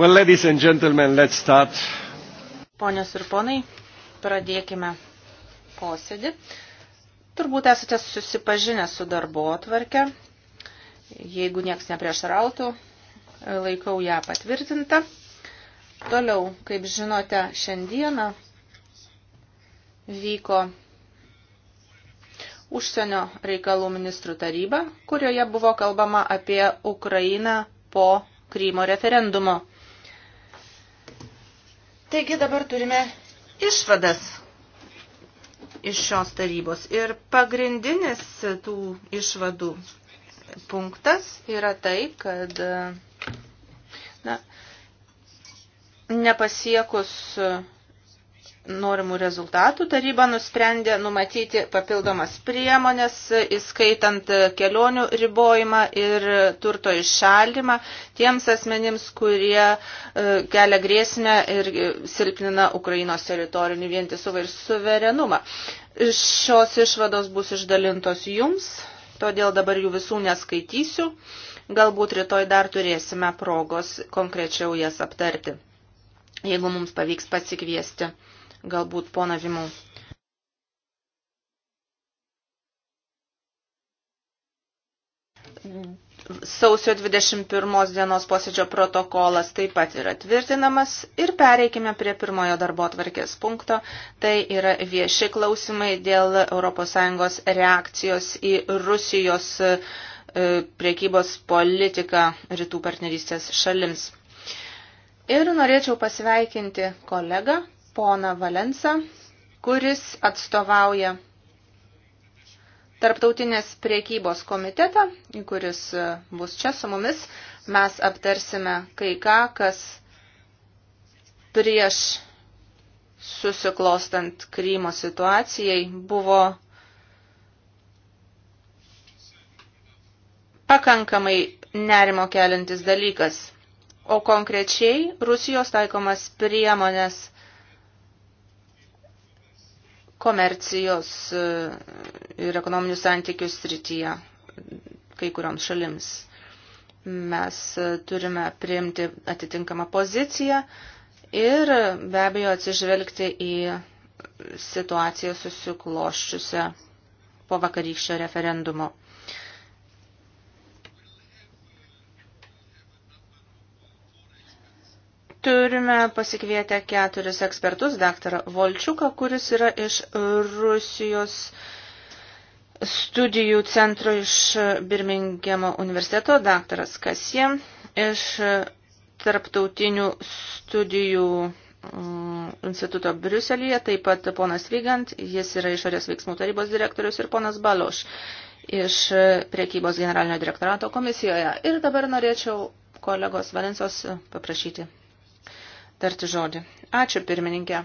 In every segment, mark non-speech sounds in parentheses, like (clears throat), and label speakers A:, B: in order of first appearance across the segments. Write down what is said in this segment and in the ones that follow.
A: Well, ladies and gentlemen, let's start.
B: Ponios ir ponai, pradėkime posėdį. Turbūt esate susipažinę su darbo atvarke. Jeigu nieks nepriešarautų, laikau ją patvirtintą. Toliau, kaip žinote, šiandieną vyko užsienio reikalų ministrų taryba, kurioje buvo kalbama apie Ukrainą po Krymo referendumo. Taigi dabar turime išvadas iš šios tarybos. Ir pagrindinis tų išvadų punktas yra tai, kad na, nepasiekus norimų rezultatų, taryba nusprendė numatyti papildomas priemonės, įskaitant e, kelionių ribojimą ir turto iššaldymą tiems asmenims, kurie e, kelia grėsmę ir e, silpnina Ukrainos teritorinį vientisumą ir suverenumą. Šios išvados bus išdalintos jums, todėl dabar jų visų neskaitysiu. Galbūt rytoj dar turėsime progos konkrečiau jas aptarti, jeigu mums pavyks pasikviesti galbūt pona Vimau. Sausio 21 dienos posėdžio protokolas taip pat yra tvirtinamas ir pereikime prie pirmojo darbo atvarkės punkto. Tai yra vieši klausimai dėl ES reakcijos į Rusijos e, priekybos politiką rytų partnerystės šalims. Ir norėčiau pasveikinti kolegą, poną Valensą, kuris atstovauja Tarptautinės priekybos komitetą, kuris e, bus čia su mumis. Mes aptarsime kai ką, kas prieš susiklostant Krymo situacijai buvo pakankamai nerimo keliantis dalykas, o konkrečiai Rusijos taikomas priemonės komercijos e, ir ekonominių santykių srityje kai kurioms šalims. Mes e, turime priimti atitinkamą poziciją ir be abejo atsižvelgti į situaciją susikloščiusią po vakarykščio referendumo. Turime pasikvietę keturis ekspertus, daktarą Volčiuką, kuris yra iš Rusijos studijų centro iš Birmingemo universiteto, daktaras Kasie, iš tarptautinių studijų mm, instituto Briuselėje, taip pat ponas Vygant, jis yra išorės veiksmų tarybos direktorius ir ponas Baloš iš priekybos generalinio direktorato komisijoje. Ir dabar norėčiau kolegos Valencijos paprašyti tarti žodį. Ačiū pirmininkė.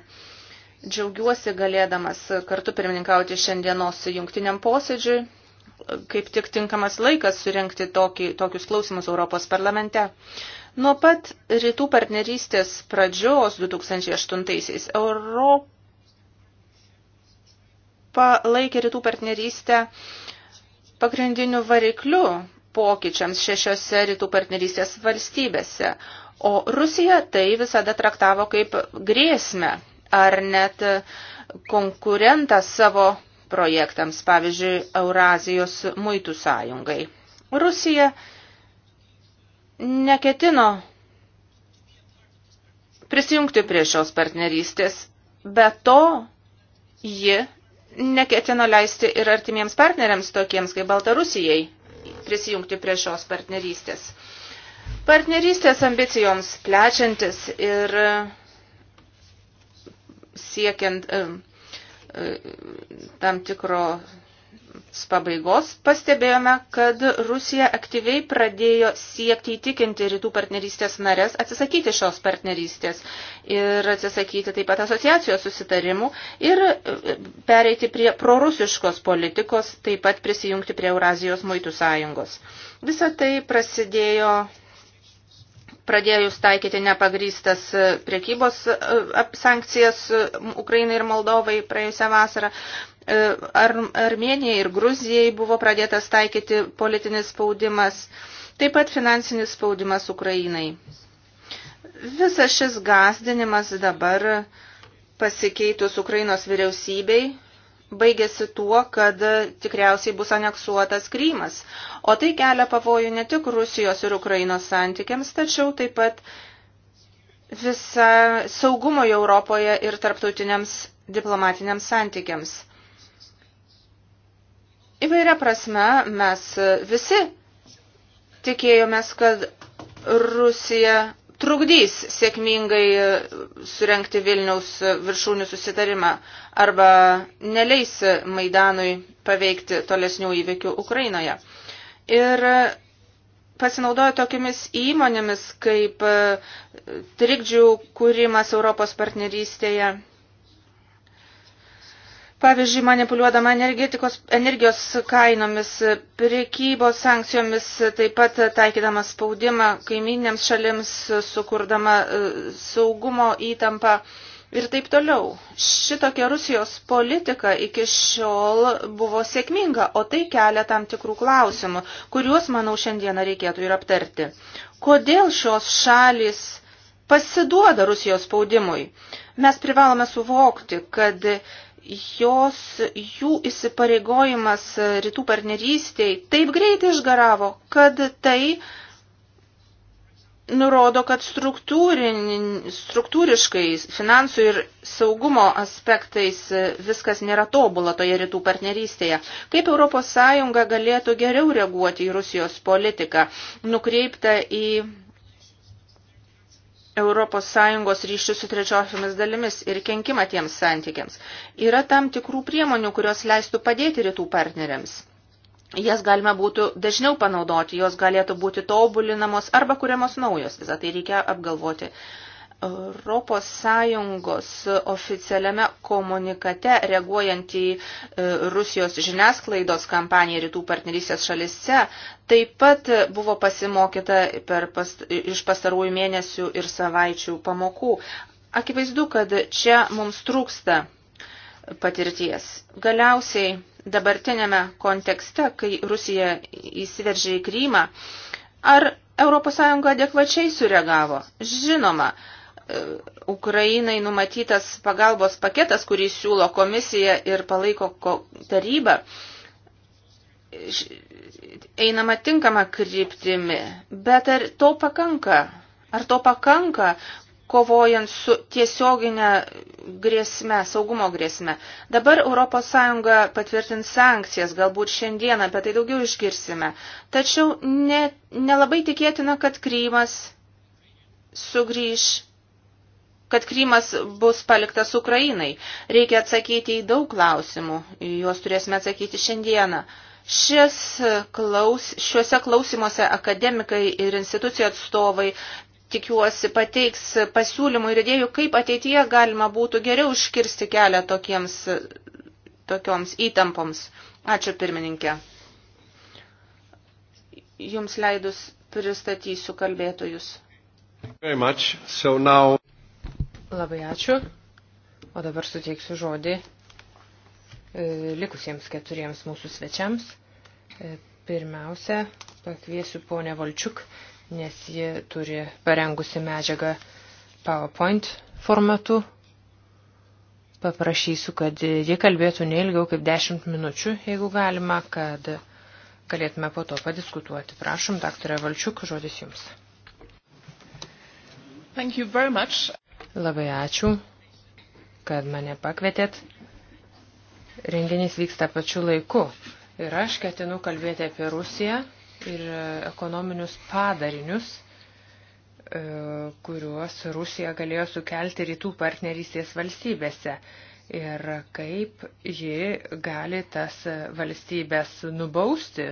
B: Džiaugiuosi galėdamas kartu pirmininkauti šiandienos jungtiniam posėdžiui. Kaip tik tinkamas laikas surenkti tokį, tokius klausimus Europos parlamente. Nuo pat rytų partnerystės pradžios 2008-aisiais Europa laikė rytų partnerystę pagrindiniu varikliu pokyčiams šešiose rytų partnerystės valstybėse. O Rusija tai visada traktavo kaip grėsmę ar net konkurentą savo projektams, pavyzdžiui, Eurazijos muitų sąjungai. Rusija neketino prisijungti prie šios partnerystės, bet to ji neketino leisti ir artimiems partneriams tokiems kaip Baltarusijai prisijungti prie šios partnerystės partnerystės ambicijoms plečiantis ir e, siekiant e, e, tam tikro pabaigos pastebėjome, kad Rusija aktyviai pradėjo siekti įtikinti rytų partnerystės narės atsisakyti šios partnerystės ir atsisakyti taip pat asociacijos susitarimų ir pereiti prie prorusiškos politikos, taip pat prisijungti prie Eurazijos muitų sąjungos. Visa tai prasidėjo pradėjus taikyti nepagrystas e, priekybos e, sankcijas e, Ukrainai ir Moldovai praėjusią vasarą. Ar Armenijai ir Gruzijai buvo pradėtas taikyti politinis spaudimas, taip pat finansinis spaudimas Ukrainai. Visas šis gazdinimas dabar pasikeitus Ukrainos vyriausybei baigėsi tuo, kad tikriausiai bus aneksuotas Krymas. O tai kelia pavojų ne tik Rusijos ir Ukrainos santykiams, tačiau taip pat visą saugumui Europoje ir tarptautiniams diplomatiniams santykiams. Įvairia prasme mes visi tikėjomės, kad Rusija trukdys sėkmingai surenkti Vilniaus viršūnių susitarimą arba neleis Maidanui paveikti tolesnių įvykių Ukrainoje. Ir pasinaudoja tokiamis įmonėmis kaip trikdžių kūrimas Europos partnerystėje Pavyzdžiui, manipuliuodama energijos kainomis, priekybos sankcijomis, taip pat taikydama spaudimą kaiminėms šalims, sukurdama e, saugumo įtampą ir taip toliau. Šitokia Rusijos politika iki šiol buvo sėkminga, o tai kelia tam tikrų klausimų, kuriuos, manau, šiandieną reikėtų ir aptarti. Kodėl šios šalis pasiduoda Rusijos spaudimui? Mes privalome suvokti, kad jos, jų įsipareigojimas rytų partnerystėj taip greitai išgaravo, kad tai nurodo, kad struktūriškai finansų ir saugumo aspektais viskas nėra tobula toje rytų partnerystėje. Kaip ES galėtų geriau reaguoti į Rusijos politiką, nukreiptą į ES ryšių su trečiosiomis dalimis ir kenkimą tiems santykiams. Yra tam tikrų priemonių, kurios leistų padėti rytų partneriams. Jas galima būtų dažniau panaudoti, jos galėtų būti tobulinamos arba kuriamos naujos. Visą tai reikia apgalvoti Europos Sąjungos oficialiame komunikate reaguojant į e, Rusijos žiniasklaidos kampaniją rytų partnerystės šalise taip pat buvo pasimokyta per past, iš pastarųjų mėnesių ir savaičių pamokų. Akivaizdu, kad čia mums trūksta patirties. Galiausiai dabartinėme kontekste, kai Rusija įsiveržė į Krymą, ar ES adekvačiai sureagavo? Žinoma, E, Ukrainai numatytas pagalbos paketas, kurį siūlo komisija ir palaiko taryba, einama tinkama kryptimi. Bet ar to pakanka? Ar to pakanka, kovojant su tiesioginė grėsme, saugumo grėsme. Dabar ES patvirtins sankcijas, galbūt šiandien apie tai daugiau išgirsime. Tačiau ne, nelabai tikėtina, kad Krymas sugrįž kad Krymas bus paliktas Ukrainai. Reikia atsakyti į daug klausimų, juos turėsime atsakyti šiandieną. Šis klaus, šiuose klausimuose akademikai ir institucijų atstovai tikiuosi pateiks pasiūlymų ir idėjų, kaip ateityje galima būtų geriau užkirsti kelią tokiems, tokioms įtampoms. Ačiū pirmininkė. Jums leidus pristatysiu kalbėtojus.
A: Very much. So now...
C: Labai ačiū. O dabar suteiksiu žodį e, likusiems keturiems mūsų svečiams. E, pirmiausia, pakviesiu ponę Valčiuk, nes ji turi parengusi medžiagą PowerPoint formatu. Paprašysiu, kad ji kalbėtų neilgiau kaip 10 minučių, jeigu galima, kad galėtume po to padiskutuoti. Prašom, daktarė Valčiuk, žodis jums.
A: Thank you very much.
C: Labai ačiū, kad mane pakvietėt. Renginys vyksta pačiu laiku. Ir aš ketinu kalbėti apie Rusiją ir ekonominius padarinius, e, kuriuos Rusija galėjo sukelti rytų partnerystės valstybėse ir kaip ji gali tas valstybės nubausti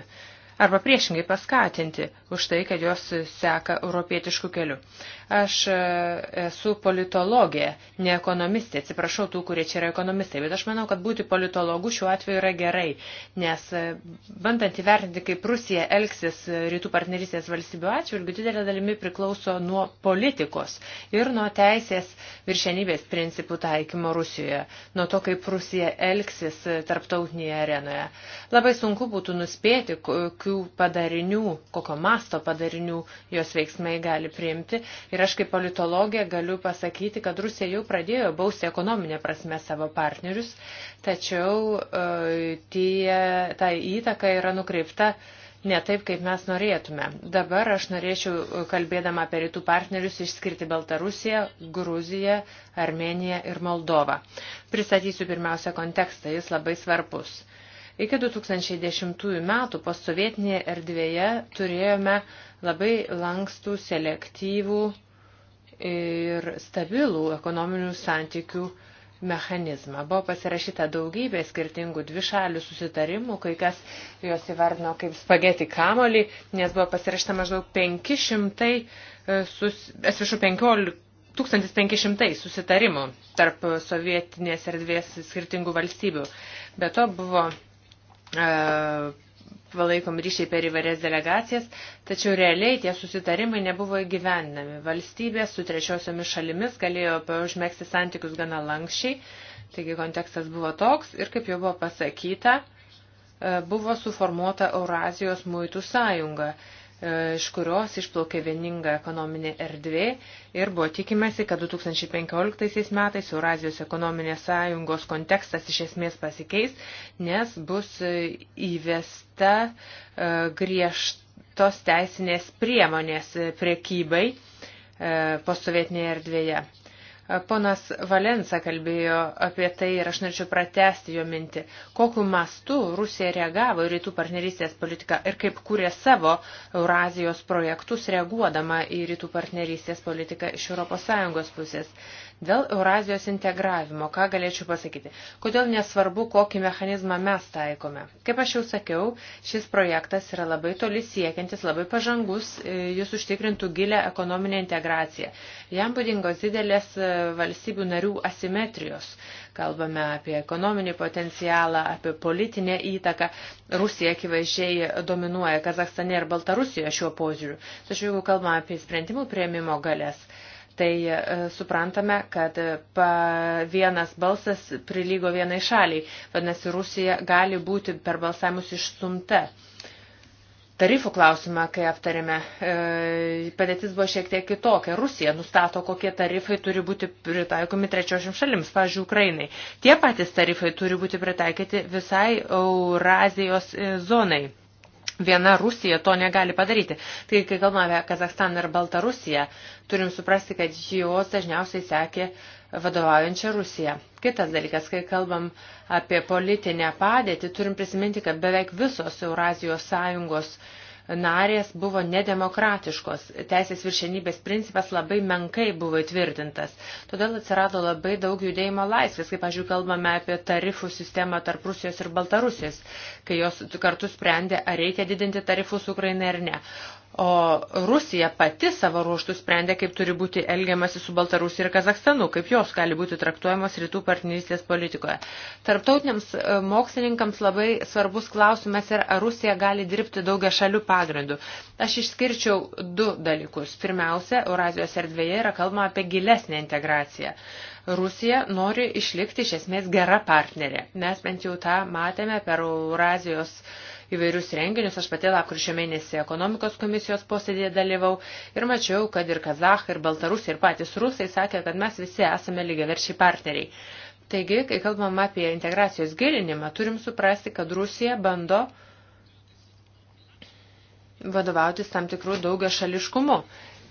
C: arba priešingai paskatinti už tai, kad jos seka europietiškų kelių. Aš e, esu politologė, ne ekonomistė. Atsiprašau tų, kurie čia yra ekonomistai, bet aš manau, kad būti politologu šiuo atveju yra gerai, nes e, bandant įvertinti, kaip Rusija elgsis e, rytų partnerystės valstybių atžvilgių, didelė dalimi priklauso nuo politikos ir nuo teisės viršenybės principų taikymo Rusijoje, nuo to, kaip Rusija elgsis tarptautinėje arenoje. Labai sunku būtų nuspėti, kokių padarinių, kokio masto padarinių jos veiksmai gali priimti. Ir Ir aš kaip politologė galiu pasakyti, kad Rusija jau pradėjo bausti ekonominė prasme savo partnerius, tačiau e, tie, ta įtaka yra nukreipta ne taip, kaip mes norėtume. Dabar aš norėčiau, e, kalbėdama apie rytų partnerius, išskirti Baltarusiją, Gruziją, Armeniją ir Moldovą. Pristatysiu pirmiausia kontekstą, jis labai svarbus. Iki 2010 metų postsovietinėje erdvėje turėjome labai lankstų, selektyvų ir stabilų ekonominių santykių mechanizmą. Buvo pasirašyta daugybė skirtingų dvišalių susitarimų, kai kas juos įvardino kaip spageti kamolį, nes buvo pasirašyta maždaug 500, e, sus, atsiprašau, 15. 1500 susitarimų tarp sovietinės erdvės skirtingų valstybių. Be to buvo e, palaikomi ryšiai per įvairias delegacijas, tačiau realiai tie susitarimai nebuvo įgyvendinami. Valstybės su trečiosiomis šalimis galėjo užmėgsti santykius gana lankščiai, taigi kontekstas buvo toks ir, kaip jau buvo pasakyta, e, buvo suformuota Eurazijos muitų sąjunga. E, iš kurios išplaukė vieninga ekonominė erdvė ir buvo tikimasi, kad 2015 metais Eurazijos ekonominės sąjungos kontekstas iš esmės pasikeis, nes bus e, įvesta e, griežtos teisinės priemonės priekybai postovietinėje erdvėje. Ponas Valensa kalbėjo apie tai ir aš norėčiau pratesti jo mintį, kokiu mastu Rusija reagavo į rytų partnerystės politiką ir kaip kūrė savo Eurazijos projektus reaguodama į rytų partnerystės politiką iš ES pusės. Dėl Eurazijos integravimo, ką galėčiau pasakyti? Kodėl nesvarbu, kokį mechanizmą mes taikome? Kaip aš jau sakiau, šis projektas yra labai toli siekiantis, labai pažangus, e, jis užtikrintų gilę ekonominę integraciją. Jam būdingos didelės e, valstybių narių asimetrijos. Kalbame apie ekonominį potencialą, apie politinę įtaką. Rusija akivaizdžiai dominuoja Kazakstane ir Baltarusijoje šiuo požiūriu. Tačiau jeigu kalbame apie sprendimų prieimimo galės, tai e, suprantame, kad e, vienas balsas prilygo vienai šaliai. Vadinasi, Rusija gali būti per balsavimus išstumta. Tarifų klausimą, kai aptarėme, e, padėtis buvo šiek tiek kitokia. Rusija nustato, kokie tarifai turi būti pritaikomi trečiošiam šalims, pavyzdžiui, Ukrainai. Tie patys tarifai turi būti pritaikyti visai Eurazijos zonai. Viena Rusija to negali padaryti. Tai kai kalbame apie Kazakstaną ir Baltarusiją, turim suprasti, kad jos dažniausiai sekė vadovaujančią Rusiją. Kitas dalykas, kai kalbam apie politinę padėtį, turim prisiminti, kad beveik visos Eurazijos sąjungos uh, narės buvo nedemokratiškos. Teisės viršenybės principas labai menkai buvo įtvirtintas. Todėl atsirado labai daug judėjimo laisvės, kaip, pažiūrėjau, kalbame apie tarifų sistemą tarp Rusijos ir Baltarusijos, kai jos kartu sprendė, ar reikia didinti tarifus Ukrainai ar ne. O Rusija pati savo ruoštų sprendė, kaip turi būti elgiamasi su Baltarusija ir Kazakstanu, kaip jos gali būti traktuojamos rytų partnerystės politikoje. Tarptautiniams e, mokslininkams labai svarbus klausimas yra, ar Rusija gali dirbti daugia šalių pagrindų. Aš išskirčiau du dalykus. Pirmiausia, Eurazijos erdvėje yra kalbama apie gilesnę integraciją. Rusija nori išlikti iš esmės gera partnerė. Mes bent jau tą matėme per Eurazijos įvairius renginius. Aš pati lapkričio mėnesį ekonomikos komisijos posėdėje dalyvau ir mačiau, kad ir Kazahai, ir Baltarusiai, ir patys rusai sakė, kad mes visi esame lygiaverčiai partneriai. Taigi, kai kalbam apie integracijos gilinimą, turim suprasti, kad Rusija bando vadovautis tam tikrų daugia šališkumu.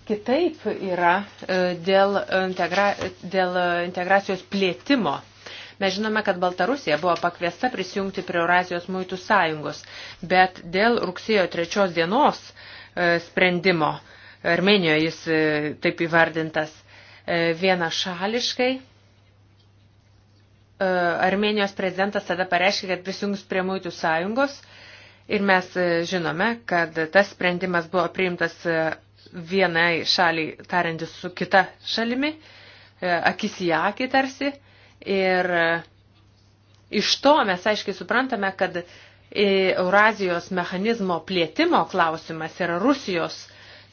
C: Kitaip yra e, dėl, integra, dėl integracijos plėtimo Mes žinome, kad Baltarusija buvo pakviesta prisijungti prie Eurazijos muitų sąjungos, bet dėl rugsėjo trečios dienos e, sprendimo, Armenijoje jis e, taip įvardintas, e, vienašališkai Armenijos prezidentas tada pareiškė, kad prisijungs prie muitų sąjungos ir mes žinome, kad tas sprendimas buvo priimtas vienai šaliai tariantis su kita šalimi, akis į akį tarsi, Ir e, iš to mes aiškiai suprantame, kad e, Eurazijos mechanizmo plėtimo klausimas yra Rusijos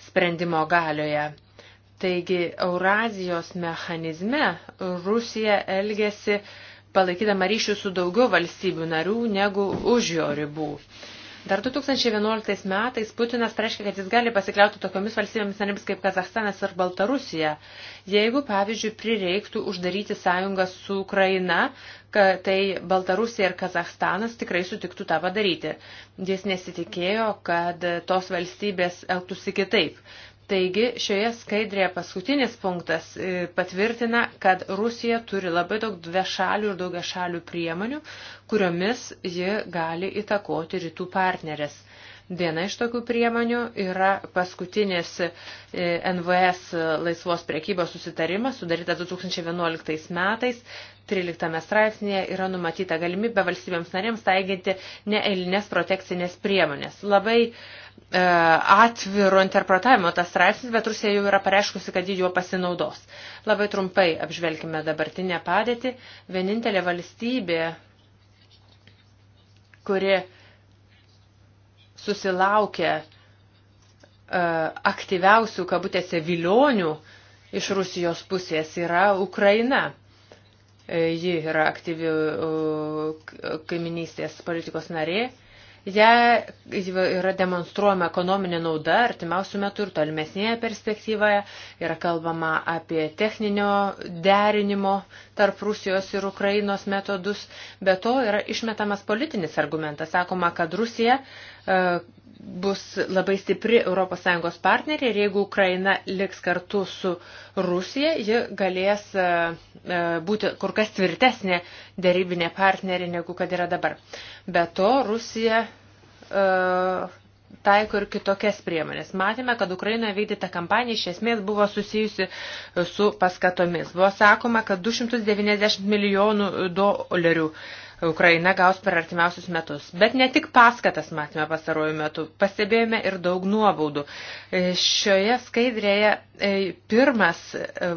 C: sprendimo galioje. Taigi Eurazijos mechanizme Rusija elgėsi palaikydama ryšių su daugiau valstybių narių negu už jo ribų. Dar 2011 metais Putinas pareiškė, kad jis gali pasikliauti tokiomis valstybėmis narėmis kaip Kazahstanas ar Baltarusija, jeigu, pavyzdžiui, prireiktų uždaryti sąjungą su Ukraina, kad tai Baltarusija ir Kazahstanas tikrai sutiktų tą padaryti. Jis nesitikėjo, kad tos valstybės elgtųsi kitaip. Taigi šioje skaidrėje paskutinis punktas e, patvirtina, kad Rusija turi labai daug dviešalių ir daugiašalių priemonių, kuriomis ji gali įtakoti rytų partnerės. Viena iš tokių priemonių yra paskutinis e, NVS laisvos priekybos susitarimas, sudarytas 2011 metais. 13 straipsnėje yra numatyta galimybė valstybėms narėms taiginti neeilinės protekcinės priemonės. Labai uh, E, atviro interpretavimo tas straipsnis, bet Rusija jau yra pareiškusi, kad jį juo pasinaudos. Labai trumpai apžvelgime dabartinę padėtį. Vienintelė valstybė, kuri susilaukė e, aktyviausių kabutėse vilionių iš Rusijos pusės yra Ukraina. E, ji yra aktyvi kaiminystės politikos narė Jei yra demonstruojama ekonominė nauda artimiausių metų ir tolimesnėje perspektyvoje, yra kalbama apie techninio derinimo tarp Rusijos ir Ukrainos metodus, be to yra išmetamas politinis argumentas. Sakoma, kad Rusija e, bus labai stipri ES partnerė ir jeigu Ukraina liks kartu su Rusija, ji galės e, e, būti kur kas tvirtesnė darybinė partnerė negu kad yra dabar. Be to, Rusija e, taiko ir kitokias priemonės. Matėme, kad Ukrainoje vykdyta kampanija iš esmės buvo susijusi su paskatomis. Buvo sakoma, kad 290 milijonų dolerių Ukraina gaus per artimiausius metus. Bet ne tik paskatas matėme pastarojų metų, pastebėjome ir daug nuobaudų. E, šioje skaidrėje e, pirmas e,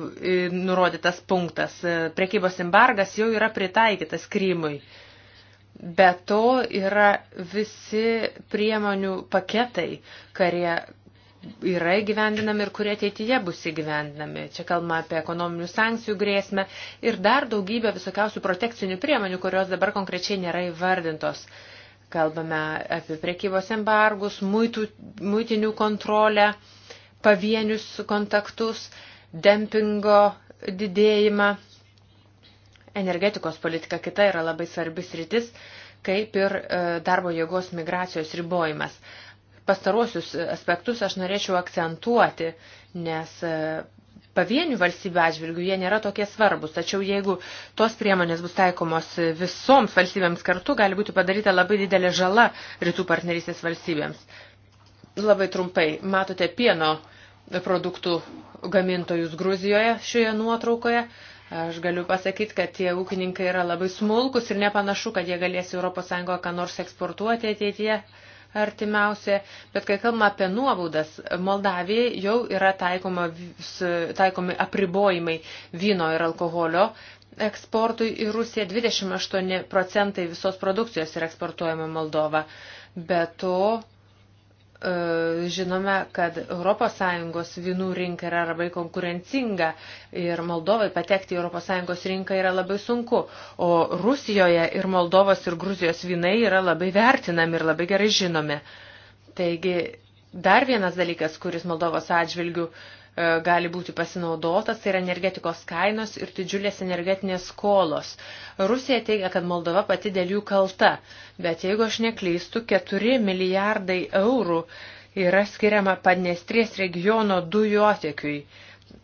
C: nurodytas punktas - prekybos embargas jau yra pritaikytas Krymui. Be to yra visi priemonių paketai, kurie yra įgyvendinami ir kurie ateityje bus įgyvendinami. Čia kalbama apie ekonominių sankcijų grėsmę ir dar daugybę visokiausių protekcinių priemonių, kurios dabar konkrečiai nėra įvardintos. Kalbame apie priekybos embargus, muitų, muitinių kontrolę, pavienius kontaktus, dempingo didėjimą. Energetikos politika kita yra labai svarbis rytis, kaip ir e, darbo jėgos migracijos ribojimas pastaruosius aspektus aš norėčiau akcentuoti, nes e, pavienių valstybių atžvilgių jie nėra tokie svarbus. Tačiau jeigu tos priemonės bus taikomos visoms valstybėms kartu, gali būti padaryta labai didelė žala rytų partnerystės valstybėms. Labai trumpai, matote pieno produktų gamintojus Gruzijoje šioje nuotraukoje. Aš galiu pasakyti, kad tie ūkininkai yra labai smulkus ir nepanašu, kad jie galės ES ką nors eksportuoti ateityje artimiausia, bet kai kalbame apie nuobaudas, Moldavijai jau yra taikoma, taikomi apribojimai vyno ir alkoholio eksportui į Rusiją 28 procentai visos produkcijos yra eksportuojama Moldova. Be to, E, žinome, kad ES vynų rinka yra labai konkurencinga ir Moldovai patekti į ES rinką yra labai sunku, o Rusijoje ir Moldovos ir Gruzijos vynai yra labai vertinami ir labai gerai žinomi. Taigi dar vienas dalykas, kuris Moldovos atžvilgių uh, E, gali būti pasinaudotas, tai yra energetikos kainos ir didžiulės energetinės skolos. Rusija teigia, kad Moldova pati dėl jų kalta, bet jeigu aš neklystu, 4 milijardai eurų yra skiriama Padnestrės regiono dujotekiui. E,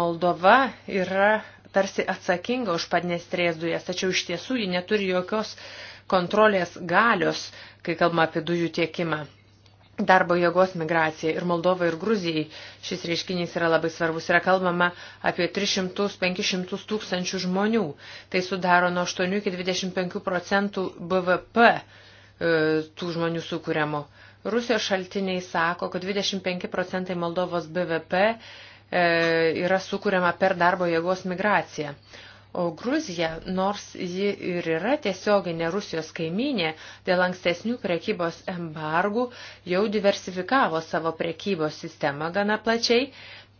C: Moldova yra tarsi atsakinga už Padnestrės dujas, tačiau iš tiesų ji neturi jokios kontrolės galios, kai kalbama apie dujų tiekimą darbo jėgos migracija ir Moldovai ir Gruzijai šis reiškinys yra labai svarbus. Yra kalbama apie 300-500 tūkstančių žmonių. Tai sudaro nuo 8 iki 25 procentų BVP e, tų žmonių sukūriamo. Rusijos šaltiniai sako, kad 25 procentai Moldovos BVP e, yra sukūriama per darbo jėgos migraciją. O Gruzija, nors ji ir yra tiesioginė Rusijos kaiminė, dėl ankstesnių prekybos embargų jau diversifikavo savo prekybos sistemą gana plačiai,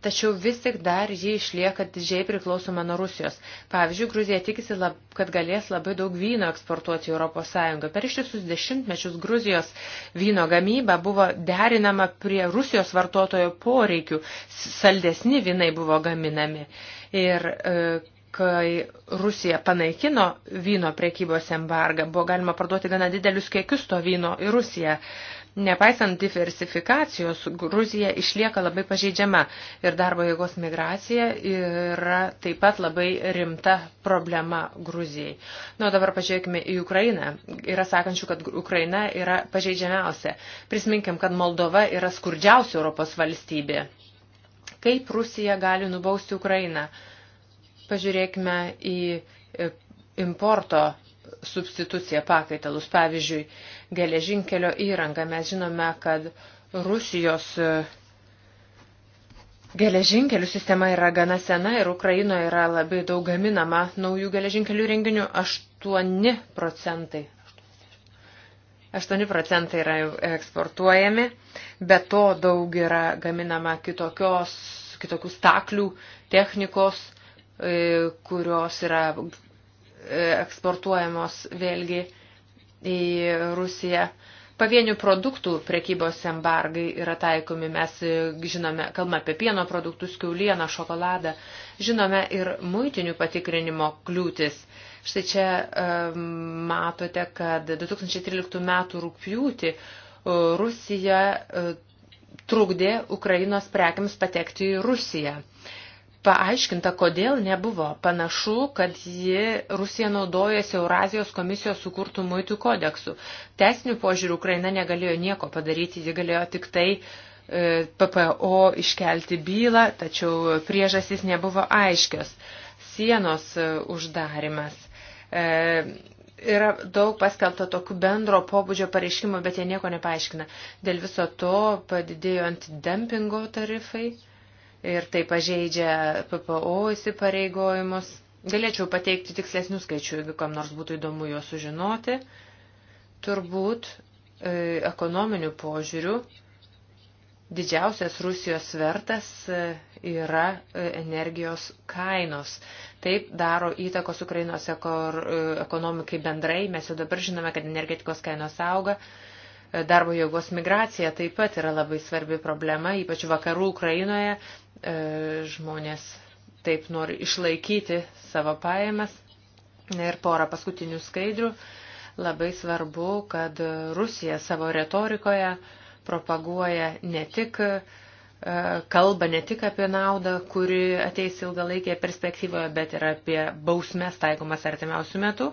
C: tačiau vis tik dar ji išlieka didžiai priklausoma nuo Rusijos. Pavyzdžiui, Gruzija tikisi, lab, kad galės labai daug vyno eksportuoti į ES. Per ištisus dešimtmečius Gruzijos vyno gamyba buvo derinama prie Rusijos vartotojo poreikių, saldesni vinai buvo gaminami. Ir e, kai Rusija panaikino vyno prekybos embargą, buvo galima parduoti gana didelius kiekius to vyno į Rusiją. Nepaisant diversifikacijos, Gruzija išlieka labai pažeidžiama ir darbo jėgos migracija yra taip pat labai rimta problema Gruzijai. Na, nu, dabar pažiūrėkime į Ukrainą. Yra sakančių, kad Ukraina yra pažeidžiamiausia. Prisiminkim, kad Moldova yra skurdžiausia Europos valstybė. Kaip Rusija gali nubausti Ukrainą? Pažiūrėkime į e, importo substituciją pakaitalus. Pavyzdžiui, geležinkelio įrangą mes žinome, kad Rusijos e, geležinkelių sistema yra gana sena ir Ukrainoje yra labai daug gaminama naujų geležinkelių renginių 8 procentai. 8 procentai yra eksportuojami, bet to daug yra gaminama kitokios, kitokių staklių, technikos, E, kurios yra e, eksportuojamos vėlgi į Rusiją. Pavienių produktų prekybos embargai yra taikomi, mes e, žinome, kalbame apie pieno produktus, kiaulieną, šokoladą, žinome ir muitinių patikrinimo kliūtis. Štai čia um, matote, kad 2013 m. rūpjūtį Rusija uh, trukdė Ukrainos prekiams patekti į Rusiją paaiškinta, kodėl nebuvo. Panašu, kad ji Rusija naudojasi Eurazijos komisijos sukurtų muitų kodeksų. Tesnių požiūrių Ukraina negalėjo nieko padaryti, ji galėjo tik tai e, PPO iškelti bylą, tačiau priežasys nebuvo aiškios. Sienos e, uždarimas. E, yra daug paskelbta tokių bendro pobūdžio pareiškimų, bet jie nieko nepaaiškina. Dėl viso to padidėjo ant dempingo tarifai ir tai pažeidžia PPO įsipareigojimus. Galėčiau pateikti tikslesnių skaičių, jeigu kam nors būtų įdomu juos sužinoti. Turbūt e, ekonominių požiūrių didžiausias Rusijos svertas e, yra e, energijos kainos. Taip daro įtakos Ukrainos e, ekonomikai bendrai. Mes jau dabar žinome, kad energetikos kainos auga. E, Darbo jėgos migracija taip pat yra labai svarbi problema, ypač vakarų Ukrainoje e, žmonės taip nori išlaikyti savo pajamas. Ir porą paskutinių skaidrių. Labai svarbu, kad Rusija savo retorikoje propaguoja ne tik e, kalba ne tik apie naudą, kuri ateis ilgalaikėje perspektyvoje, bet ir apie bausmes taikomas artimiausių metų.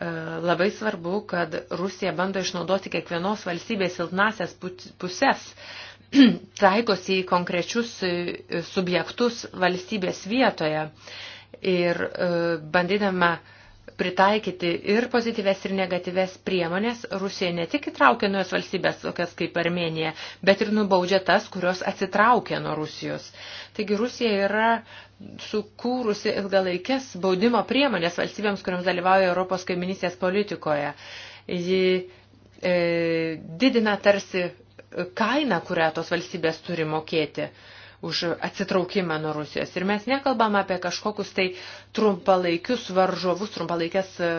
C: E, labai svarbu, kad Rusija bando išnaudoti kiekvienos valstybės silpnasias pusės, (clears throat) taikosi į konkrečius e, subjektus valstybės vietoje ir e, bandydama uh, pritaikyti ir pozityves ir negatyves priemonės, Rusija ne tik įtraukia nuos valstybės, tokias kaip Armenija, bet ir nubaudžia tas, kurios atsitraukia nuo Rusijos. Taigi Rusija yra sukūrusi ilgalaikės baudimo priemonės valstybėms, kuriams dalyvauja Europos kaiminystės politikoje. Ji e, didina tarsi kainą, kurią tos valstybės turi mokėti. E, už atsitraukimą nuo Rusijos. Ir mes nekalbam apie kažkokius tai trumpalaikius varžovus, trumpalaikės e,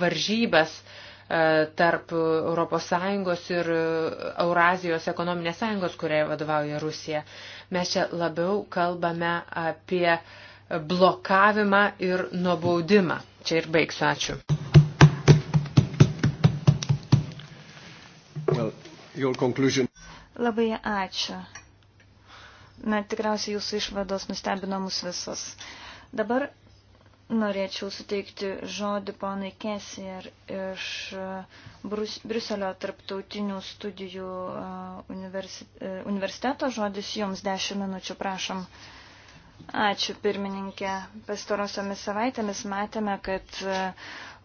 C: varžybas e, tarp ES ir Eurazijos ekonominės sąjungos, kuriai vadovauja Rusija. Mes čia labiau kalbame apie blokavimą ir nubaudimą. Čia ir baigsiu. Ačiū.
A: Well, Labai ačiū. Na, tikriausiai jūsų išvados nustebino mus visus. Dabar norėčiau suteikti žodį ponai Kesier iš uh, Brus, Briuselio tarptautinių studijų uh, universi, uh, universiteto. Žodis jums 10 minučių, prašom. Ačiū pirmininkė. Pastarosiomis savaitėmis matėme, kad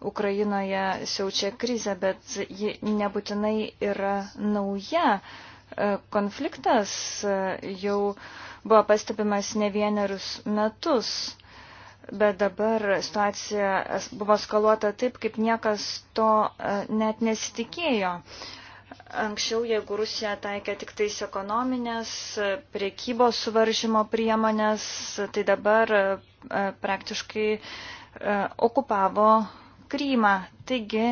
A: Ukrainoje siaučia krizė, bet ji nebūtinai yra nauja. E, konfliktas e, jau buvo pastebimas ne vienerius metus, bet dabar situacija buvo skaluota taip, kaip niekas to e, net nesitikėjo. Anksčiau, jeigu Rusija taikė tik tais ekonominės, priekybos suvaržymo priemonės, tai dabar praktiškai okupavo Krymą. Taigi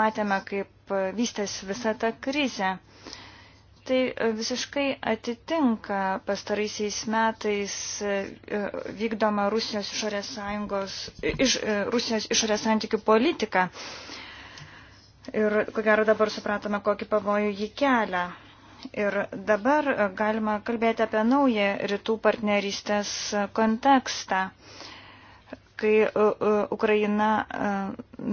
A: matėme, kaip vystėsi visa ta krizė. Tai visiškai atitinka pastaraisiais metais e, vykdoma Rusijos išorės, sąjungos, iš, e, Rusijos išorės santykių politika. Ir ko gero dabar supratome, kokį pavojų jį kelia. Ir dabar galima kalbėti apie naują rytų partnerystės kontekstą, kai e, Ukraina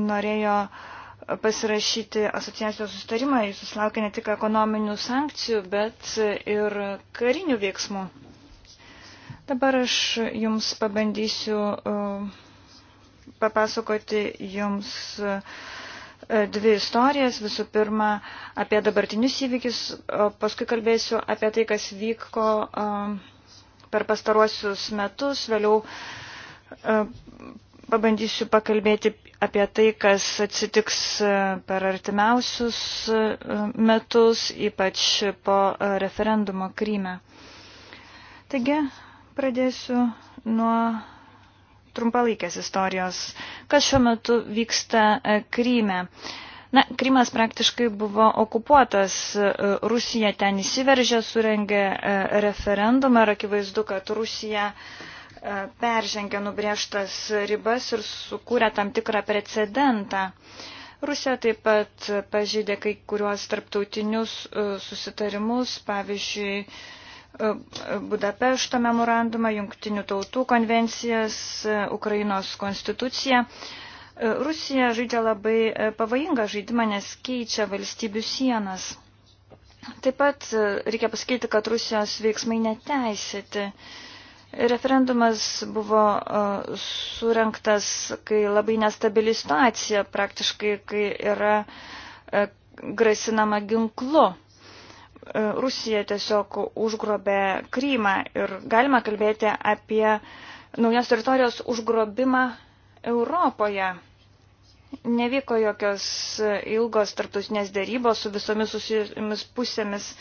A: norėjo uh, pasirašyti asociacijos sustarimą, jis susilaukė ne tik ekonominių sankcijų, bet ir karinių veiksmų. Dabar aš jums pabandysiu uh, papasakoti jums uh, dvi istorijas. Visų pirma, apie dabartinius įvykis, paskui kalbėsiu apie tai, kas vyko uh, per pastaruosius metus, vėliau pabandysiu pakalbėti apie tai, kas atsitiks e, per artimiausius e, metus, ypač po e, referendumo Kryme. Taigi, pradėsiu nuo trumpalaikės istorijos. Kas šiuo metu vyksta Kryme? Na, Krymas praktiškai buvo okupuotas, Rusija ten įsiveržė, surengė referendumą ir akivaizdu, kad Rusija uh, peržengė nubrėžtas ribas ir sukūrė tam tikrą precedentą. Rusija taip pat pažydė kai kuriuos tarptautinius e, susitarimus, pavyzdžiui, e, Budapešto memorandumą, Junktinių tautų konvencijas, e, Ukrainos konstituciją. Rusija žaidžia labai pavojingą žaidimą, nes keičia valstybių sienas. Taip pat reikia pasakyti, kad Rusijos veiksmai neteisėti. Referendumas buvo e, surinktas, kai labai nestabili situacija, praktiškai, kai yra e, grasinama ginklu. E, Rusija tiesiog užgrobė Krymą ir galima kalbėti apie naujos teritorijos užgrobimą Europoje. Nevyko jokios ilgos tarptautinės dėrybos su visomis susijusiamis pusėmis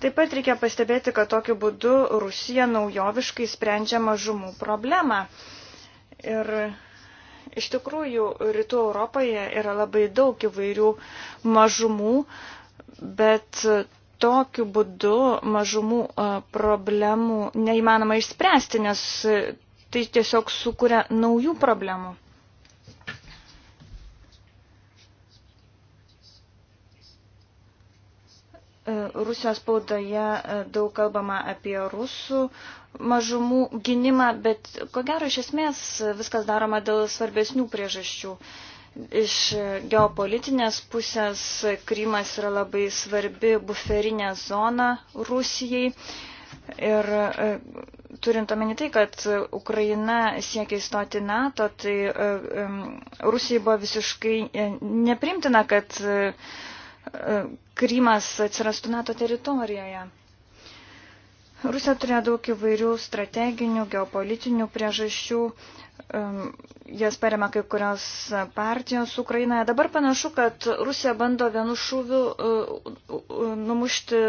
A: Taip pat reikia pastebėti, kad tokiu būdu Rusija naujoviškai sprendžia mažumų problemą. Ir iš tikrųjų rytų Europoje yra labai daug įvairių mažumų, bet tokiu būdu mažumų problemų neįmanoma išspręsti, nes tai tiesiog sukuria naujų problemų. E, Rusijos spaudoje e, daug kalbama apie rusų mažumų gynimą, bet ko gero iš esmės viskas daroma dėl svarbesnių priežasčių. Iš geopolitinės pusės Krymas yra labai svarbi buferinė zona Rusijai. Ir e, turint omeny tai, kad Ukraina siekia įstoti NATO, tai Rusijai buvo visiškai neprimtina, kad E, Krymas atsirastų NATO teritorijoje. Rusija turėjo daug įvairių strateginių, geopolitinių priežasčių, jas parema kai kurios partijos Ukrainoje. Dabar panašu, kad Rusija bando vienu šūviu e, numušti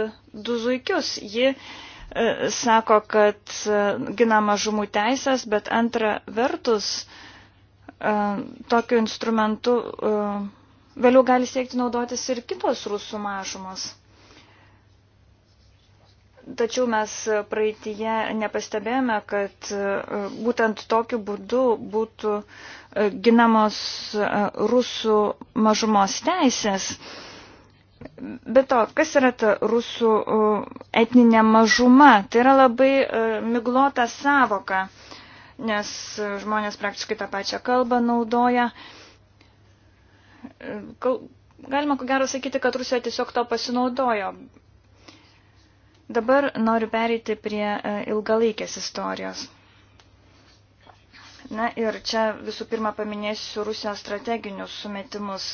A: du zuikius. Ji e, sako, kad gina mažumų teisės, bet antra vertus tokiu instrumentu Vėliau gali siekti naudotis ir kitos rusų mažumos. Tačiau mes praeitie nepastebėjome, kad e, būtent tokiu būdu būtų e, ginamos e, rusų mažumos teisės. Be to, kas yra ta rusų etninė mažuma? Tai yra labai miglota savoka, nes žmonės praktiškai tą pačią kalbą naudoja. Galima ko gero sakyti, kad Rusija tiesiog to pasinaudojo. Dabar noriu pereiti prie e, ilgalaikės istorijos. Na ir čia visų pirma paminėsiu Rusijos strateginius sumetimus.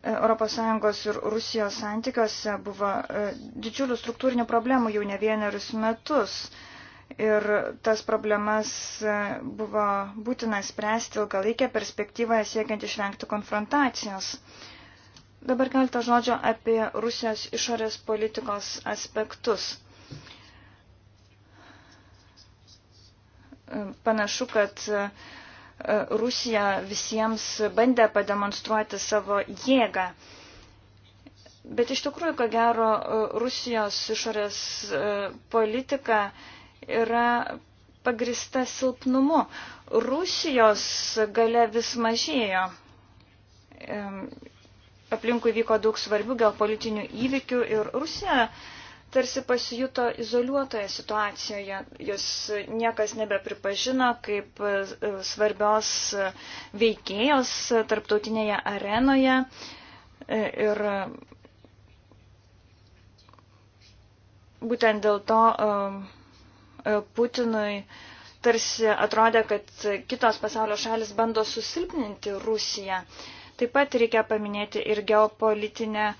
A: ES ir Rusijos santykiuose buvo e, didžiulių struktūrinių problemų jau ne vienerius metus ir tas problemas e, buvo būtina spręsti ilgalaikę perspektyvą siekiant išvengti konfrontacijos. Dabar keletą žodžio apie Rusijos išorės politikos aspektus. E, panašu, kad e, Rusija visiems bandė pademonstruoti savo jėgą. Bet iš tikrųjų, ko gero, Rusijos išorės politika yra pagrista silpnumu. Rusijos gale vis mažėjo. Aplinkui vyko daug svarbių geopolitinių įvykių ir Rusija tarsi pasijuto izoliuotoje situacijoje. Jos niekas nebepripažino kaip e, svarbios veikėjos tarptautinėje arenoje. E, ir e, būtent dėl to uh, E, Putinui tarsi atrodė, kad kitos pasaulio šalis bando susilpninti Rusiją. Taip pat reikia paminėti ir geopolitinę e,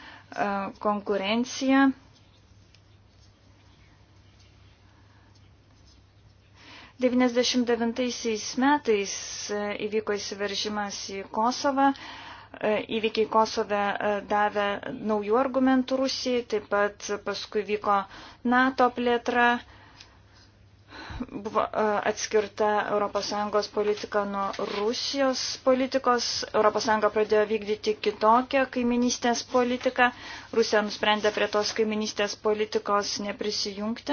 A: konkurenciją. Devyniasdešimt devintaisiais metais e, įvyko įsiveržimas į Kosovą įvykiai Kosove davė naujų argumentų Rusijai, taip pat paskui vyko NATO plėtra, buvo e, atskirta ES politika nuo Rusijos politikos. ES pradėjo vykdyti kitokią kaiminystės politiką. Rusija nusprendė prie tos kaiminystės politikos neprisijungti.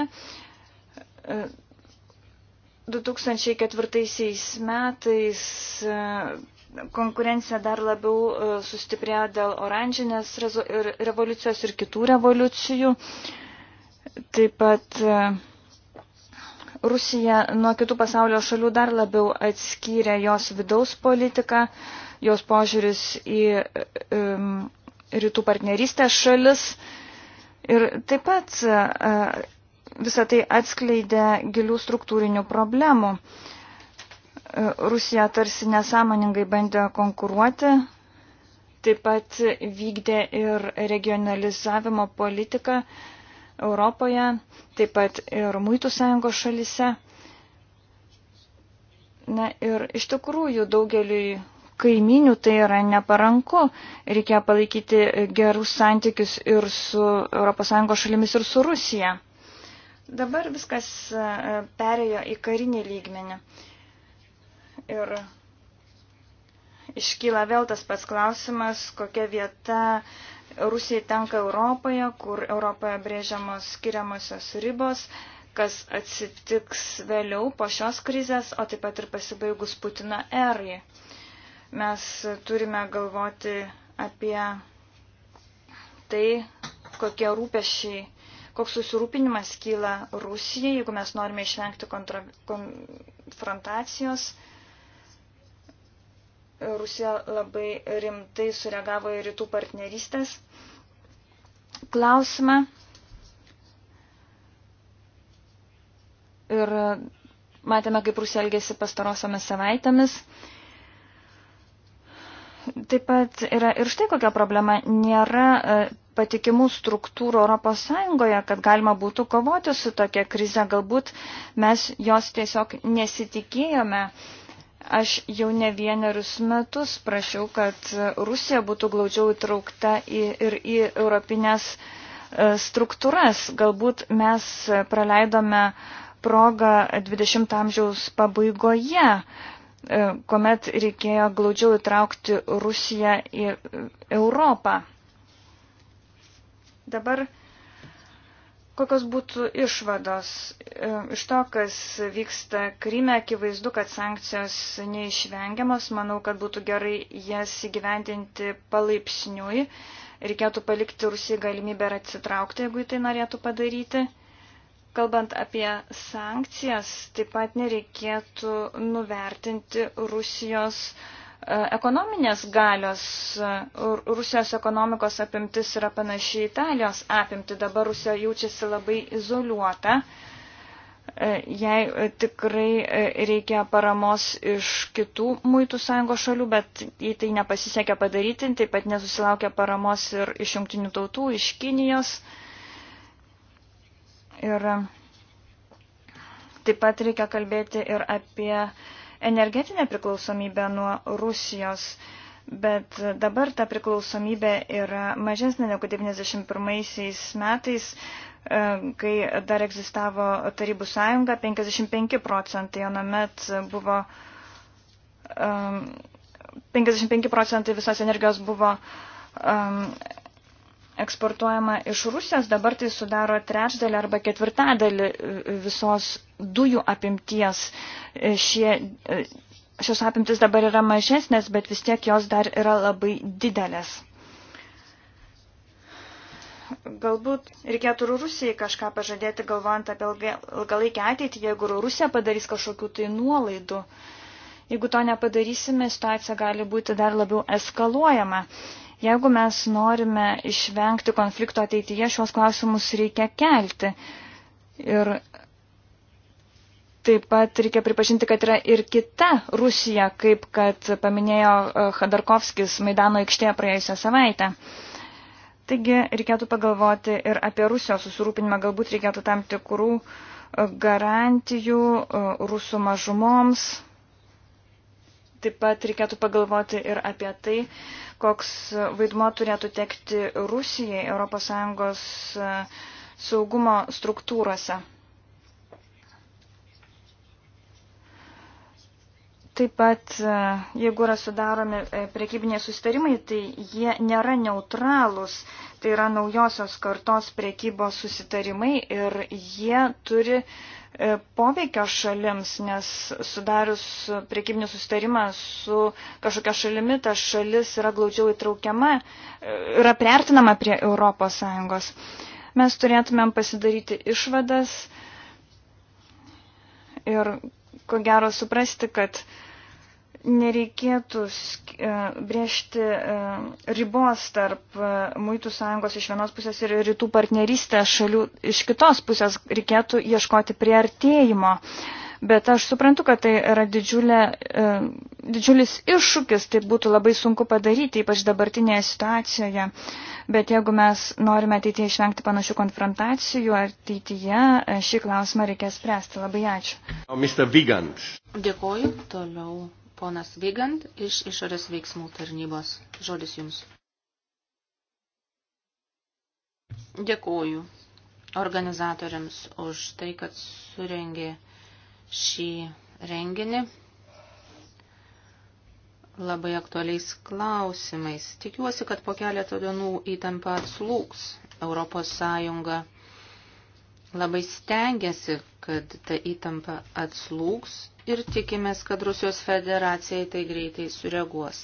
A: 2004 e, metais e, konkurencija dar labiau sustiprėjo dėl oranžinės revoliucijos ir kitų revoliucijų. Taip pat Rusija nuo kitų pasaulio šalių dar labiau atskyrė jos vidaus politiką, jos požiūris į um, rytų partnerystės šalis. Ir taip pat uh, e, visą tai atskleidė gilių struktūrinių problemų. E, Rusija tarsi nesąmoningai bandė konkuruoti, taip pat vykdė ir regionalizavimo politiką, uh, Europoje, taip pat ir Muitų sąjungos šalise. Na ir iš tikrųjų daugeliui kaiminių tai yra neparanku. Reikia palaikyti gerus santykius ir su ES šalimis, ir su Rusija. Dabar viskas e, perėjo į karinį lygmenį. Ir iškyla vėl tas pats klausimas, kokia vieta Rusijai tenka Europoje, kur Europoje brėžiamos skiriamosios ribos, kas atsitiks vėliau po šios krizės, o taip pat ir pasibaigus Putino erai. Mes turime galvoti apie tai, kokie rūpešiai, koks susirūpinimas kyla Rusijai, jeigu mes norime išvengti kontra, konfrontacijos. Rusija labai rimtai sureagavo į rytų partnerystės klausimą. Ir matėme, kaip Rusija elgėsi pastarosiomis savaitėmis. Taip pat yra ir štai kokia problema. Nėra e, patikimų struktūrų Europos Sąjungoje, kad galima būtų kovoti su tokia krize. Galbūt mes jos tiesiog nesitikėjome. Uh, Aš jau ne vienerius metus prašiau, kad Rusija būtų glaudžiau įtraukta į, ir į europinės e, struktūras. Galbūt mes praleidome progą 20 amžiaus pabaigoje, e, kuomet reikėjo glaudžiau įtraukti Rusiją į e, Europą. Dabar Kokios būtų išvados? E, iš to, kas vyksta Kryme, akivaizdu, kad sankcijos neišvengiamos. Manau, kad būtų gerai jas įgyvendinti palaipsniui. Reikėtų palikti Rusijai galimybę ir atsitraukti, jeigu tai norėtų padaryti. Kalbant apie sankcijas, taip pat nereikėtų nuvertinti Rusijos uh, ekonominės galios. Rusijos ekonomikos apimtis yra panašiai Italijos apimti. Dabar Rusija jaučiasi labai izoliuota. E, jei e, tikrai e, reikia paramos iš kitų muitų sąjungos šalių, bet jei tai nepasisekė padaryti, taip pat nesusilaukia paramos ir iš jungtinių tautų, iš Kinijos. Ir taip pat reikia kalbėti ir apie uh, energetinę priklausomybę nuo Rusijos, bet dabar ta priklausomybė yra mažesnė negu 91 metais, e, kai dar egzistavo Tarybų sąjunga, 55 procentai, anomet buvo 55 procentai visos energijos buvo um, eksportuojama iš Rusijos, dabar tai sudaro trečdalį arba ketvirtadalį e, visos dujų apimties e, šie. E, šios apimtis dabar yra mažesnės, bet vis tiek jos dar yra labai didelės galbūt reikėtų Rusijai kažką pažadėti, galvojant apie ilgalaikę ateitį, jeigu Rusija padarys kažkokių tai nuolaidų. Jeigu to nepadarysime, situacija gali būti dar labiau eskaluojama. Jeigu mes norime išvengti konflikto ateityje, šios klausimus reikia kelti. Ir Taip pat reikia pripažinti, kad yra ir kita Rusija, kaip kad paminėjo e, Khadarkovskis Maidano aikštėje praėjusią savaitę. Taigi reikėtų pagalvoti ir apie Rusijos susirūpinimą, galbūt reikėtų tam tikrų e, garantijų e, rusų mažumoms. Taip pat reikėtų pagalvoti ir apie tai, koks vaidmo turėtų tekti Rusijai ES saugumo struktūrose. Taip pat, e, jeigu yra sudaromi e, prekybiniai sustarimai, tai jie nėra neutralūs, tai yra naujosios kartos prekybos susitarimai ir jie turi e, poveikio šalims, nes sudarius prekybinį sustarimą su kažkokia šalimi, ta šalis yra glaudžiau įtraukiama, yra priartinama prie ES. Mes turėtumėm pasidaryti išvadas ir ko gero suprasti, kad uh, nereikėtų e, brėžti e, ribos tarp e, Muitų sąjungos iš vienos pusės ir rytų partnerystės šalių iš kitos pusės. Reikėtų ieškoti priartėjimo. Bet aš suprantu, kad tai yra didžiulė, didžiulis iššūkis, tai būtų labai sunku padaryti, ypač dabartinėje situacijoje. Bet jeigu mes norime ateityje išvengti panašių konfrontacijų, ateityje šį klausimą reikės spręsti. Labai ačiū. O Mr. Vigant.
B: Dėkoju. Toliau Ponas Vigant iš išorės veiksmų tarnybos. Žodis jums. Dėkuoju organizatoriams už tai, kad surengė šį renginį labai aktualiais klausimais. Tikiuosi, kad po keletą dienų įtampa atslūks Europos Sąjunga labai stengiasi, kad ta įtampa atslūgs ir tikimės, kad Rusijos federacija į tai greitai sureaguos.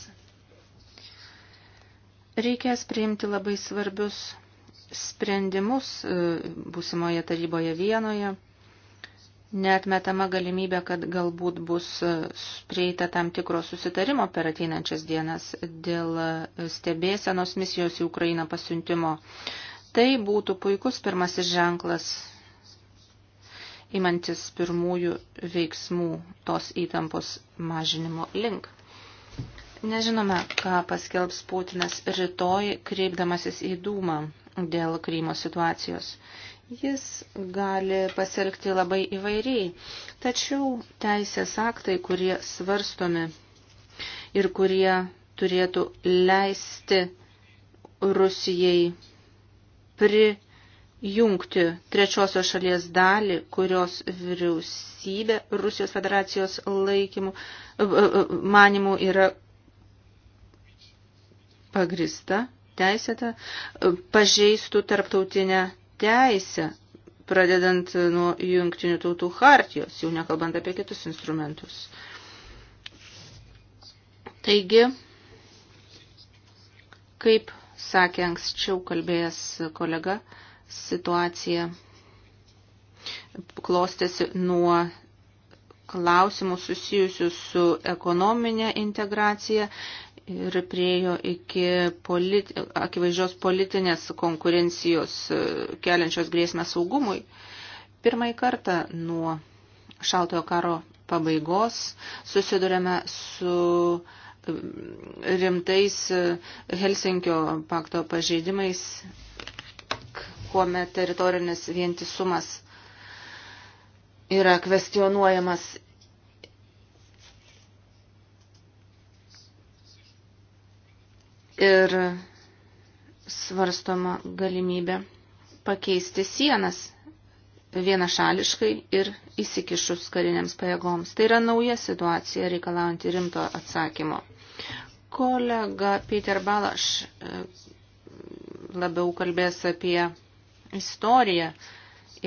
B: Reikės priimti labai svarbius sprendimus e, būsimoje taryboje vienoje. Netmetama galimybė, kad galbūt bus e, prieita tam tikro susitarimo per ateinančias dienas dėl e, stebėsenos misijos į Ukrainą pasiuntimo. Tai būtų puikus pirmasis ženklas imantis pirmųjų veiksmų tos įtampos mažinimo link. Nežinome, ką paskelbs Putinas rytoj, kreipdamasis į Dūmą dėl Krymo situacijos. Jis gali pasielgti labai įvairiai, tačiau teisės aktai, kurie svarstomi ir kurie turėtų leisti Rusijai pri jungti trečiosios šalies dalį, kurios vyriausybė Rusijos federacijos laikymų, e, e, e, manimų yra pagrista, teisėta, pažeistų tarptautinę teisę, pradedant nuo jungtinių tautų hartijos, jau nekalbant apie kitus instrumentus. Taigi, kaip sakė anksčiau kalbėjęs kolega, situacija klostėsi nuo klausimų susijusių su ekonominė integracija ir priejo iki politi akivaizdžios politinės konkurencijos e, keliančios grėsmę saugumui. Pirmąjį kartą nuo šaltojo karo pabaigos susidurėme su e, rimtais e, Helsinkio pakto pažeidimais kuomet teritorinis vientisumas yra kvestionuojamas. Ir svarstoma galimybė pakeisti sienas vienašališkai ir įsikišus kariniams pajėgoms. Tai yra nauja situacija reikalaujanti rimto atsakymo. Kolega Peter Balaš e, labiau kalbės apie istoriją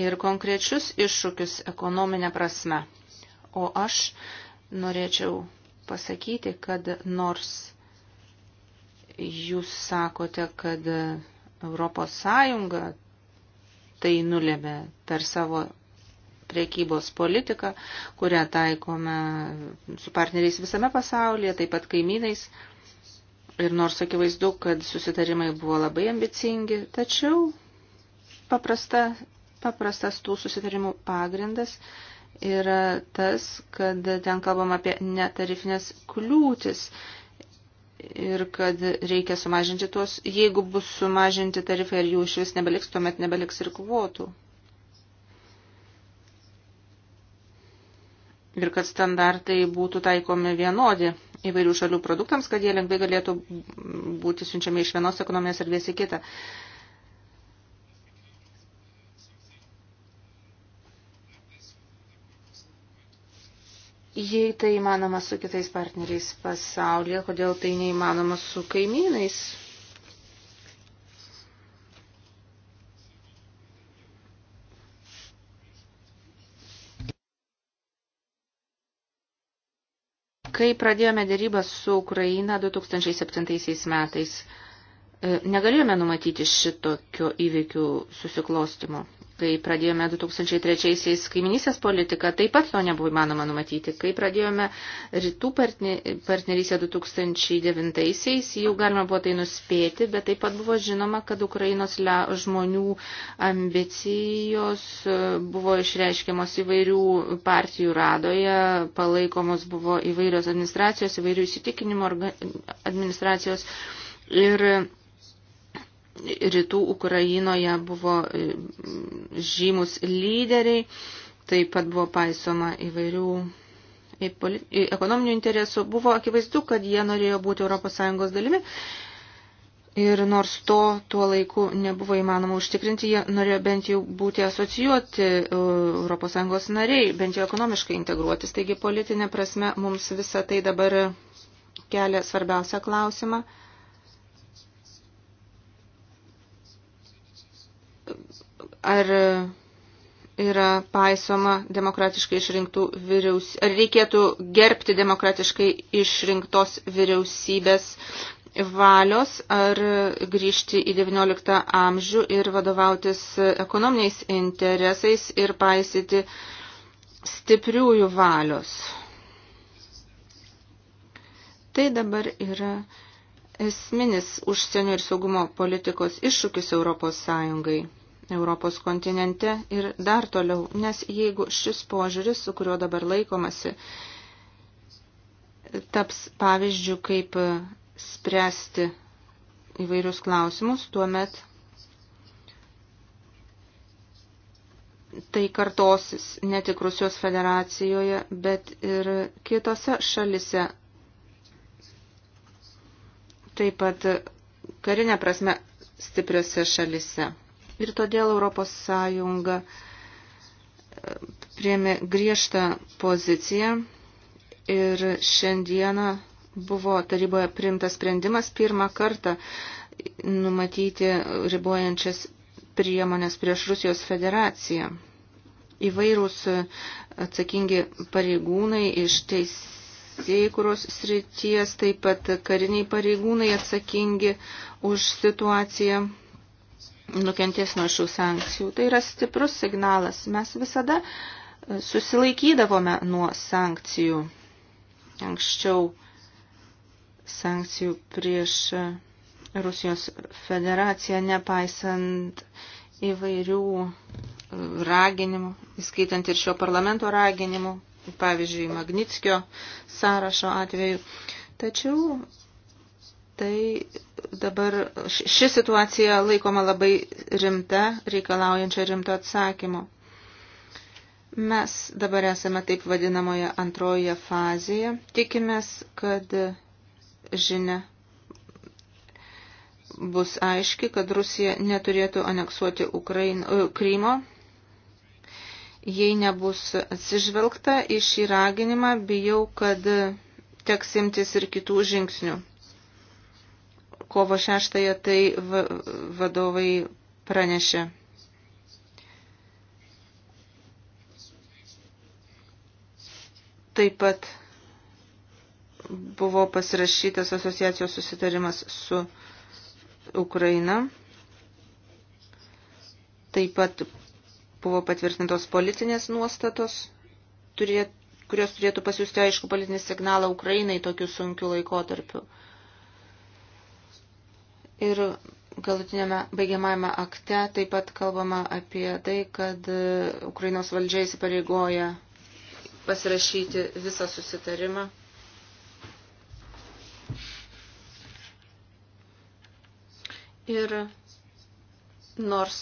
B: ir konkrečius iššūkius ekonominė prasme. O aš norėčiau pasakyti, kad nors jūs sakote, kad Europos Sąjunga tai nulėmė per savo priekybos politiką, kurią taikome su partneriais visame pasaulyje, taip pat kaimynais. Ir nors akivaizdu, kad susitarimai buvo labai ambicingi, tačiau Paprasta, paprastas tų susitarimų pagrindas yra tas, kad ten kalbam apie netarifinės kliūtis ir kad reikia sumažinti tuos, jeigu bus sumažinti tarifai ir jų iš vis nebeliks, tuomet nebeliks ir kvotų. Ir kad standartai būtų taikomi vienodi įvairių šalių produktams, kad jie lengvai galėtų būti siunčiami iš vienos ekonomijos erdvės į kitą. jei tai įmanoma su kitais partneriais pasaulyje, kodėl tai neįmanoma su kaimynais? Kai pradėjome dėrybas su Ukraina 2007 metais, e, negalėjome numatyti šitokio įvykių susiklostimo. Kai pradėjome 2003-aisiais kaiminysės politiką, taip pat to nebuvo įmanoma numatyti. Kai pradėjome rytų partnerysę 2009-aisiais, jau galima buvo tai nuspėti, bet taip pat buvo žinoma, kad Ukrainos žmonių ambicijos e, buvo išreiškiamos įvairių partijų radoje, palaikomos buvo įvairios administracijos, įvairių įsitikinimų administracijos. Ir rytų Ukrainoje buvo e, žymus lyderiai, taip pat buvo paisoma įvairių ekonominių interesų. Buvo akivaizdu, kad jie norėjo būti ES dalimi. Ir nors to tuo laiku nebuvo įmanoma užtikrinti, jie norėjo bent jau būti asocijuoti e, ES nariai, bent jau ekonomiškai integruotis. Taigi politinė prasme mums visą tai dabar kelia svarbiausią klausimą ar yra paisoma demokratiškai išrinktų vyriausybės, ar reikėtų gerbti demokratiškai išrinktos vyriausybės valios, ar grįžti į XIX amžių ir vadovautis ekonominiais interesais ir paisyti stipriųjų valios. Tai dabar yra esminis užsienio ir saugumo politikos iššūkis Europos Sąjungai. Europos kontinente ir dar toliau, nes jeigu šis požiūris, su kuriuo dabar laikomasi, taps pavyzdžių, kaip spręsti įvairius klausimus, tuomet tai kartosis ne tik Rusijos federacijoje, bet ir kitose šalise. Taip pat karinė prasme stipriose šalise ir todėl Europos Sąjunga e, priemė griežtą poziciją ir šiandieną buvo taryboje priimtas sprendimas pirmą kartą numatyti ribojančias priemonės prieš Rusijos federaciją. Įvairūs e, atsakingi pareigūnai iš teisėkuros srities, taip pat kariniai pareigūnai atsakingi už situaciją nukentės nuo šių sankcijų. Tai yra stiprus signalas. Mes visada e, susilaikydavome nuo sankcijų. Anksčiau sankcijų prieš e, Rusijos federaciją, nepaisant įvairių e, raginimų, įskaitant ir šio parlamento raginimų, pavyzdžiui, Magnitskio sąrašo atveju. Tačiau tai dabar ši situacija laikoma labai rimta, reikalaujančia rimto atsakymo. Mes dabar esame taip vadinamoje antroje fazėje. Tikimės, kad žinia bus aiški, kad Rusija neturėtų aneksuoti Ukraino, e, Krymo, jei nebus atsižvelgta į šį raginimą, bijau, kad teks imtis ir kitų žingsnių kovo 6 tai vadovai pranešė. Taip pat buvo pasirašytas asociacijos susitarimas su Ukraina. Taip pat buvo patvirtintos politinės nuostatos, turėt, kurios turėtų pasiūsti aišku politinį signalą Ukrainai tokiu sunkiu laikotarpiu. Ir galutinėme baigiamajame akte taip pat kalbama apie tai, kad e, Ukrainos valdžia įsipareigoja pasirašyti visą susitarimą. Ir nors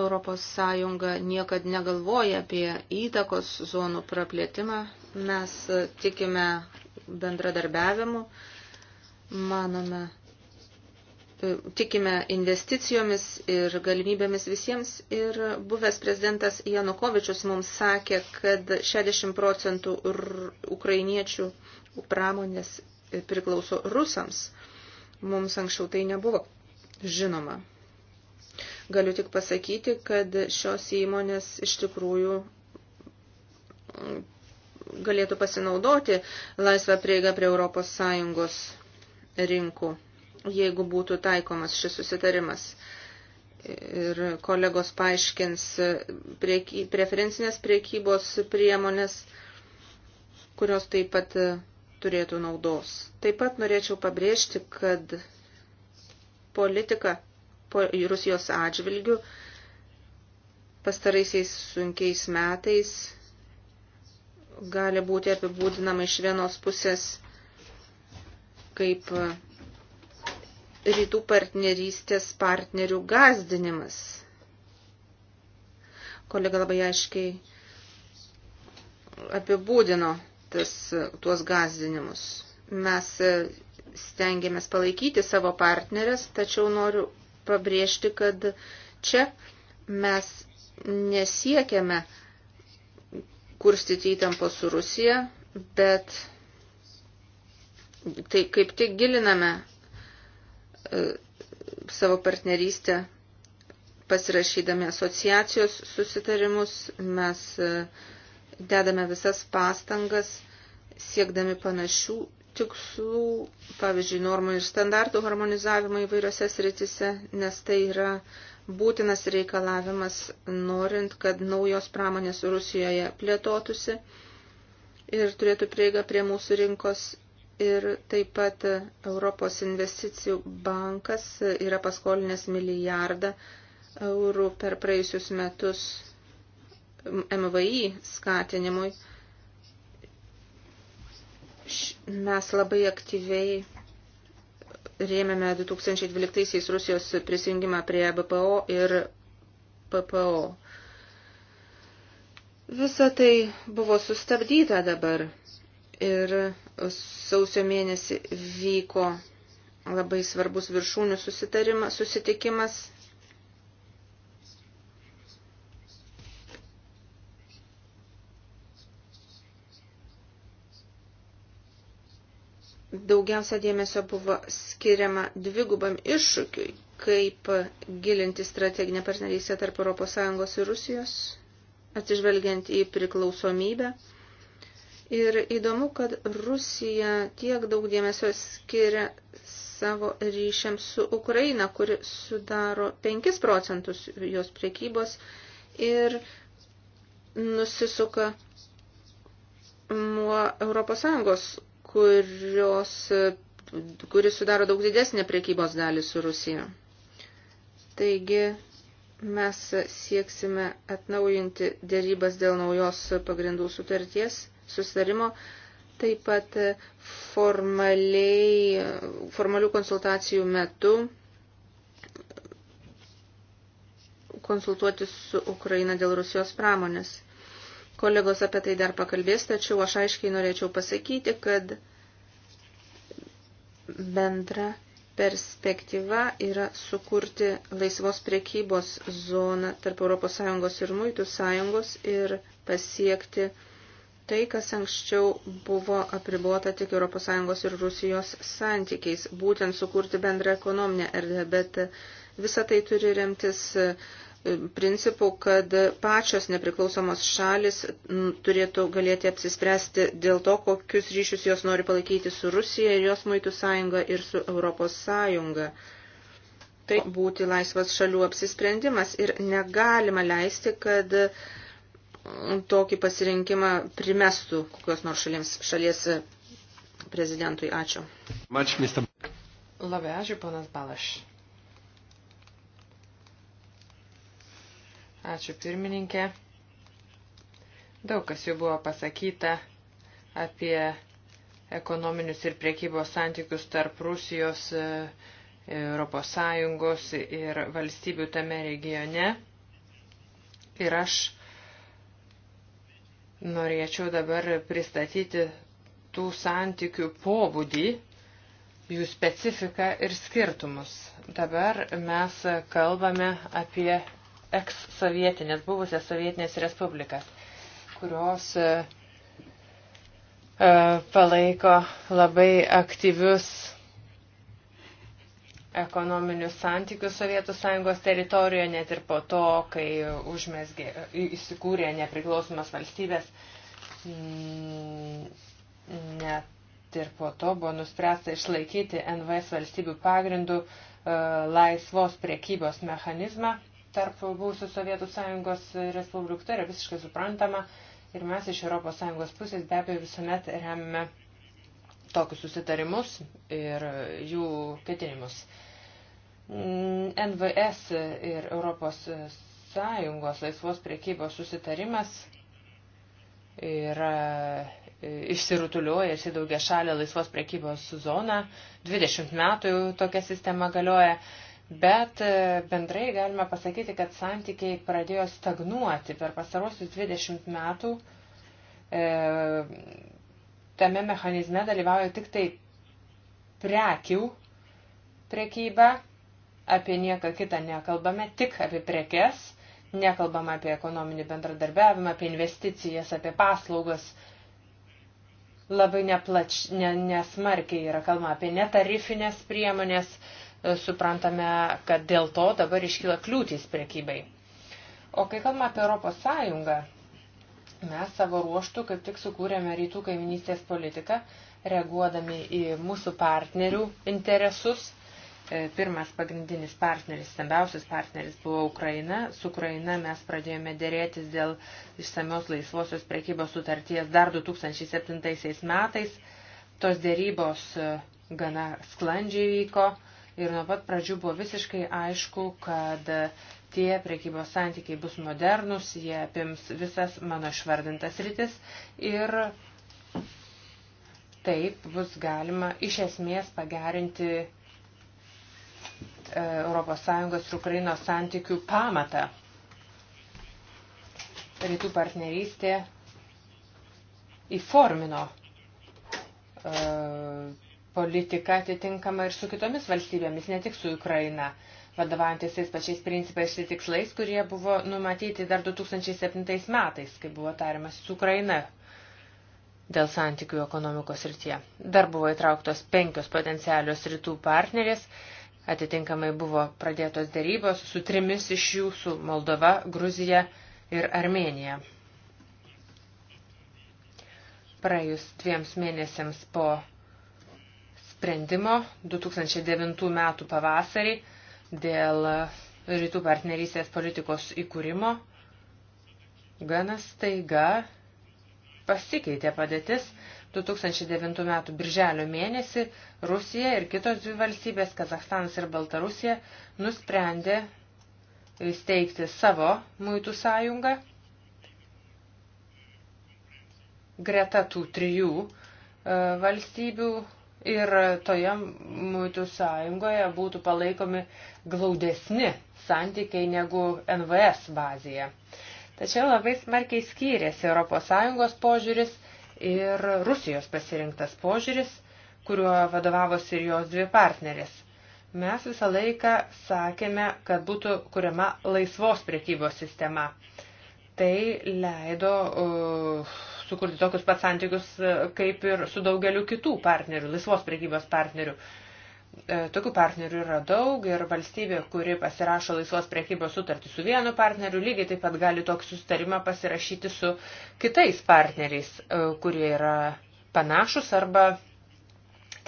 B: Europos Sąjunga niekad negalvoja apie įtakos zonų praplėtimą, mes tikime bendradarbiavimu manome, e, tikime investicijomis ir galimybėmis visiems. Ir buvęs prezidentas Janukovičius mums sakė, kad 60 procentų ukrainiečių pramonės priklauso rusams. Mums anksčiau tai nebuvo žinoma. Galiu tik pasakyti, kad šios įmonės iš tikrųjų galėtų pasinaudoti laisvą prieigą prie Europos Sąjungos rinkų, jeigu būtų taikomas šis susitarimas. Ir kolegos paaiškins prieky, preferencinės priekybos priemonės, kurios taip pat turėtų naudos. Taip pat norėčiau pabrėžti, kad politika po Rusijos atžvilgių pastaraisiais sunkiais metais gali būti apibūdinama iš vienos pusės kaip e, rytų partnerystės partnerių gazdinimas. Kolega labai aiškiai apibūdino tas, e, tuos gazdinimus. Mes e, stengiamės palaikyti savo partnerės, tačiau noriu pabrėžti, kad čia mes nesiekiame kurstyti įtampos su Rusija, bet tai kaip tik giliname e, savo partnerystę pasirašydami asociacijos susitarimus, mes e, dedame visas pastangas siekdami panašių tikslų, pavyzdžiui, normų ir standartų harmonizavimą įvairiose sritise, nes tai yra būtinas reikalavimas, norint, kad naujos pramonės Rusijoje plėtotųsi ir turėtų prieigą prie mūsų rinkos Ir taip pat Europos investicijų bankas yra paskolinęs milijardą eurų per praėjusius metus MVI skatinimui. Mes labai aktyviai rėmėme 2012 Rusijos prisijungimą prie BPO ir PPO. Visa tai buvo sustabdyta dabar ir Sausio mėnesį vyko labai svarbus viršūnių susitikimas. Daugiausia dėmesio buvo skiriama dvigubam iššūkiui, kaip gilinti strateginę partnerystę tarp ES ir Rusijos, atsižvelgiant į priklausomybę Ir įdomu, kad Rusija tiek daug dėmesio skiria savo ryšiams su Ukraina, kuri sudaro 5 procentus jos priekybos ir nusisuka nuo ES, kurios, kuri sudaro daug didesnę priekybos dalį su Rusija. Taigi, mes sieksime atnaujinti dėrybas dėl naujos pagrindų sutarties susitarimo, taip pat formaliai, formalių konsultacijų metu konsultuoti su Ukraina dėl Rusijos pramonės. Kolegos apie tai dar pakalbės, tačiau aš aiškiai norėčiau pasakyti, kad bendra perspektyva yra sukurti laisvos priekybos zoną tarp ES ir Muitų sąjungos ir pasiekti Tai, kas anksčiau buvo apribuota tik ES ir Rusijos santykiais, būtent sukurti bendrą ekonominę erdvę, bet visa tai turi remtis e, principų, kad pačios nepriklausomos šalis turėtų galėti apsispręsti dėl to, kokius ryšius jos nori palaikyti su Rusija ir jos muitų sąjunga ir su Europos sąjunga. Tai būti laisvas šalių apsisprendimas ir negalima leisti, kad tokį pasirinkimą primestų kokios nors šalims, šalies
C: prezidentui. Ačiū. Labai ačiū, panas Balaš. Ačiū pirmininkė. Daug kas jau buvo pasakyta apie ekonominius ir priekybos santykius tarp Rusijos, e, Europos Sąjungos ir valstybių tame regione. Ir aš Norėčiau dabar pristatyti tų santykių pobūdį, jų specifiką ir skirtumus. Dabar mes kalbame apie eks-sovietinės, buvusias sovietinės respublikas, kurios e, e, palaiko labai aktyvius ekonominius santykius Sovietų sąjungos teritorijoje, net ir po to, kai užmesgė, įsikūrė nepriklausomas valstybės, mm, net ir po to buvo nuspręsta išlaikyti NVS valstybių pagrindų e, laisvos priekybos mechanizmą tarp būsų Sovietų sąjungos respublikų. Tai yra visiškai suprantama ir mes iš Europos sąjungos pusės be abejo visuomet remiame tokius susitarimus ir jų ketinimus. Mm, NVS ir Europos Sąjungos laisvos priekybos susitarimas yra e, išsirutuliojęs į daugia šalę laisvos priekybos zoną. 20 metų jau tokia sistema galioja. Bet e, bendrai galime pasakyti, kad santykiai pradėjo stagnuoti per pasarosius 20 metų. E, tame mechanizme dalyvauja tik tai prekių prekyba apie nieką kitą nekalbame, tik apie prekes, nekalbame apie ekonominį bendradarbiavimą, apie investicijas, apie paslaugas. Labai neplač, ne, nesmarkiai yra kalbama apie netarifinės priemonės, e, suprantame, kad dėl to dabar iškyla kliūtys prekybai. O kai kalbame apie Europos Sąjungą, mes savo ruoštų kaip tik sukūrėme rytų kaiminystės politiką, reaguodami į mūsų partnerių interesus – E, pirmas pagrindinis partneris, stambiausias partneris buvo Ukraina. Su Ukraina mes pradėjome dėrėtis dėl išsamios laisvosios prekybos sutarties dar 2007 metais. Tos dėrybos e, gana sklandžiai vyko ir nuo pat pradžių buvo visiškai aišku, kad e, tie priekybos santykiai bus modernus, jie apims visas mano išvardintas rytis ir taip bus galima iš esmės pagerinti ES ir Ukrainos santykių pamatą. Rytų partnerystė įformino e, politiką atitinkamą ir su kitomis valstybėmis, ne tik su Ukraina, vadovantis tais pačiais principais ir tikslais, kurie buvo numatyti dar 2007 metais, kai buvo tariamas su Ukraina dėl santykių ekonomikos rytie. Dar buvo įtrauktos penkios potencialios rytų partnerės, Atitinkamai buvo pradėtos dėrybos su trimis iš jų - su Moldova, Gruzija ir Armenija. Praėjus dviems mėnesiams po sprendimo 2009 m. pavasarį dėl rytų partnerystės politikos įkūrimo, ganas taiga pasikeitė padėtis 2009 m. birželio mėnesį Rusija ir kitos dvi valstybės, Kazahstanas ir Baltarusija, nusprendė steigti savo muitų sąjungą greta tų trijų e, valstybių ir toje muitų sąjungoje būtų palaikomi glaudesni santykiai negu NVS bazėje. Tačiau labai smarkiai skyrėsi ES požiūris ir Rusijos pasirinktas požiūris, kuriuo vadovavosi ir jos dvi partnerės. Mes visą laiką sakėme, kad būtų kuriama laisvos priekybos sistema. Tai leido uh, sukurti tokius pat santykius uh, kaip ir su daugeliu kitų partnerių, laisvos priekybos partnerių. Uh, E, tokių partnerių yra daug ir valstybė, kuri pasirašo laisvos priekybos sutartį su vienu partneriu, lygiai taip pat gali tokį sustarimą pasirašyti su kitais partneriais, e, kurie yra panašus arba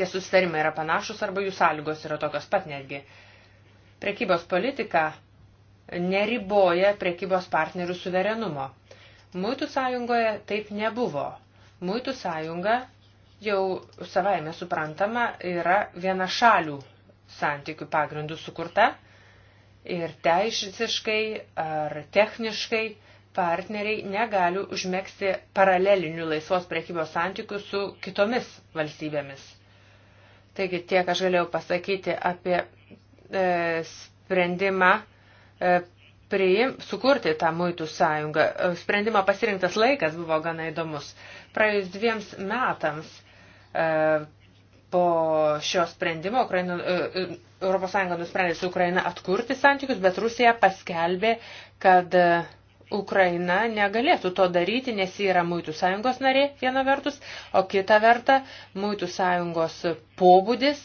C: tie sustarimai yra panašus arba jų sąlygos yra tokios pat netgi. Prekybos politika neriboja prekybos partnerių suverenumo. Muitų sąjungoje taip nebuvo. Muitų sąjunga jau savaime suprantama yra viena šalių santykių pagrindų sukurta ir teisiškai ar techniškai partneriai negali užmėgsti paralelinių laisvos prekybos santykių su kitomis valstybėmis. Taigi tiek aš galėjau pasakyti apie e, sprendimą e, priim, sukurti tą muitų sąjungą. E, sprendimo pasirinktas laikas buvo gana įdomus. Praėjus dviems metams E, po šio sprendimo Ukraina, ES e, nusprendė su Ukraina atkurti santykius, bet Rusija paskelbė, kad e, Ukraina negalėtų to daryti, nes ji yra Muitų sąjungos narė viena vertus, o kita verta Muitų sąjungos pobūdis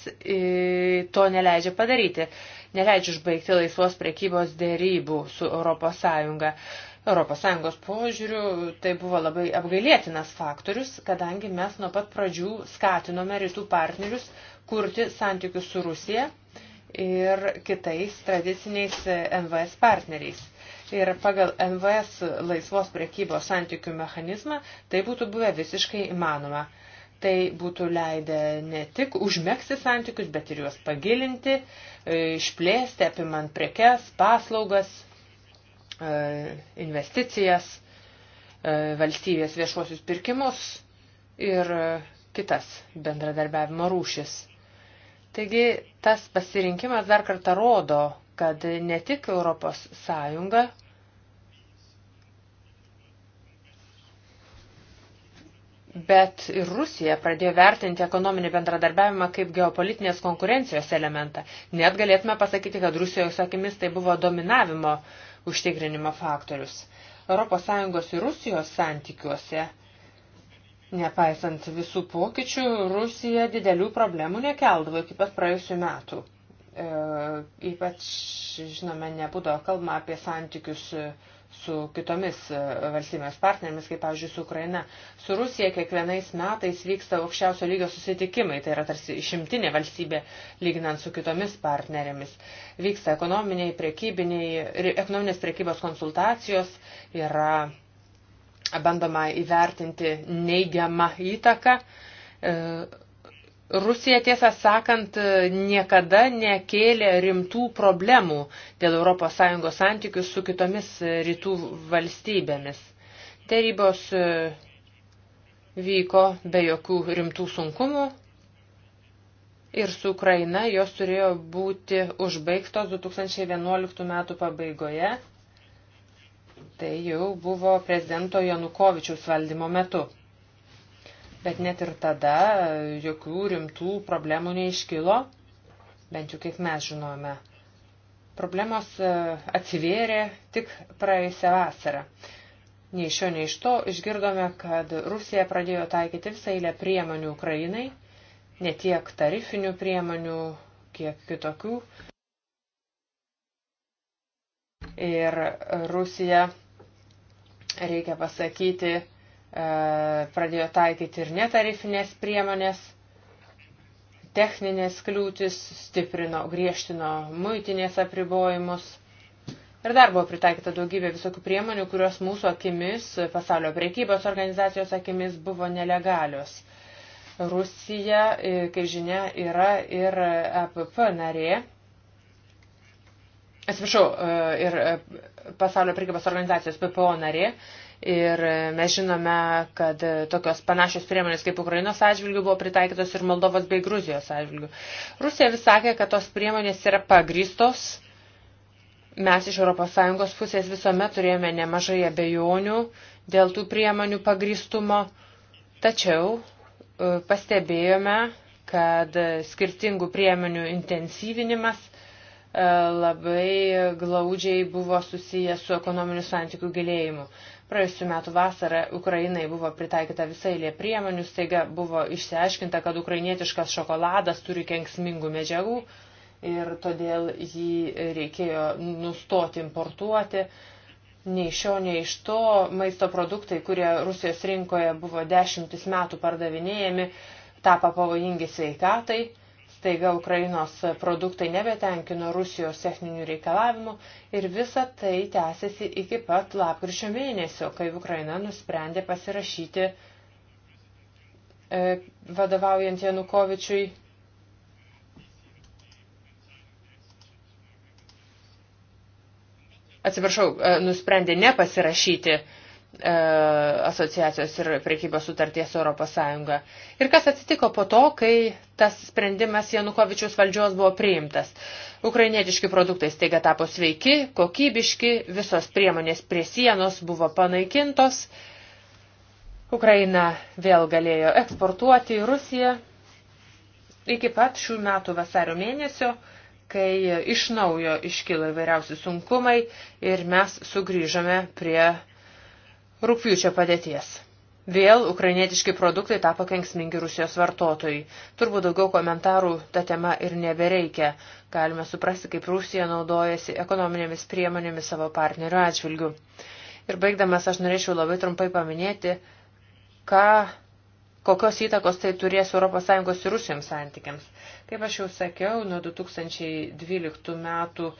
C: to neleidžia padaryti, neleidžia užbaigti laisvos prekybos dėrybų su Europos sąjunga. ES požiūrių tai buvo labai apgailėtinas faktorius, kadangi mes nuo pat pradžių skatinome rytų partnerius kurti santykius su Rusija ir kitais tradiciniais NVS partneriais. Ir pagal NVS laisvos priekybos santykių mechanizmą tai būtų buvę visiškai įmanoma. Tai būtų leidę ne tik užmėgsti santykius, bet ir juos pagilinti, išplėsti, apimant prekes, paslaugas, E, investicijas, e, valstybės viešuosius pirkimus ir e, kitas bendradarbiavimo rūšis. Taigi tas pasirinkimas dar kartą rodo, kad ne tik Europos Sąjunga Bet ir Rusija pradėjo vertinti ekonominį bendradarbiavimą kaip geopolitinės konkurencijos elementą. Net galėtume pasakyti, kad Rusijos akimis tai buvo dominavimo uh, užtikrinimo faktorius. ES ir Rusijos santykiuose, nepaisant visų pokyčių, Rusija didelių problemų nekeldavo iki pat praėjusių metų. E, ypač, žinome, nebūdavo kalbama apie santykius su kitomis e, valstybėmis partnerėmis, kaip, pavyzdžiui, su Ukraina. Su Rusija kiekvienais metais vyksta aukščiausio lygio susitikimai, tai yra tarsi išimtinė valstybė lyginant su kitomis partnerėmis. Vyksta ekonominiai, prekybiniai, ekonominės prekybos konsultacijos, yra bandoma įvertinti neigiamą įtaką. E, Rusija, tiesą sakant, niekada nekėlė rimtų problemų dėl ES santykių su kitomis rytų valstybėmis. Tarybos e, vyko be jokių rimtų sunkumų ir su Ukraina jos turėjo būti užbaigtos 2011 metų pabaigoje. Tai jau buvo prezidento Janukovičiaus valdymo metu. Bet net ir tada e, jokių rimtų problemų neiškilo, bent jau kiek mes žinome. Problemos e, atsivėrė tik praėjusią vasarą. Nei iš šio, nei iš to išgirdome, kad Rusija pradėjo taikyti visą eilę priemonių Ukrainai, ne tiek tarifinių priemonių, kiek kitokių. Ir Rusija, reikia pasakyti, E, pradėjo taikyti ir netarifinės priemonės, techninės kliūtis, stiprino, griežtino muitinės apribojimus. Ir dar buvo pritaikyta daugybė visokių priemonių, kurios mūsų akimis, pasaulio priekybos organizacijos akimis buvo nelegalios. Rusija, e, kaip žinia, yra ir APP e narė. Atsiprašau, ir pasaulio priekybos organizacijos PPO narė. Ir mes žinome, kad tokios panašios priemonės kaip Ukrainos atžvilgių buvo pritaikytos ir Moldovos bei Gruzijos atžvilgių. Rusija vis sakė, kad tos priemonės yra pagristos. Mes iš ES pusės visuomet turėjome nemažai abejonių dėl tų priemonių pagristumo, tačiau e, pastebėjome, kad skirtingų priemonių intensyvinimas e, labai glaudžiai buvo susijęs su ekonominiu santykių gilėjimu. Praėjusiu metu vasarą Ukrainai buvo pritaikyta visai lė priemonių, staiga buvo išsiaiškinta, kad ukrainietiškas šokoladas turi kenksmingų medžiagų ir todėl jį reikėjo nustoti importuoti. Nei šio, nei iš to maisto produktai, kurie Rusijos rinkoje buvo dešimtis metų pardavinėjami, tapo pavojingi sveikatai staiga Ukrainos produktai nebetenkino Rusijos techninių reikalavimų ir visa tai tęsiasi iki pat lapkričio mėnesio, kai Ukraina nusprendė pasirašyti e, vadovaujant Janukovičiui atsiprašau, e, nusprendė nepasirašyti E, asociacijos ir prekybos sutarties Europos Sąjunga. Ir kas atsitiko po to, kai tas sprendimas Janukovičius valdžios buvo priimtas. Ukrainietiški produktai staiga tapo sveiki, kokybiški, visos priemonės prie sienos buvo panaikintos. Ukraina vėl galėjo eksportuoti į Rusiją iki pat šių metų vasario mėnesio, kai iš naujo iškilo įvairiausi sunkumai ir mes sugrįžome prie rūpjūčio padėties. Vėl ukrainietiški produktai tapo kenksmingi Rusijos vartotojai. Turbūt daugiau komentarų ta tema ir nebereikia. Galime suprasti, kaip Rusija naudojasi ekonominėmis priemonėmis savo partnerių atžvilgių. Ir baigdamas aš norėčiau labai trumpai paminėti, ką, kokios įtakos tai turės ES ir Rusijams santykiams. Kaip aš jau sakiau, nuo 2012 metų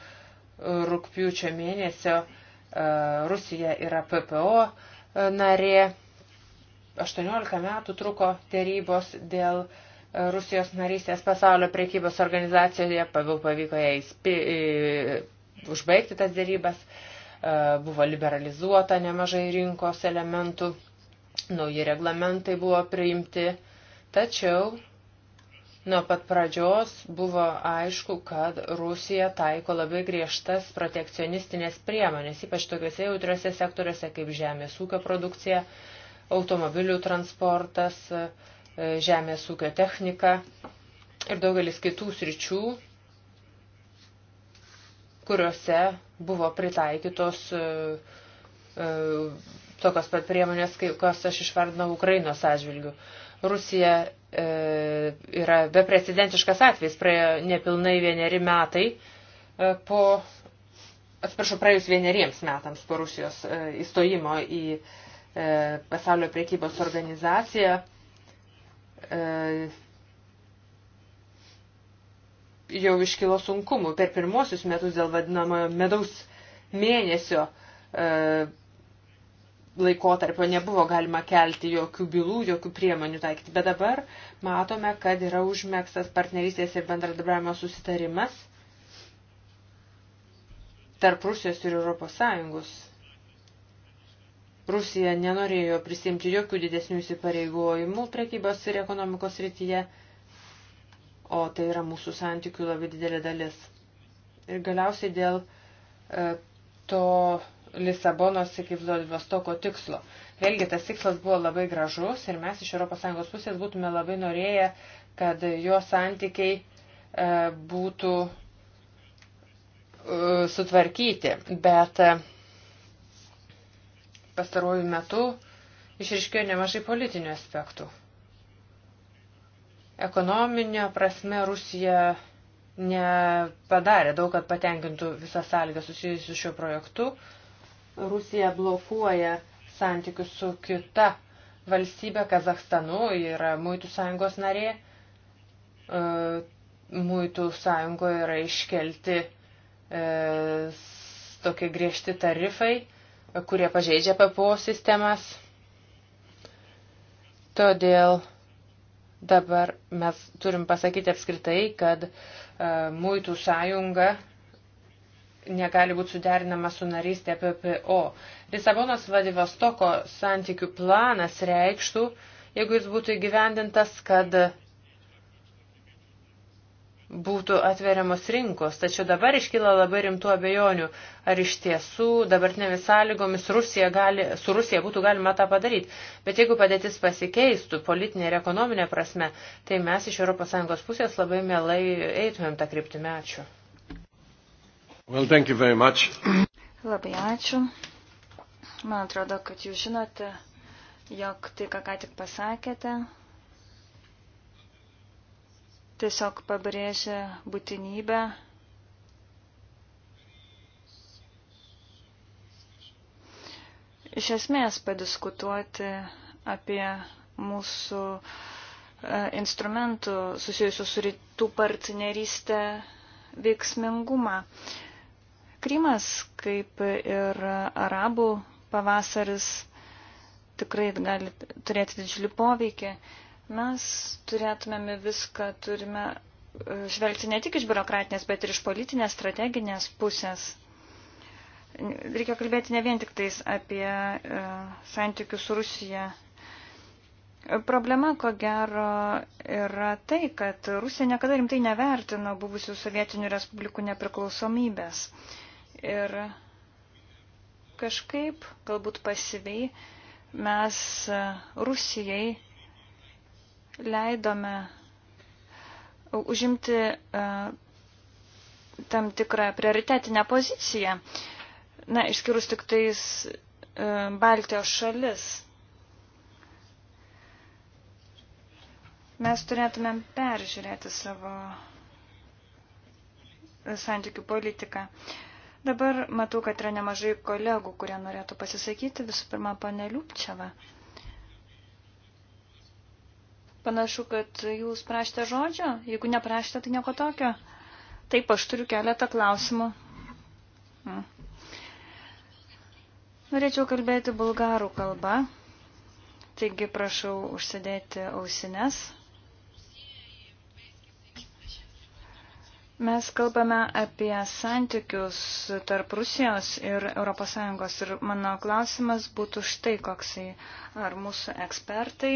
C: rūpjūčio mėnesio e, Rusija yra PPO narė. 18 metų truko dėrybos dėl e, Rusijos narystės pasaulio priekybos organizacijoje, pagal pavyko ją įspi, užbaigti tas dėrybas, e, buvo liberalizuota nemažai rinkos elementų, nauji reglamentai buvo priimti, tačiau Nuo pat pradžios buvo aišku, kad Rusija taiko labai griežtas protekcionistinės priemonės, ypač tokiuose jautriuose sektoriuose kaip žemės ūkio produkcija, automobilių transportas, e, žemės ūkio technika ir daugelis kitų sričių, kuriuose buvo pritaikytos e, e, tokios pat priemonės, kaip kas aš išvardinau Ukrainos atžvilgių. Rusija E, yra beprecedentiškas atvejis, praėjo nepilnai vieneri metai e, po, atsiprašau, praėjus vieneriems metams po Rusijos e, įstojimo į pasaulio priekybos organizaciją. Jau iškilo sunkumų. Per pirmosius metus dėl vadinamojo medaus mėnesio laikotarpio nebuvo galima kelti jokių bylų, jokių priemonių taikyti. Bet dabar matome, kad yra užmėgstas partnerystės ir bendradarbiavimo susitarimas tarp Rusijos ir Europos Sąjungos. Rusija nenorėjo prisimti jokių didesnių įsipareigojimų prekybos ir ekonomikos rytyje, o tai yra mūsų santykių labai didelė dalis. Ir galiausiai dėl e, to Lisabonos iki Vladivostoko tikslo. Vėlgi tas tikslas buvo labai gražus ir mes iš ES pusės būtume labai norėję, kad jo santykiai e, būtų e, sutvarkyti, bet e, pastarojų metų išriškėjo nemažai politinių aspektų. Ekonominio prasme Rusija nepadarė daug, kad patenkintų visą sąlygą susijusiu su šiuo projektu. Uh, Rusija blokuoja santykius su kita valstybė Kazahstanu, yra Muitų sąjungos narė. E, muitų sąjungoje yra iškelti e, tokie griežti tarifai, kurie pažeidžia PPO sistemas. Todėl dabar mes turim pasakyti apskritai, kad e, muitų sąjunga negali būti suderinama su narystė PPO. Lisabonos Vladivostoko santykių planas reikštų, jeigu jis būtų įgyvendintas, kad būtų atveriamos rinkos. Tačiau dabar iškyla labai rimtų abejonių, ar iš tiesų dabartinėmis sąlygomis Rusija gali, su Rusija būtų galima tą padaryti. Bet jeigu padėtis pasikeistų politinė ir ekonominė prasme, tai mes iš ES pusės labai mielai eitumėm tą kryptimę. Ačiū.
A: Well, thank you very much. Labai ačiū. Man atrodo, kad jūs žinote, jog tai, ką ką tik pasakėte, tiesiog pabrėžia būtinybę iš esmės padiskutuoti apie mūsų e, instrumentų susijusių su rytų partnerystė veiksmingumą. Krymas, kaip ir arabų pavasaris, tikrai gali turėti didžiulį poveikį. Mes turėtumėme viską, turime e, žvelgti ne tik iš biurokratinės, bet ir iš politinės, strateginės pusės. Reikia kalbėti ne vien tik tais apie e, santykius su Rusija. Problema, ko gero, yra tai, kad Rusija niekada rimtai nevertino buvusių sovietinių respublikų nepriklausomybės. E, Ir kažkaip, galbūt pasiviai, mes Rusijai leidome užimti e, tam tikrą prioritetinę poziciją. Na, išskyrus tik tais e, Baltijos šalis. Mes turėtumėm peržiūrėti savo santykių politiką. Uh, Dabar matau, kad yra nemažai kolegų, kurie norėtų pasisakyti. Visų pirma, pane Liupčiava. Panašu, kad jūs prašėte žodžio. Jeigu neprašėte, tai nieko tokio. Taip, aš turiu keletą klausimų. Hmm. Norėčiau kalbėti bulgarų kalbą. Taigi prašau užsidėti ausines. Mes kalbame apie santykius tarp Rusijos ir ES ir mano klausimas būtų štai koksai. Ar mūsų ekspertai.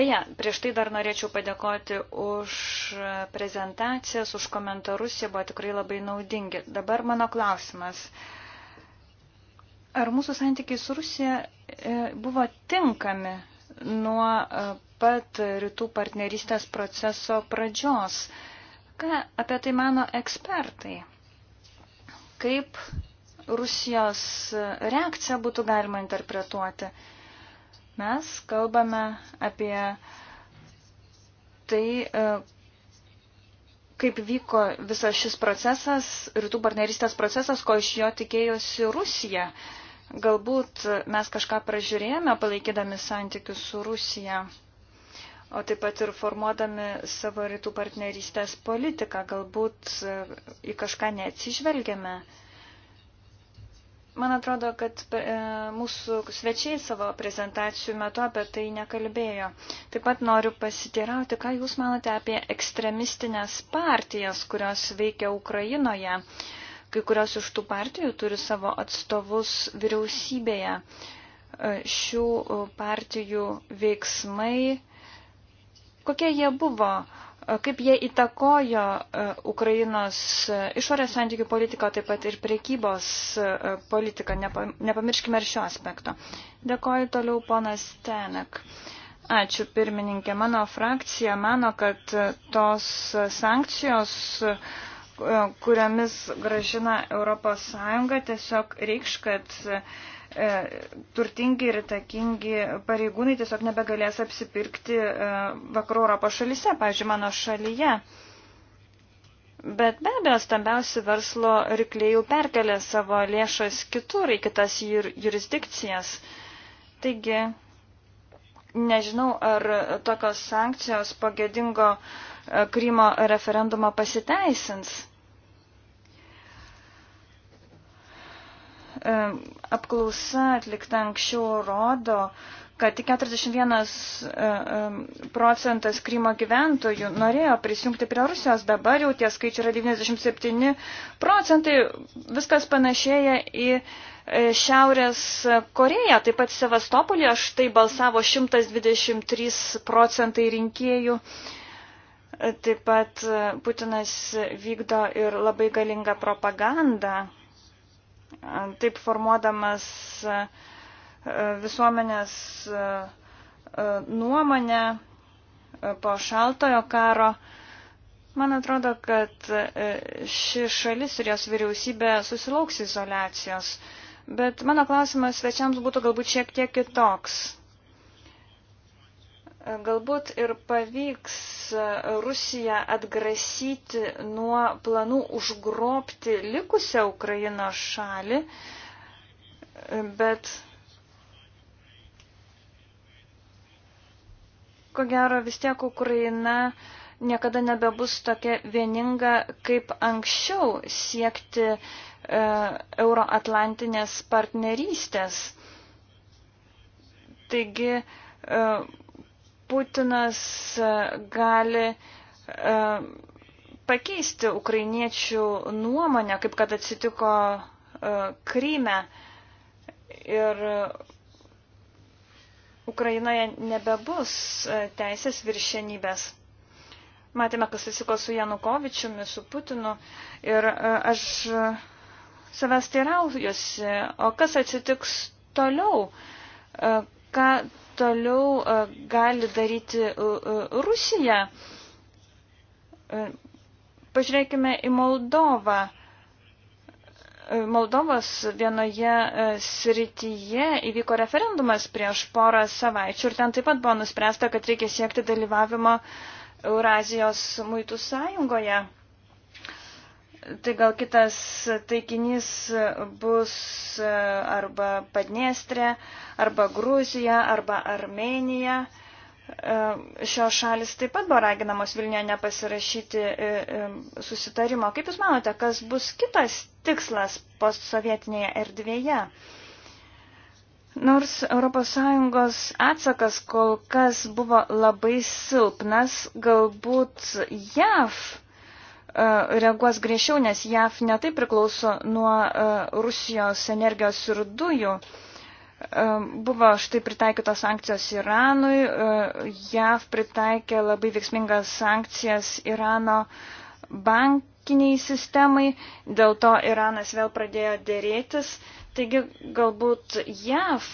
A: Beje, prieš tai dar norėčiau padėkoti už prezentacijas, už komentarus, jie buvo tikrai labai naudingi. Dabar mano klausimas. Ar mūsų santykiai su Rusija e, buvo tinkami nuo e, pat rytų partnerystės proceso pradžios. Ką apie tai mano ekspertai? Kaip Rusijos reakciją būtų galima interpretuoti? Mes kalbame apie tai, e, kaip vyko visas šis procesas, rytų partnerystės procesas, ko iš jo tikėjosi Rusija. Galbūt mes kažką pražiūrėjome, palaikydami santykius su Rusija o taip pat ir formuodami savo rytų partnerystės politiką, galbūt e, į kažką neatsižvelgiame. Man atrodo, kad e, mūsų svečiai savo prezentacijų metu apie tai nekalbėjo. Taip pat noriu pasiteirauti, ką Jūs manote apie ekstremistinės partijas, kurios veikia Ukrainoje. Kai kurios iš tų partijų turi savo atstovus vyriausybėje. E, šių partijų veiksmai Kokie jie buvo, e, kaip jie įtakojo e, Ukrainos e, išorės santykių politiką, taip pat ir priekybos politiką. Nepamirškime ir šio aspekto. Dėkoju toliau ponas Tenek. Ačiū pirmininkė. Mano frakcija mano, kad tos sankcijos, kuriamis gražina ES, tiesiog reikš, kad E, turtingi ir takingi pareigūnai tiesiog nebegalės apsipirkti e, vakarų Europos šalyse, pavyzdžiui, mano šalyje. Bet be abejo, stambiausi verslo rykliai jau perkelė savo lėšas kitur į kitas jur, jurisdikcijas. Taigi, nežinau, ar tokios sankcijos pagėdingo e, Krymo referendumo pasiteisins. E, apklausa atlikta anksčiau rodo, kad tik 41 e, e, procentas Krymo gyventojų norėjo prisijungti prie Rusijos, dabar jau tie skaičiai yra 97 procentai, viskas panašėja į Šiaurės Koreją, taip pat Sevastopolį, aš tai balsavo 123 procentai rinkėjų. Taip pat Putinas vykdo ir labai galingą propagandą taip formuodamas e, visuomenės e, e, nuomonę po šaltojo karo. Man atrodo, kad ši šalis ir jos vyriausybė susilauks izolacijos. Bet mano klausimas svečiams būtų galbūt šiek tiek kitoks. Galbūt ir pavyks e, Rusiją atgrasyti nuo planų užgrobti likusią Ukrainos šalį, bet ko gero vis tiek Ukraina niekada nebebus tokia vieninga kaip anksčiau siekti e, euroatlantinės partnerystės. Taigi, e, Putinas e, gali e, pakeisti ukrainiečių nuomonę, kaip kad atsitiko e, Kryme ir Ukrainoje nebebus teisės viršenybės. Matėme, kas atsitiko su Janukovičiumi, su Putinu ir aš savęs teiraujuosi, o kas atsitiks toliau, ką toliau e, gali daryti e, e, Rusija. Pažiūrėkime į Moldovą. Moldovos vienoje srityje įvyko referendumas prieš porą savaičių ir ten taip pat buvo nuspręsta, kad reikia siekti dalyvavimo Eurazijos muitų sąjungoje. Tai gal kitas taikinys bus e, arba Padniestrė, arba Gruzija, arba Armenija. E, šios šalis taip pat buvo raginamos Vilniuje nepasirašyti e, susitarimo. Kaip Jūs manote, kas bus kitas tikslas postsovietinėje erdvėje? Nors ES atsakas kol kas buvo labai silpnas, galbūt JAV E, reaguos griežčiau, nes JAF netai priklauso nuo e, Rusijos energijos ir dujų. E, buvo štai pritaikytos sankcijos Iranui, JAF pritaikė labai veiksmingas sankcijas Irano bankiniai sistemai, dėl to Iranas vėl pradėjo dėrėtis. Taigi galbūt JAF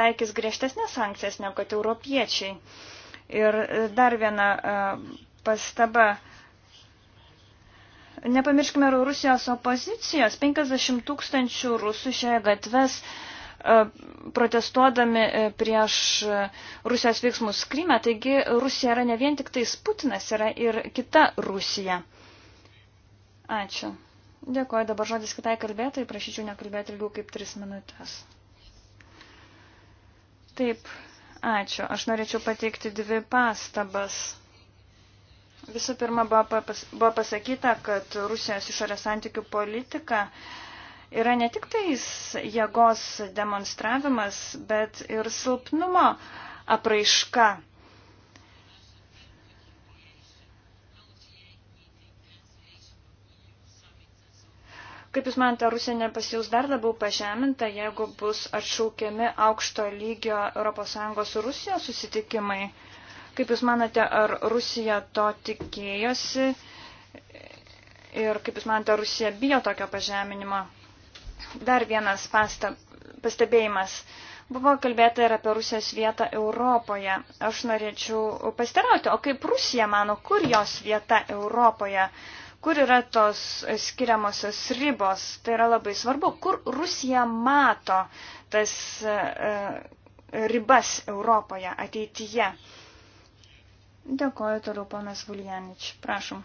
A: taikys griežtesnės sankcijas negu kad europiečiai. Ir dar viena pastaba Nepamirškime ir Rusijos opozicijos. 50 tūkstančių rusų išėjo gatves e, protestuodami e, prieš e, Rusijos veiksmus Kryme. Taigi Rusija yra ne vien tik tais Putinas, yra ir kita Rusija. Ačiū. Dėkuoju, dabar žodis kitai kalbėtojai, prašyčiau nekalbėti ilgiau kaip tris minutės. Taip, ačiū. Aš norėčiau pateikti dvi pastabas. Visų pirma, buvo pasakyta, kad Rusijos išorės santykių politika yra ne tik tais jėgos demonstravimas, bet ir silpnumo apraiška. Kaip Jūs manate, Rusija nepasijaus dar labiau pažeminta, jeigu bus atšaukiami aukšto lygio ES ir Rusijos susitikimai? Kaip Jūs manate, ar Rusija to tikėjosi ir kaip Jūs manate, ar Rusija bijo tokio pažeminimo? Dar vienas pasta, pastebėjimas. Buvo kalbėta ir apie Rusijos vietą Europoje. Aš norėčiau pastarauti, o kaip Rusija mano, kur jos vieta Europoje? kur yra tos skiriamosios ribos. Tai yra labai svarbu, kur Rusija mato tas e, e, ribas Europoje ateityje. Dėkoju toliau, ponas Vuljanič. Prašom.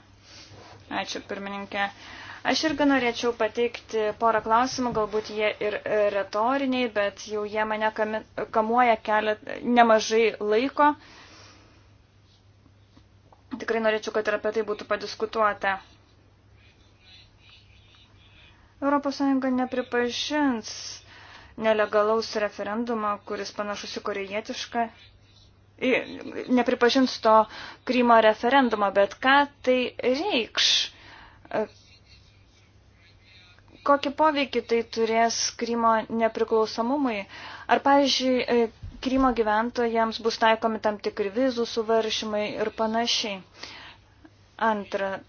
A: Ačiū, pirmininkė. Aš irgi norėčiau pateikti porą klausimų, galbūt jie ir retoriniai, bet jau jie mane kamuoja keliat, nemažai laiko. Tikrai norėčiau, kad ir apie tai būtų padiskutuota. ES nepripažins nelegalaus referendumo, kuris panašus į korejietišką nepripažins to Krymo referendumo, bet ką tai reikš? E, kokį poveikį tai turės Krymo nepriklausomumui? Ar, pavyzdžiui, e, Krymo gyventojams bus taikomi tam tikri vizų suvaršymai ir panašiai? Antra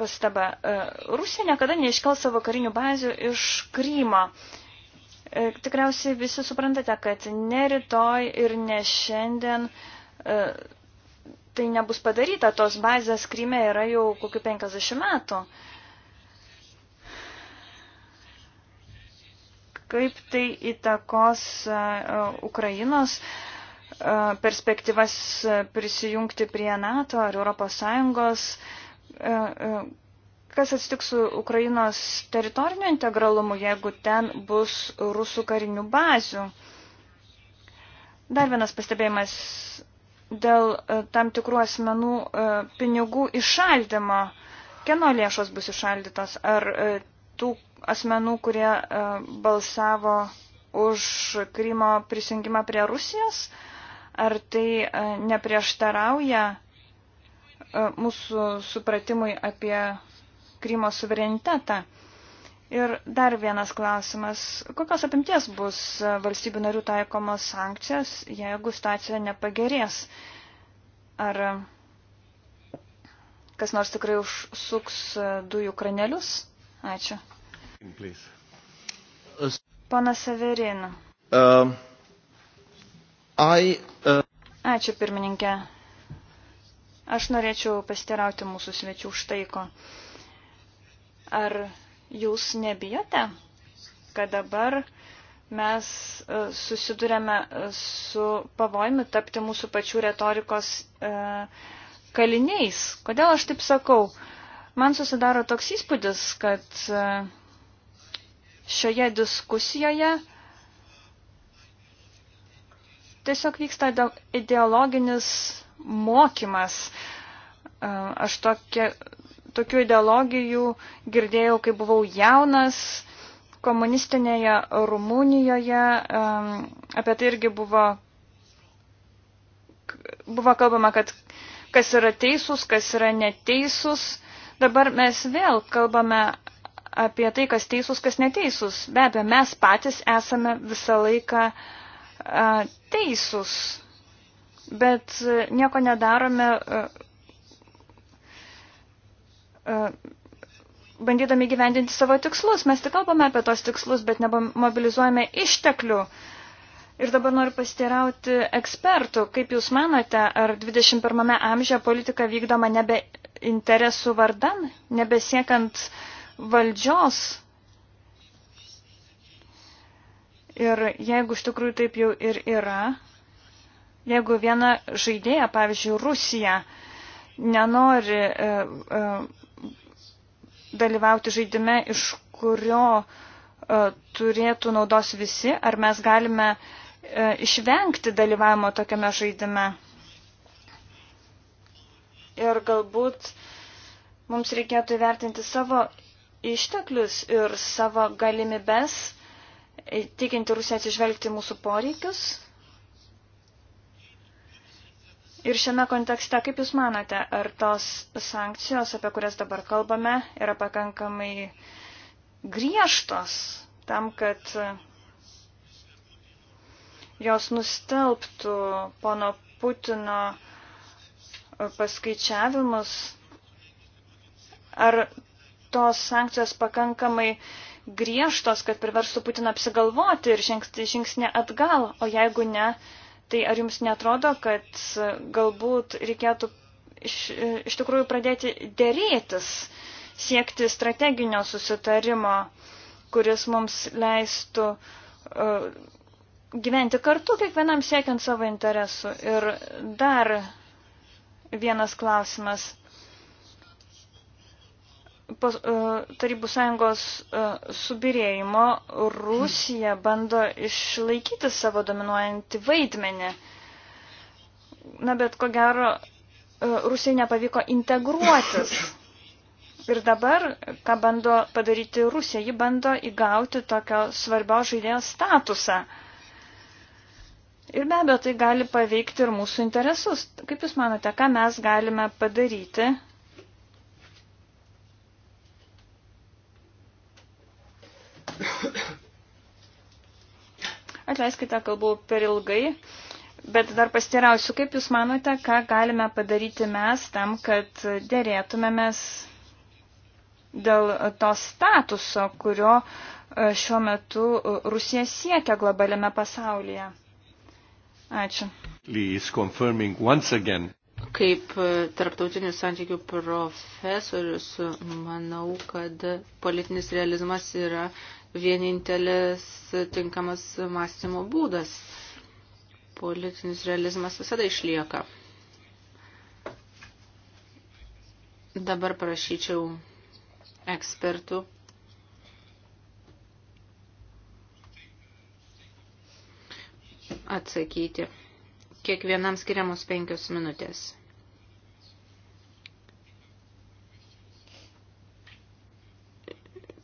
A: pastaba. E, Rusija niekada neiškel savo karinių bazių iš Krymo. Uh, E, tikriausiai visi suprantate, kad ne rytoj ir ne šiandien e, tai nebus padaryta. Tos bazės Kryme yra jau kokiu 50 metų. Kaip tai įtakos e, Ukrainos perspektyvas prisijungti prie NATO ar Europos Sąjungos, kas atsitiks su Ukrainos teritoriniu integralumu, jeigu ten bus rusų karinių bazių. Dar vienas pastebėjimas dėl e, tam tikrų asmenų e, pinigų išaldymo. Kieno lėšos bus išaldytos? Ar e, tų asmenų, kurie balsavo už Krymo prisijungimą prie Rusijos? Ar tai neprieštarauja mūsų supratimui apie Krymo suverenitetą. Ir dar vienas klausimas. Kokios apimties bus valstybių narių taikomos sankcijos, jeigu situacija nepagerės? Ar kas nors tikrai užsuks dujų kranelius? Ačiū. Pana Severina.
C: Uh, um, I, uh...
A: Ačiū pirmininkė. Aš norėčiau pasitirauti mūsų svečių štaiko. ko. Ar jūs nebijote, kad dabar mes e, susidurėme e, su pavojimi tapti mūsų pačių retorikos e, kaliniais? Kodėl aš taip sakau? Man susidaro toks įspūdis, kad šioje diskusijoje tiesiog vyksta ideologinis mokymas. Aš tokia, tokių ideologijų girdėjau, kai buvau jaunas, komunistinėje Rumunijoje, apie tai irgi buvo, buvo kalbama, kad kas yra teisus, kas yra neteisus. Dabar mes vėl kalbame apie tai, kas teisus, kas neteisus. Be abejo, mes patys esame visą laiką teisus, bet e, nieko nedarome e, E, bandydami gyvendinti savo tikslus. Mes tik kalbame apie tos tikslus, bet nemobilizuojame išteklių. Ir dabar noriu pasiteirauti ekspertų, kaip Jūs manote, ar 21 amžiuje politika vykdoma nebe interesų vardan, nebesiekiant valdžios? Ir jeigu iš tikrųjų taip jau ir yra, jeigu viena žaidėja, pavyzdžiui, Rusija, nenori e, e, dalyvauti žaidime, iš kurio e, turėtų naudos visi, ar mes galime e, išvengti dalyvavimo tokiame žaidime. Ir galbūt mums reikėtų įvertinti savo išteklius ir savo galimybes, tikinti Rusiją atsižvelgti mūsų poreikius Ir šiame kontekste, kaip Jūs manote, ar tos sankcijos, apie kurias dabar kalbame, yra pakankamai griežtos tam, kad jos nustelbtų pono Putino paskaičiavimus? Ar tos sankcijos pakankamai griežtos, kad priverstų Putiną apsigalvoti ir žingsnį atgal, o jeigu ne, Tai ar jums netrodo, kad galbūt reikėtų iš, iš tikrųjų pradėti dėrėtis, siekti strateginio susitarimo, kuris mums leistų uh, gyventi kartu, kiekvienam siekiant savo interesų. Ir dar vienas klausimas. E, Tarybų sąjungos e, subirėjimo Rusija bando išlaikyti savo dominuojantį vaidmenį. Na, bet ko gero, e, Rusijai nepavyko integruotis. Ir dabar, ką bando padaryti Rusija, ji bando įgauti tokio svarbiaus žaidėjo statusą. Ir be abejo, tai gali paveikti ir mūsų interesus. Kaip Jūs manote, ką mes galime padaryti, Atleiskite, kalbu per ilgai, bet dar pastirausiu, kaip Jūs manote, ką galime padaryti mes tam, kad dėrėtumėmės dėl to statuso, kurio e, šiuo metu e, Rusija siekia globaliame pasaulyje. Ačiū. Kaip
B: e, tarptautinių santykių profesorius, manau, kad politinis realizmas yra vienintelis tinkamas mąstymo būdas. Politinis realizmas visada išlieka. Dabar prašyčiau ekspertų atsakyti. Kiekvienam skiriamos penkios minutės.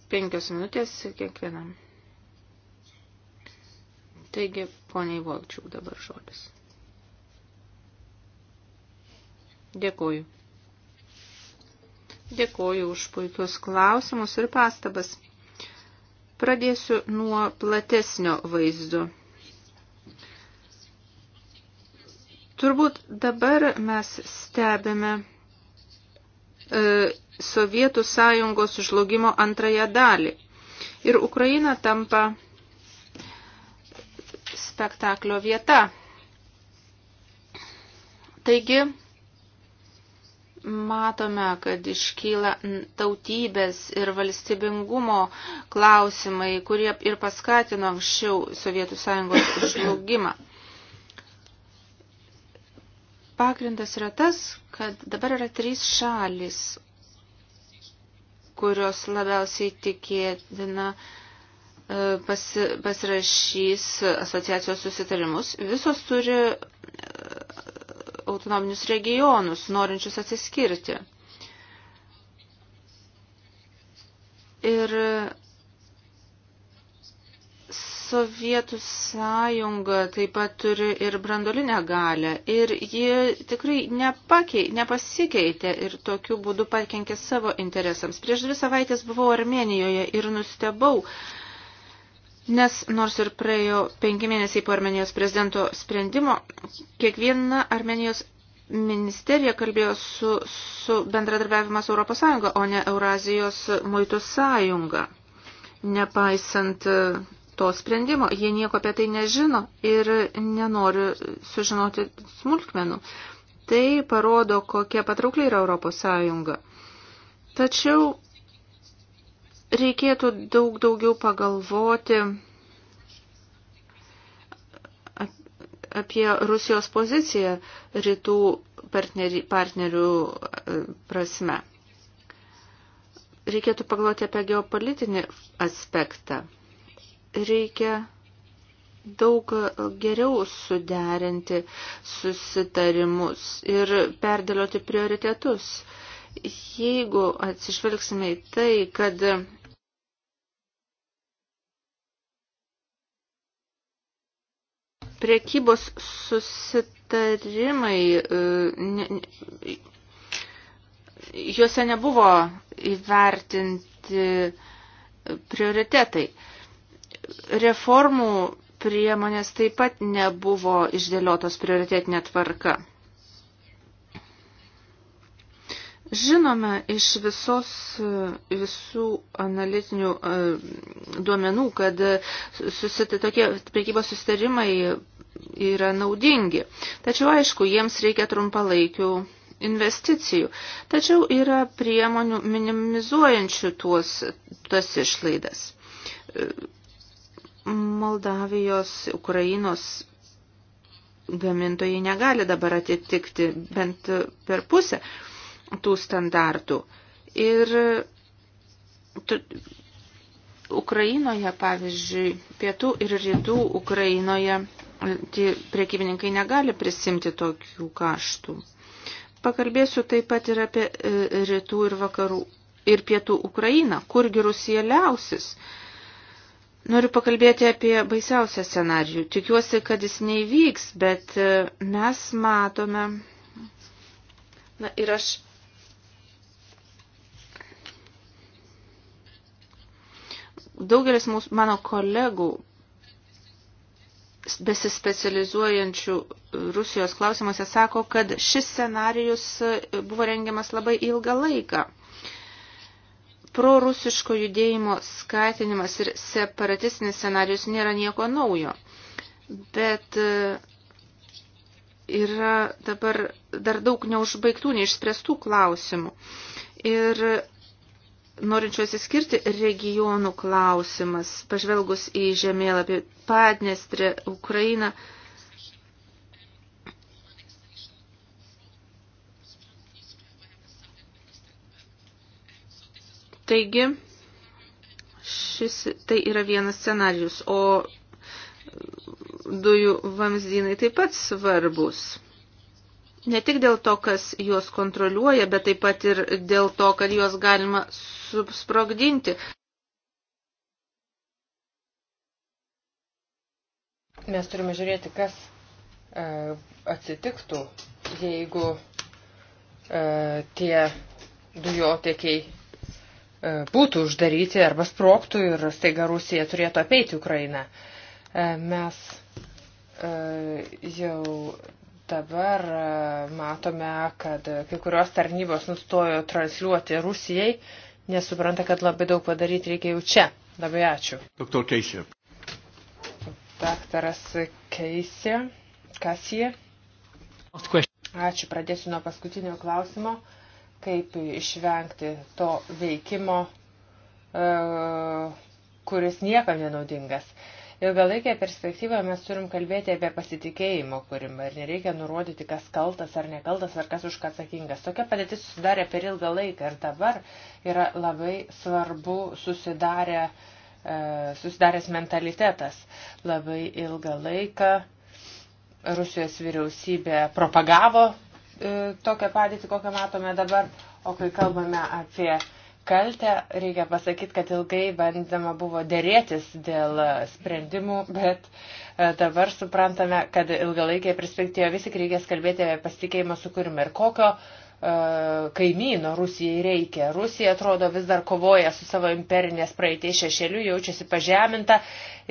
B: Penkios minutės kiekvienam. Taigi, poniai Volčiuk dabar žodis. Dėkuoju. Dėkuoju už puikius klausimus ir pastabas. Pradėsiu nuo platesnio vaizdo. Turbūt dabar mes stebime e, Sovietų sąjungos žlugimo antrąją dalį. Ir Ukraina tampa spektaklio vieta. Taigi, matome, kad iškyla tautybės ir valstybingumo klausimai, kurie ir paskatino anksčiau Sovietų sąjungos žlugimą. Pagrindas yra tas, kad dabar yra trys šalis kurios labiausiai tikėtina e, pasi, pasirašys asociacijos susitarimus, visos turi e, autonominius regionus, norinčius atsiskirti. Ir Sovietų sąjunga taip pat turi ir brandolinę galę ir ji tikrai nepakei, nepasikeitė ir tokiu būdu pakenkė savo interesams. Prieš dvi savaitės buvau Armenijoje ir nustebau, Nes nors ir praėjo penki mėnesiai po Armenijos prezidento sprendimo, kiekviena Armenijos ministerija kalbėjo su, su bendradarbiavimas Europos Sąjunga, o ne Eurazijos muitų sąjunga. Nepaisant to sprendimo. Jie nieko apie tai nežino ir nenori sužinoti smulkmenų. Tai parodo, kokia patraukliai yra Europos Sąjunga. Tačiau reikėtų daug daugiau pagalvoti apie Rusijos poziciją rytų partneri, partnerių e, prasme. Reikėtų pagalvoti apie geopolitinį aspektą reikia daug geriau suderinti susitarimus ir perdėlioti prioritetus. Jeigu atsižvelgsime į tai, kad priekybos susitarimai, e, juose nebuvo įvertinti prioritetai. Reformų priemonės taip pat nebuvo išdėliotos prioritetinė tvarka. Žinome iš visos, visų analitinių e, duomenų, kad susita, tokie prekybos sustarimai yra naudingi. Tačiau, aišku, jiems reikia trumpalaikių investicijų. Tačiau yra priemonių minimizuojančių tuos, tuos išlaidas. E, Moldavijos, Ukrainos gamintojai negali dabar atitikti bent per pusę tų standartų. Ir tu, Ukrainoje, pavyzdžiui, pietų ir rytų Ukrainoje tie priekybininkai negali prisimti tokių kaštų. Pakalbėsiu taip pat ir apie e, rytų ir vakarų ir pietų Ukrainą, kurgi Rusija liausis. E, Noriu pakalbėti apie baisiausią scenarijų. Tikiuosi, kad jis neįvyks, bet e, mes matome. Na ir aš. Daugelis mūsų, mano kolegų besispecializuojančių Rusijos klausimuose sako, kad šis scenarijus e, buvo rengiamas labai ilgą laiką prorusiško judėjimo skatinimas ir separatistinis scenarius nėra nieko naujo. Bet e, yra dabar dar daug neužbaigtų, neišspręstų klausimų. Ir norinčių atsiskirti regionų klausimas, pažvelgus į žemėlapį Padnestrę, Ukrainą, Taigi, šis, tai yra vienas scenarius, o dujų vamzdynai taip pat svarbus. Ne tik dėl to, kas juos kontroliuoja, bet taip pat ir dėl to, kad juos galima susprogdinti.
C: Mes turime žiūrėti, kas e, atsitiktų, jeigu e, tie dujotiekiai E, būtų uždaryti arba sproktų ir staiga Rusija turėtų apeiti Ukrainą. E, mes e, jau dabar matome, kad kai kurios tarnybos nustojo transliuoti Rusijai, nesupranta, kad labai daug padaryti reikia jau čia. Labai ačiū.
A: Dr. Keisė.
C: Daktaras Keisė. Kasė. Ačiū, pradėsiu nuo paskutinio klausimo. Uh, kaip išvengti to veikimo, e, kuris niekam nenaudingas. Ilgalaikėje perspektyvoje mes turim kalbėti apie pasitikėjimo kūrimą ir nereikia nurodyti, kas kaltas ar nekaltas ar kas už ką atsakingas. Tokia padėtis susidarė per ilgą laiką ir dabar yra labai svarbu susidarė, e, susidaręs mentalitetas. Labai ilgą laiką Rusijos vyriausybė propagavo E, tokią padėtį, kokią matome dabar, o kai kalbame apie kaltę, reikia pasakyti, kad ilgai bandama buvo dėrėtis dėl sprendimų, bet e, dabar suprantame, kad ilgalaikėje perspektyvoje vis tik reikės kalbėti apie pasitikėjimo sukūrimą ir kokio uh, E, kaimyno Rusijai reikia. Rusija atrodo vis dar kovoja su savo imperinės praeitie šešėliu, jaučiasi pažeminta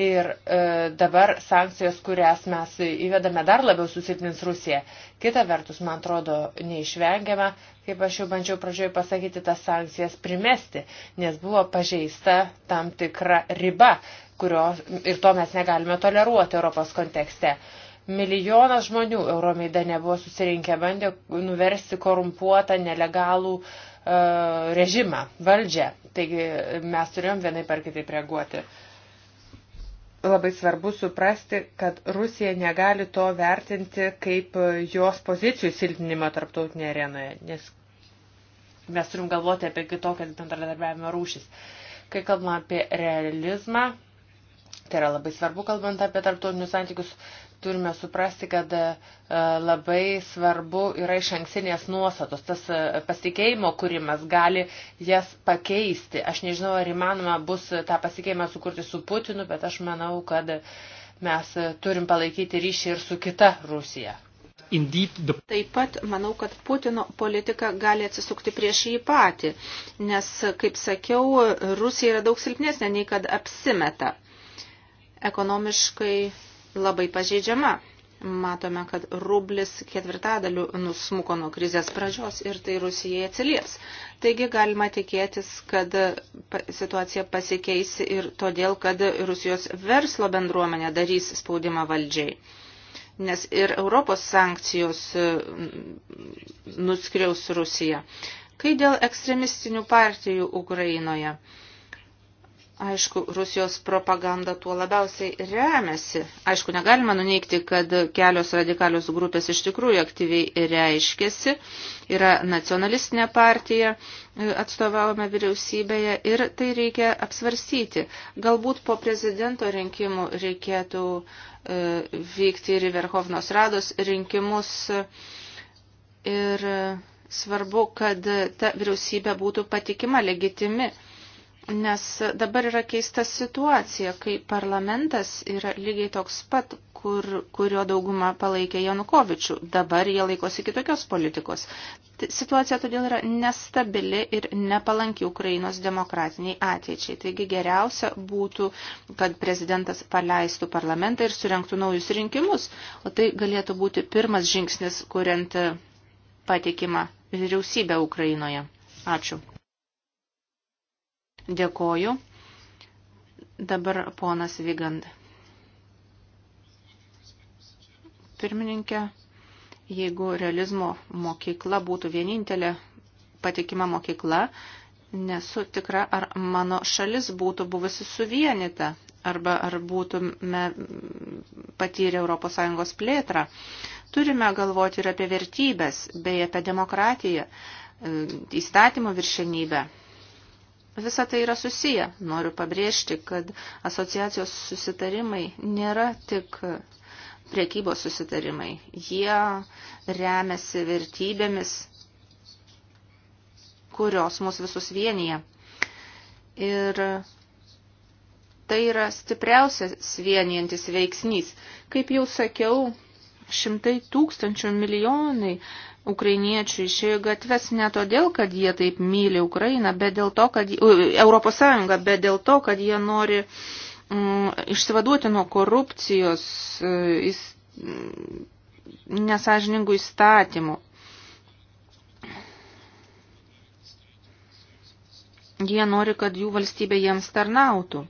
C: ir e, dabar sankcijos, kurias mes įvedame, dar labiau susilpnins Rusiją. Kita vertus, man atrodo, neišvengiama, kaip aš jau bandžiau pradžioje pasakyti, tas sankcijas primesti, nes buvo pažeista tam tikra riba, kurio ir to mes negalime toleruoti Europos kontekste. E, Milijonas žmonių Euromeidane buvo susirinkę, bandė nuversti korumpuotą nelegalų uh, režimą, valdžią. Taigi mes turėjom vienai per kitaip reaguoti. Labai svarbu suprasti, kad Rusija negali to vertinti kaip jos pozicijų silpninimą tarptautinėje arenoje, nes mes turim galvoti apie kitokias bendradarbiavimo rūšis. Kai kalbame apie realizmą, tai yra labai svarbu, kalbant apie tarptautinius santykius, turime suprasti, kad e, labai svarbu yra iš anksinės nuostatos. Tas e, pasikeimo kūrimas gali jas pakeisti. Aš nežinau, ar įmanoma bus tą pasikeimą sukurti su Putinu, bet aš manau, kad mes turim palaikyti ryšį ir su kita Rusija.
A: Taip
C: pat manau, kad Putino
B: politika gali atsisukti prieš jį patį, nes, kaip sakiau, Rusija yra daug silpnesnė nei kad apsimeta. Ekonomiškai labai pažeidžiama. Matome, kad rublis ketvirtadaliu nusmuko nuo krizės pradžios ir tai Rusijai atsilieps. Taigi galima tikėtis, kad situacija pasikeis ir todėl, kad Rusijos verslo bendruomenė darys spaudimą valdžiai. Nes ir Europos sankcijos mm, nuskriaus Rusiją. Kai dėl ekstremistinių partijų Ukrainoje Aišku, Rusijos propaganda tuo labiausiai remiasi. Aišku, negalima nuneikti, kad kelios radikalios grupės iš tikrųjų aktyviai reiškėsi. Yra nacionalistinė partija, e, atstovavome vyriausybėje ir tai reikia apsvarstyti. Galbūt po prezidento rinkimų reikėtų e, vykti ir į Verhovnos rados rinkimus. Ir e, svarbu, kad ta vyriausybė būtų patikima, legitimi. Nes dabar yra keista situacija, kai parlamentas yra lygiai toks pat, kur, kurio dauguma palaikė Janukovičių. Dabar jie laikosi kitokios politikos. Situacija todėl yra nestabili ir nepalanki Ukrainos demokratiniai ateičiai. Taigi geriausia būtų, kad prezidentas paleistų parlamentą ir surenktų naujus rinkimus. O tai galėtų būti pirmas žingsnis, kuriant patikimą vyriausybę Ukrainoje. Ačiū. Dėkoju. Dabar ponas Vigand. Pirmininkė, jeigu realizmo mokykla būtų vienintelė patikima mokykla, nesu tikra, ar mano šalis būtų buvusi suvienita, arba ar būtume patyrę ES plėtrą. Turime galvoti ir apie vertybės, bei apie demokratiją, e, įstatymų viršenybę. Visa tai yra susiję. Noriu pabrėžti, kad asociacijos susitarimai nėra tik priekybos susitarimai. Jie remiasi vertybėmis, kurios mus visus vienyje. Ir tai yra stipriausias vienijantis veiksnys. Kaip jau sakiau, šimtai tūkstančių milijonai ukrainiečių išėjo gatves ne todėl, kad jie taip myli Ukrainą, bet dėl to, kad Europos Sąjungą, bet dėl to, kad jie nori mm, išsivaduoti nuo korupcijos, įs, e, mm, nesažiningų įstatymų. Jie nori, kad jų valstybė jiems tarnautų.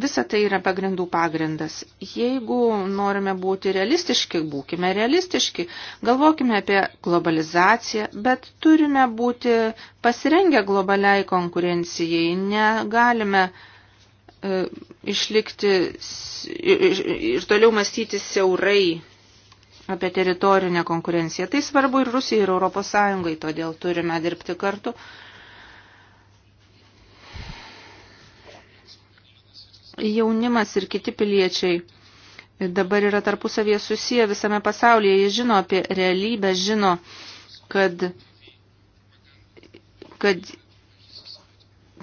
B: Visa tai yra pagrindų pagrindas. Jeigu norime būti realistiški, būkime realistiški, galvokime apie globalizaciją, bet turime būti pasirengę globaliai konkurencijai. Negalime e, išlikti ir, ir toliau mąstyti siaurai apie teritorinę konkurenciją. Tai svarbu ir Rusijai, ir Europos Sąjungai, todėl turime dirbti kartu jaunimas ir kiti piliečiai dabar yra tarpusavėje susiję visame pasaulyje. Jie žino apie realybę, žino, kad, kad,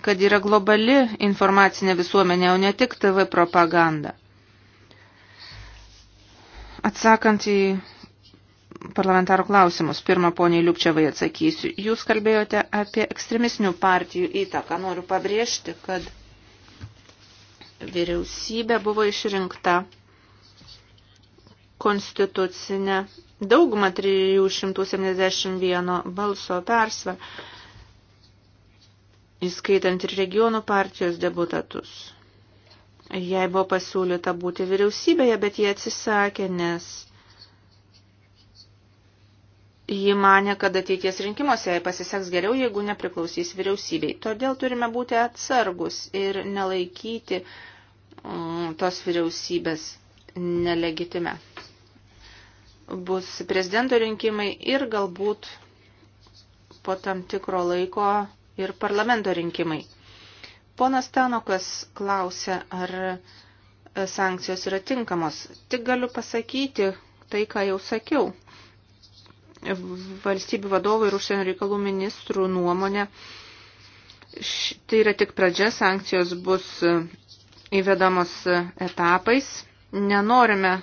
B: kad yra globali informacinė visuomenė, o ne tik TV propaganda. Atsakant į parlamentarų klausimus. Pirmą poniai Liukčiavai atsakysiu. Jūs kalbėjote apie ekstremistinių partijų įtaką. Noriu pabrėžti, kad vyriausybė buvo išrinkta konstitucinę daugumą 371 balso persvarą, įskaitant ir regionų partijos deputatus. Jai buvo pasiūlyta būti vyriausybėje, bet jie atsisakė, nes Ji mane, kad ateities rinkimuose jai pasiseks geriau, jeigu nepriklausys vyriausybei. Todėl turime būti atsargus ir nelaikyti uh, Mm, tos vyriausybės nelegitime. Bus prezidento rinkimai ir galbūt po tam tikro laiko ir parlamento rinkimai. Ponas Tanokas klausė, ar e, sankcijos yra tinkamos. Tik galiu pasakyti tai, ką jau sakiau. Valstybių vadovų ir užsienio reikalų ministrų nuomonė, tai yra tik pradžia, sankcijos bus e, įvedamos etapais. Nenorime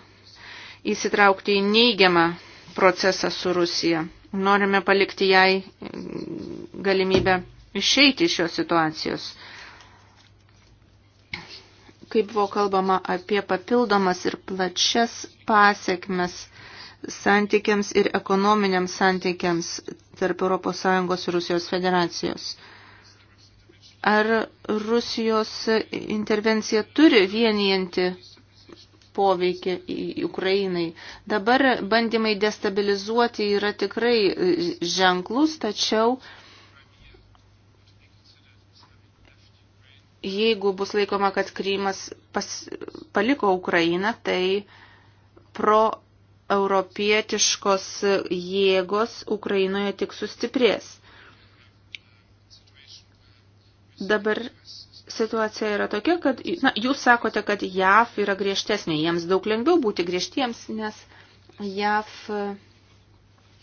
B: įsitraukti į neigiamą procesą su Rusija. Norime palikti jai galimybę išeiti iš šios situacijos. Kaip buvo kalbama apie papildomas ir plačias pasiekmes santykiams ir ekonominiams santykiams tarp ES ir Rusijos federacijos. Ar Rusijos intervencija turi vienijantį poveikį į Ukrainai? Dabar bandymai destabilizuoti yra tikrai e, ženklus, tačiau jeigu bus laikoma, kad Krymas pas, paliko Ukrainą, tai pro europietiškos jėgos Ukrainoje tik sustiprės. Dabar situacija yra tokia, kad na, jūs sakote, kad JAV yra griežtesnė, jiems daug lengviau būti griežtiems, nes JAV e,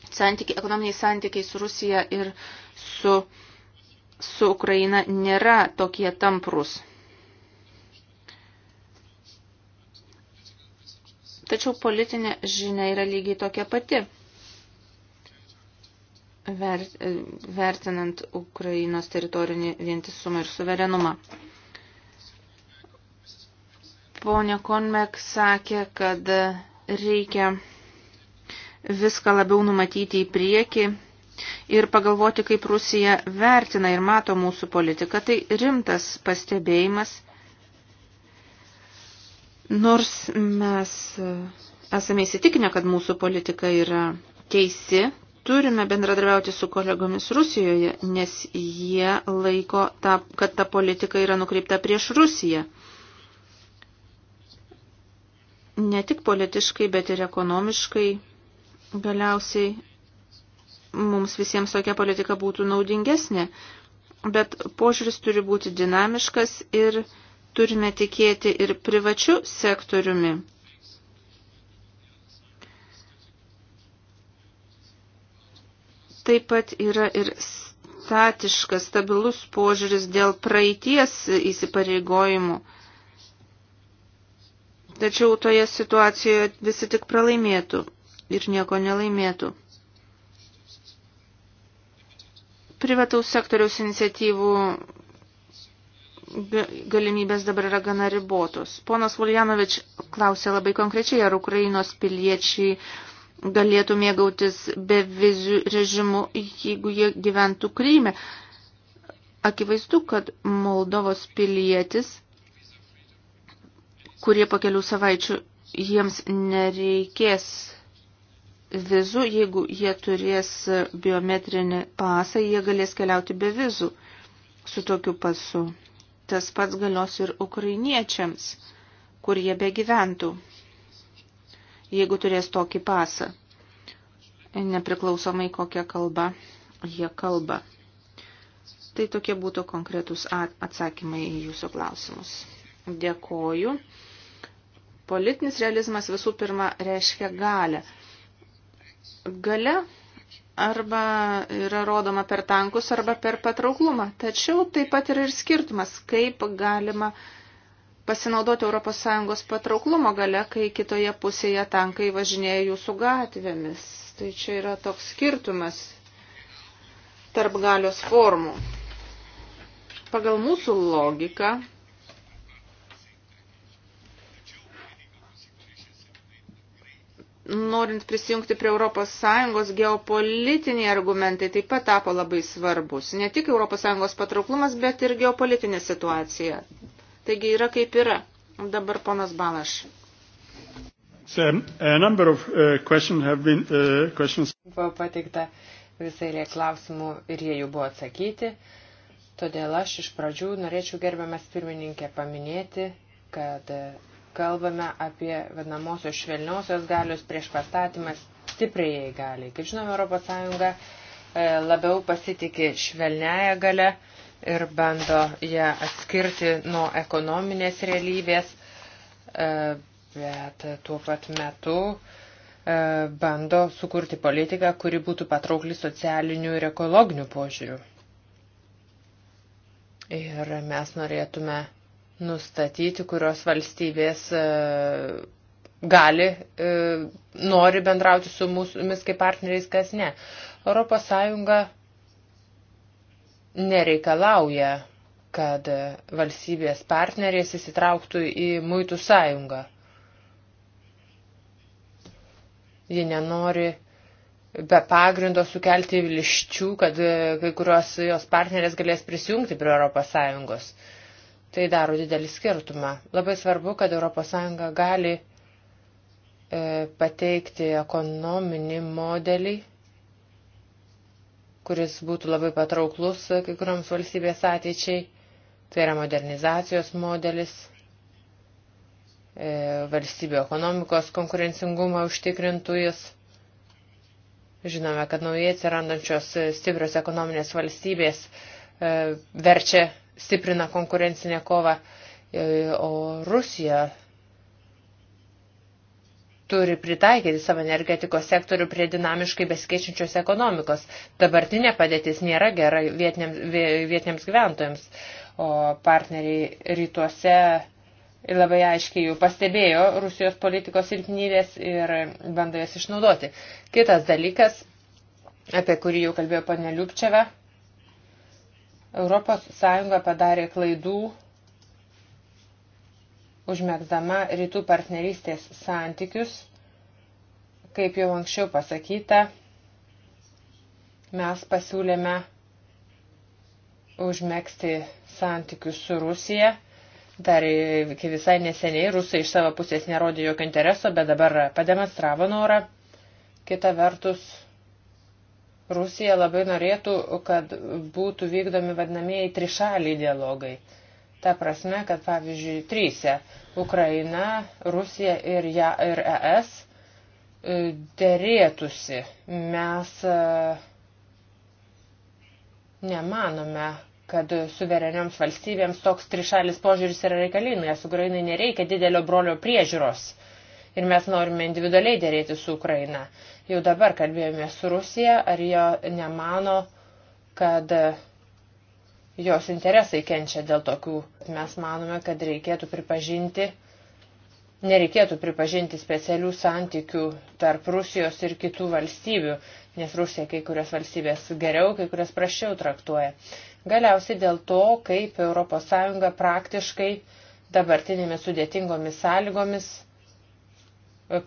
B: santykiai, ekonominiai santykiai su Rusija ir su, su Ukraina nėra tokie tamprus. Tačiau politinė žinia yra lygiai tokia pati vertinant Ukrainos teritorinį vientisumą ir suverenumą. Pone Konmek sakė, kad reikia viską labiau numatyti į priekį ir pagalvoti, kaip Rusija vertina ir mato mūsų politiką. Tai rimtas pastebėjimas, nors mes esame įsitikinę, kad mūsų politika yra teisi turime bendradarbiauti su kolegomis Rusijoje, nes jie laiko, ta, kad ta politika yra nukreipta prieš Rusiją. Ne tik politiškai, bet ir ekonomiškai galiausiai mums visiems tokia politika būtų naudingesnė, bet požiūris turi būti dinamiškas ir turime tikėti ir privačiu sektoriumi. Taip pat yra ir statiškas, stabilus požiūris dėl praeities įsipareigojimų. Tačiau toje situacijoje visi tik pralaimėtų ir nieko nelaimėtų. Privataus sektoriaus iniciatyvų galimybės dabar yra gana ribotos. Ponas Vuljanovič klausė labai konkrečiai, ar Ukrainos piliečiai galėtų mėgautis be vizių režimu, jeigu jie gyventų Kryme. Akivaizdu, kad Moldovos pilietis, kurie po kelių savaičių jiems nereikės vizų, jeigu jie turės biometrinį pasą, jie galės keliauti be vizų su tokiu pasu. Tas pats galios ir ukrainiečiams, kur jie begyventų. gyventų jeigu turės tokį pasą, nepriklausomai kokią kalbą jie kalba. Tai tokie būtų konkretus atsakymai į jūsų klausimus. Dėkoju. Politinis realizmas visų pirma reiškia galę. Gale arba yra rodoma per tankus, arba per patrauklumą. Tačiau taip pat yra ir skirtumas, kaip galima uh, pasinaudoti ES patrauklumo gale, kai kitoje pusėje tankai važinėja jūsų gatvėmis. Tai čia yra toks skirtumas tarp galios formų. Pagal mūsų logiką norint prisijungti prie ES, geopolitiniai argumentai taip pat tapo labai svarbus. Ne tik ES patrauklumas, bet ir geopolitinė situacija.
C: Taigi yra kaip yra. Dabar ponas Balaš.
A: Uh,
B: uh,
C: buvo pateikta visai lė klausimų ir jie jau buvo atsakyti. Todėl aš iš pradžių norėčiau gerbiamas pirmininkė paminėti, kad e, kalbame apie vadinamosios švelniosios galios prieš pastatymas stipriai galiai. Kaip žinome, ES e, labiau pasitikė švelniaja gale ir bando ją atskirti nuo ekonominės realybės, e, bet tuo pat metu e, bando sukurti politiką, kuri būtų patraukli socialinių ir ekologinių požiūrių. Ir mes norėtume nustatyti, kurios valstybės e, gali, nori bendrauti su mūsų, kaip partneriais, kas ne. Europos Sąjunga nereikalauja, kad valstybės partnerės įsitrauktų į muitų sąjungą. Ji nenori be pagrindo sukelti vilščių, kad kai kurios jos partnerės galės prisijungti prie ES. Tai daro didelį skirtumą. Labai svarbu, kad ES gali e, pateikti ekonominį modelį kuris būtų labai patrauklus kai kurioms valstybės ateičiai. Tai yra modernizacijos modelis, e, valstybių ekonomikos konkurencingumą užtikrintų jis. Žinome, kad naujai atsirandančios stiprios ekonominės valstybės e, verčia, stiprina konkurencinę kovą, e, o Rusija turi pritaikyti savo energetikos sektorių prie dinamiškai besikeičiančios ekonomikos. Dabartinė padėtis nėra gera vietiniams, vietiniams gyventojams, o partneriai rytuose labai aiškiai jau pastebėjo Rusijos politikos silpnybės ir bando jas išnaudoti. Kitas dalykas, apie kurį jau kalbėjo panė Liupčeva, Europos Sąjunga padarė klaidų užmėgdama rytų partnerystės santykius, kaip jau anksčiau pasakyta, mes pasiūlėme užmėgsti santykius su Rusija. Dar iki visai neseniai rusai iš savo pusės nerodė jokio intereso, bet dabar pademonstravo norą. Kita vertus, Rusija labai norėtų, kad būtų vykdomi vadinamieji trišaliai dialogai Ta prasme, kad pavyzdžiui, trysia - Ukraina, Rusija ir, ja, ir ES e, - dėrėtusi. Mes e, nemanome, kad suverenioms valstybėms toks trišalis požiūris yra reikalingas. Ukrainai nereikia didelio brolio priežiūros. Ir mes norime individualiai dėrėti su Ukraina. Jau dabar kalbėjome su Rusija, ar jie nemano, kad jos interesai kenčia dėl tokių. Mes manome, kad reikėtų pripažinti, nereikėtų pripažinti specialių santykių tarp Rusijos ir kitų valstybių, nes Rusija kai kurias valstybės geriau, kai kurias prašiau traktuoja. Galiausiai dėl to, kaip ES praktiškai dabartinėmis sudėtingomis sąlygomis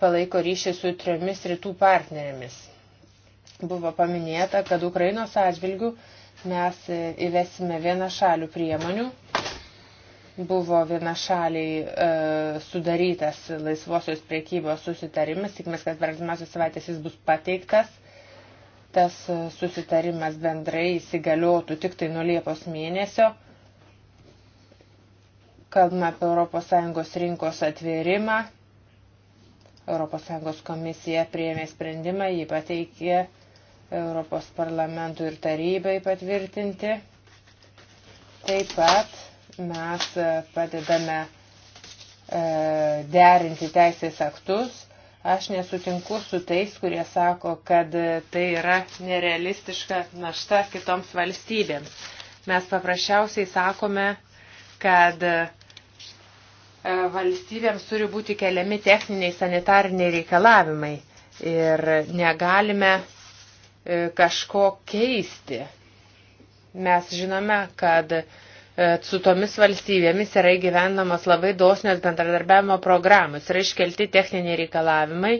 C: palaiko ryšį su trimis rytų partnerėmis. Buvo paminėta, kad Ukrainos atžvilgių mes įvesime vienašalių priemonių. Buvo vienašaliai e, sudarytas laisvosios priekybos susitarimas, tikimės, kad per artimiausias savaitės jis bus pateiktas. Tas e, susitarimas bendrai įsigaliotų tik tai nuo Liepos mėnesio. Kalbame apie ES rinkos atvėrimą. ES komisija prieėmė sprendimą, jį pateikė Europos parlamentui ir tarybai patvirtinti. Taip pat mes e, padedame e, derinti teisės aktus. Aš nesutinku su tais, kurie sako, kad e, tai yra nerealistiška našta kitoms valstybėms. Mes paprasčiausiai sakome, kad valstybėms turi būti keliami techniniai sanitariniai reikalavimai ir negalime E, kažko keisti. Mes žinome, kad e, su tomis valstybėmis yra įgyvendamas labai dosnės bendradarbiavimo programos, yra iškelti techniniai reikalavimai,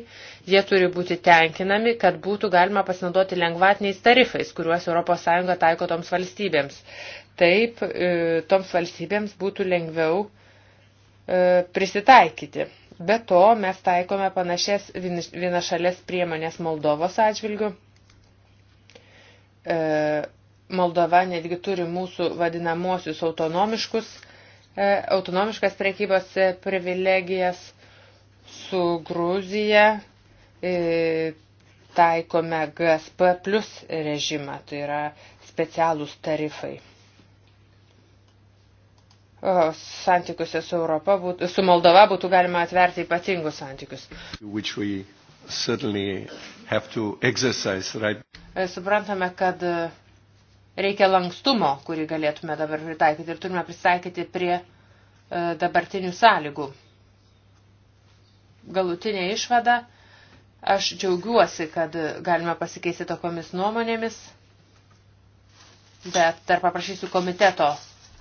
C: jie turi būti tenkinami, kad būtų galima pasinaudoti lengvatiniais tarifais, kuriuos ES taiko toms valstybėms. Taip, e, toms valstybėms būtų lengviau prisitaikyti. Be to, mes taikome panašias vienašalės priemonės Moldovos atžvilgių E, Moldova netgi turi mūsų vadinamosius autonomiškus, e, autonomiškas prekybos e, privilegijas su Gruzija, taikome GSP plus režimą, tai yra specialūs tarifai. O, santykiuose su, Europa būtų, su Moldova būtų galima atverti ypatingus santykius.
A: Which we certainly have to exercise, right?
C: E, suprantame, kad e, reikia lankstumo, kurį galėtume dabar pritaikyti ir turime pristaikyti prie e, dabartinių sąlygų. Galutinė išvada. Aš džiaugiuosi, kad galime pasikeisti tokomis nuomonėmis, bet dar paprašysiu komiteto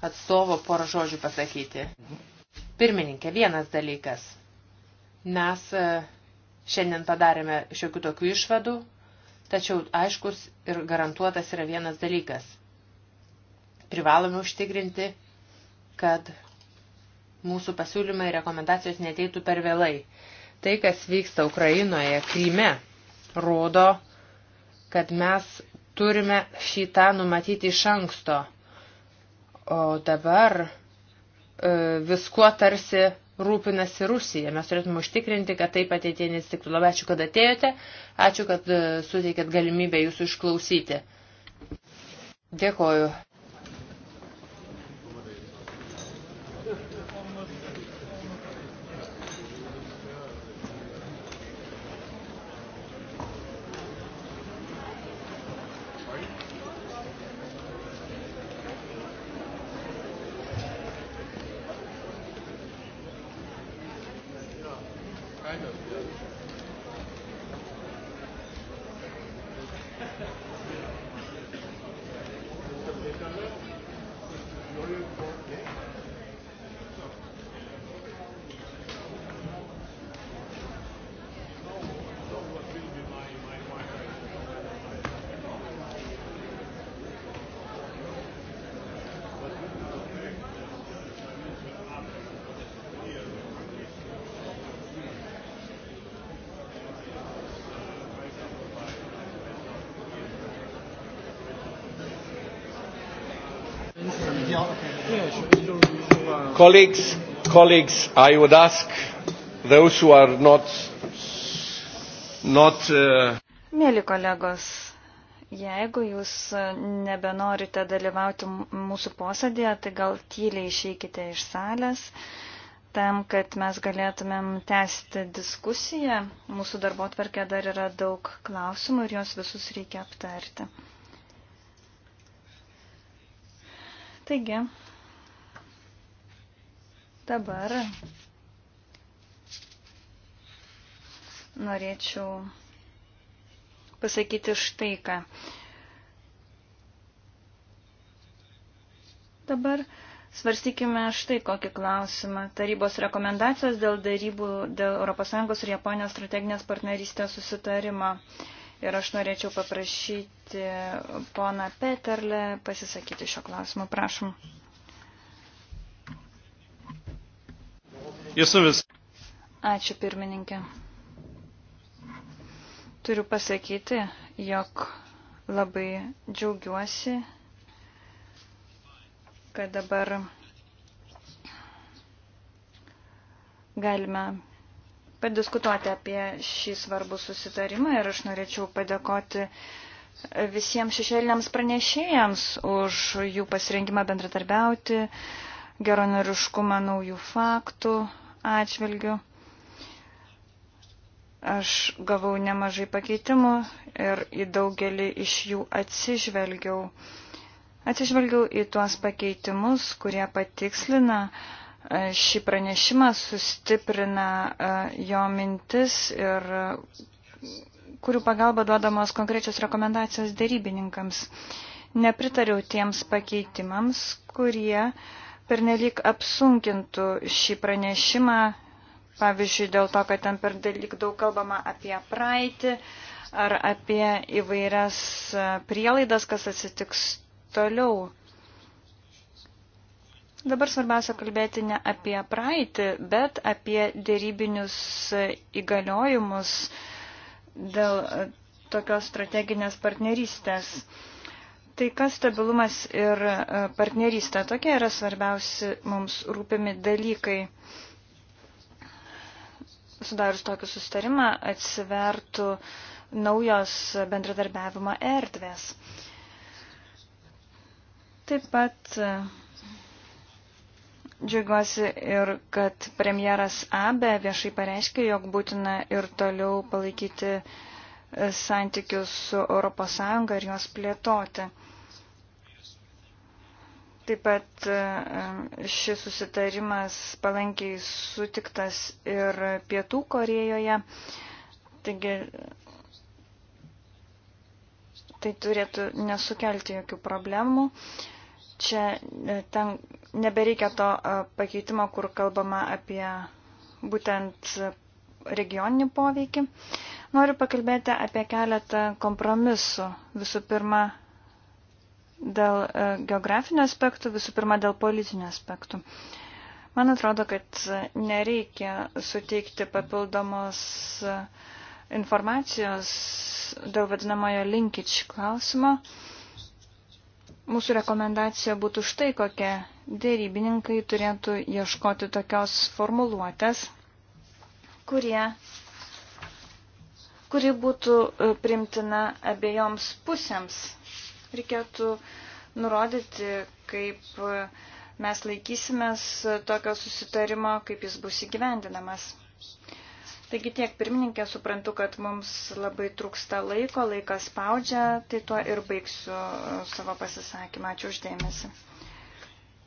C: atstovo porą žodžių pasakyti. Pirmininkė, vienas dalykas. Mes Šiandien padarėme šiokių tokių išvadų, tačiau aiškus ir garantuotas yra vienas dalykas. Privalome užtikrinti, kad mūsų pasiūlymai ir rekomendacijos neteitų per vėlai. Tai, kas vyksta Ukrainoje, Kryme, rodo, kad mes turime šitą numatyti iš anksto. O dabar e, viskuo tarsi rūpinasi Rusija. Mes turėtume užtikrinti, kad taip ateitie nesitiktų. Labai ačiū, kad atėjote. Ačiū, kad e, suteikėt galimybę jūsų išklausyti. Dėkoju.
A: Colleagues, colleagues, I would ask those who are not. not uh... Mėly kolegos, jeigu jūs nebenorite dalyvauti mūsų posėdėje, tai gal tyliai išeikite iš salės, tam, kad mes galėtumėm tęsti diskusiją. Mūsų darbo tvarkė dar yra daug klausimų ir juos visus reikia aptarti. Taigi, Dabar norėčiau pasakyti štai ką. Dabar svarstykime štai kokį klausimą. Tarybos rekomendacijos dėl darybų dėl ES ir Japonijos strateginės partnerystės susitarimo. Ir aš norėčiau paprašyti poną Peterlę pasisakyti šio klausimo. Prašom. Jūsų vis. Ačiū pirmininkė. Turiu pasakyti, jog labai džiaugiuosi, kad dabar galime padiskutuoti apie šį svarbų susitarimą ir aš norėčiau padėkoti visiems šešėliniams pranešėjams už jų pasirinkimą bendradarbiauti, geronoriškumą naujų faktų, atžvilgių. Aš gavau nemažai pakeitimų ir į daugelį iš jų atsižvelgiau. Atsižvelgiau į tuos pakeitimus, kurie patikslina e, šį pranešimą, sustiprina e, jo mintis ir e, kurių pagalba duodamos konkrečios rekomendacijos dėrybininkams. Nepritariau tiems pakeitimams, kurie uh, pernelyg apsunkintų šį pranešimą, pavyzdžiui, dėl to, kad ten pernelyg daug kalbama apie praeitį ar apie įvairias prielaidas, kas atsitiks toliau. Dabar svarbiausia kalbėti ne apie praeitį, bet apie dėrybinius įgaliojimus dėl tokios strateginės partnerystės. Taika, stabilumas ir e, partnerystė - tokie yra svarbiausi mums rūpimi dalykai. Sudarius tokį sustarimą atsivertų naujos bendradarbiavimo erdvės. Taip pat e, Džiaugiuosi ir, kad premjeras Abe viešai pareiškė, jog būtina ir toliau palaikyti uh, santykius su ES ir juos plėtoti. Taip pat e, šis susitarimas palankiai sutiktas ir Pietų Korejoje. Taigi tai turėtų nesukelti jokių problemų. Čia e, ten nebereikia to e, pakeitimo, kur kalbama apie būtent regioninį poveikį. Uh, Noriu pakalbėti apie keletą kompromisų. Visų pirma, dėl e, geografinių aspektų, visų pirma, dėl politinių aspektų. Man atrodo, kad nereikia suteikti papildomos e, informacijos dėl vadinamojo linkič klausimo. Mūsų rekomendacija būtų štai kokia. Dėrybininkai turėtų ieškoti tokios formuluotės, kurie, kuri būtų e, primtina abiejoms pusėms. Reikėtų nurodyti, kaip e, mes laikysimės tokio susitarimo, kaip jis bus įgyvendinamas. Taigi tiek pirmininkė, suprantu, kad mums labai trūksta laiko, laikas spaudžia, tai tuo ir baigsiu e, savo pasisakymą. Ačiū uždėmesi.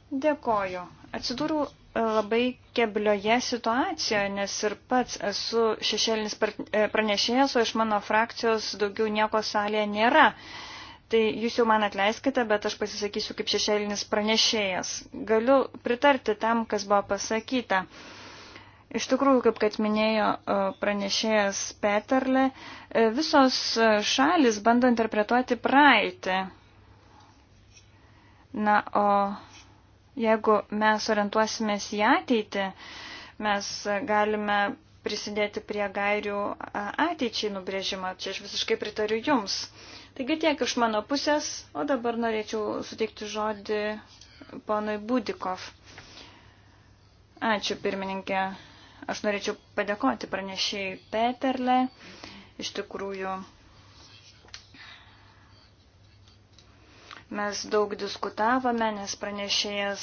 A: Dėkoju. Atsidūriau labai keblioje situacijoje, nes ir pats esu šešėlinis e, pranešėjas, o iš mano frakcijos daugiau nieko salėje nėra. Tai jūs jau man atleiskite, bet aš pasisakysiu kaip šešėlinis pranešėjas. Galiu pritarti tam, kas buvo pasakyta. Iš tikrųjų, kaip kad minėjo e, pranešėjas Peterle, e, visos šalis bando interpretuoti praeitį. Na, o Jeigu mes orientuosimės į ateitį, mes galime prisidėti prie gairių ateičiai nubrėžimą. Čia aš visiškai pritariu Jums. Taigi tiek iš mano pusės, o dabar norėčiau suteikti žodį ponui Budikov. Ačiū pirmininkė. Aš norėčiau padėkoti pranešėjai Peterle. Iš tikrųjų, Mes daug diskutavome, nes pranešėjas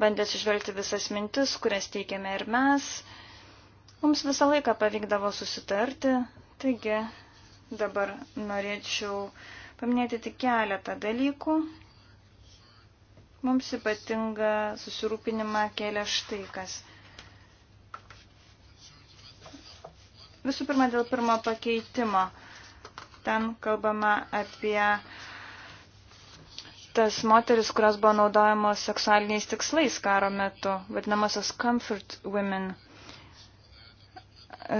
A: bandė atsižvelgti visas mintis, kurias teikėme ir mes. Mums visą laiką pavykdavo susitarti, taigi dabar norėčiau paminėti tik keletą dalykų. Mums ypatinga susirūpinimą kelia štai kas. Visų pirma, dėl pirmo pakeitimo. Ten kalbama apie tas moteris, kurios buvo naudojamos seksualiniais tikslais karo metu, vadinamosios comfort women. E,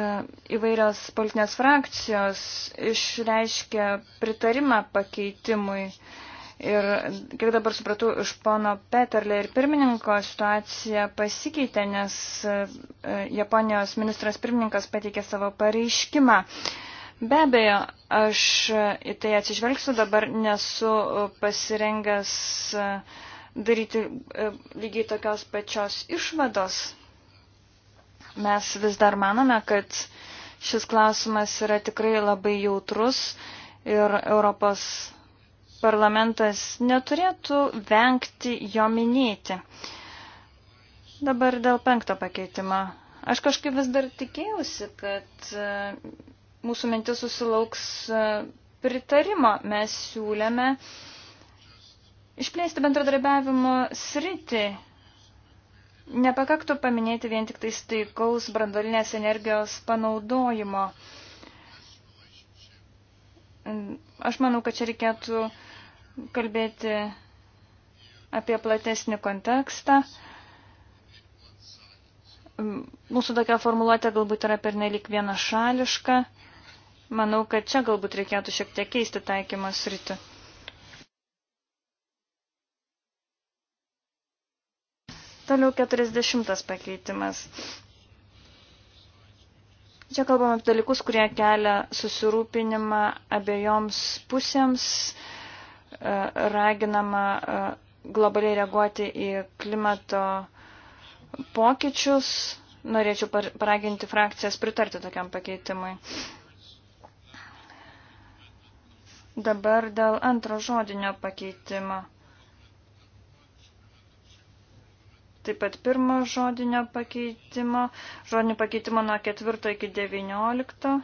A: įvairios politinės frakcijos išreiškė pritarimą pakeitimui. Ir kiek dabar supratau, iš pono Peterle ir pirmininko situacija pasikeitė, nes e, Japonijos ministras pirmininkas pateikė savo pareiškimą. Uh, Be abejo, aš į tai atsižvelgsiu, dabar nesu pasirengęs e, daryti e, lygiai tokios pačios išvados. Mes vis dar manome, kad šis klausimas yra tikrai labai jautrus ir Europos parlamentas neturėtų vengti jo minėti. Dabar dėl penkto pakeitimo. Aš kažkaip vis dar tikėjausi, kad mūsų mintis susilauks e, pritarimo. Mes siūlėme išplėsti bendradarbiavimo sritį. Nepakaktų paminėti vien tik tai staikaus brandolinės energijos panaudojimo. Aš manau, kad čia reikėtų kalbėti apie platesnį kontekstą. Mūsų tokia formuluotė galbūt yra pernelik viena šališka. Manau, kad čia galbūt reikėtų šiek tiek keisti taikymą sritį. Toliau 40 pakeitimas. Čia kalbam apie dalykus, kurie kelia susirūpinimą abiejoms pusėms, e, raginama e, globaliai reaguoti į klimato pokyčius. Norėčiau paraginti frakcijas pritarti tokiam pakeitimui. Dabar dėl antro žodinio pakeitimo. Taip pat pirmo žodinio pakeitimo, žodinio pakeitimo nuo ketvirto iki deviniolikto.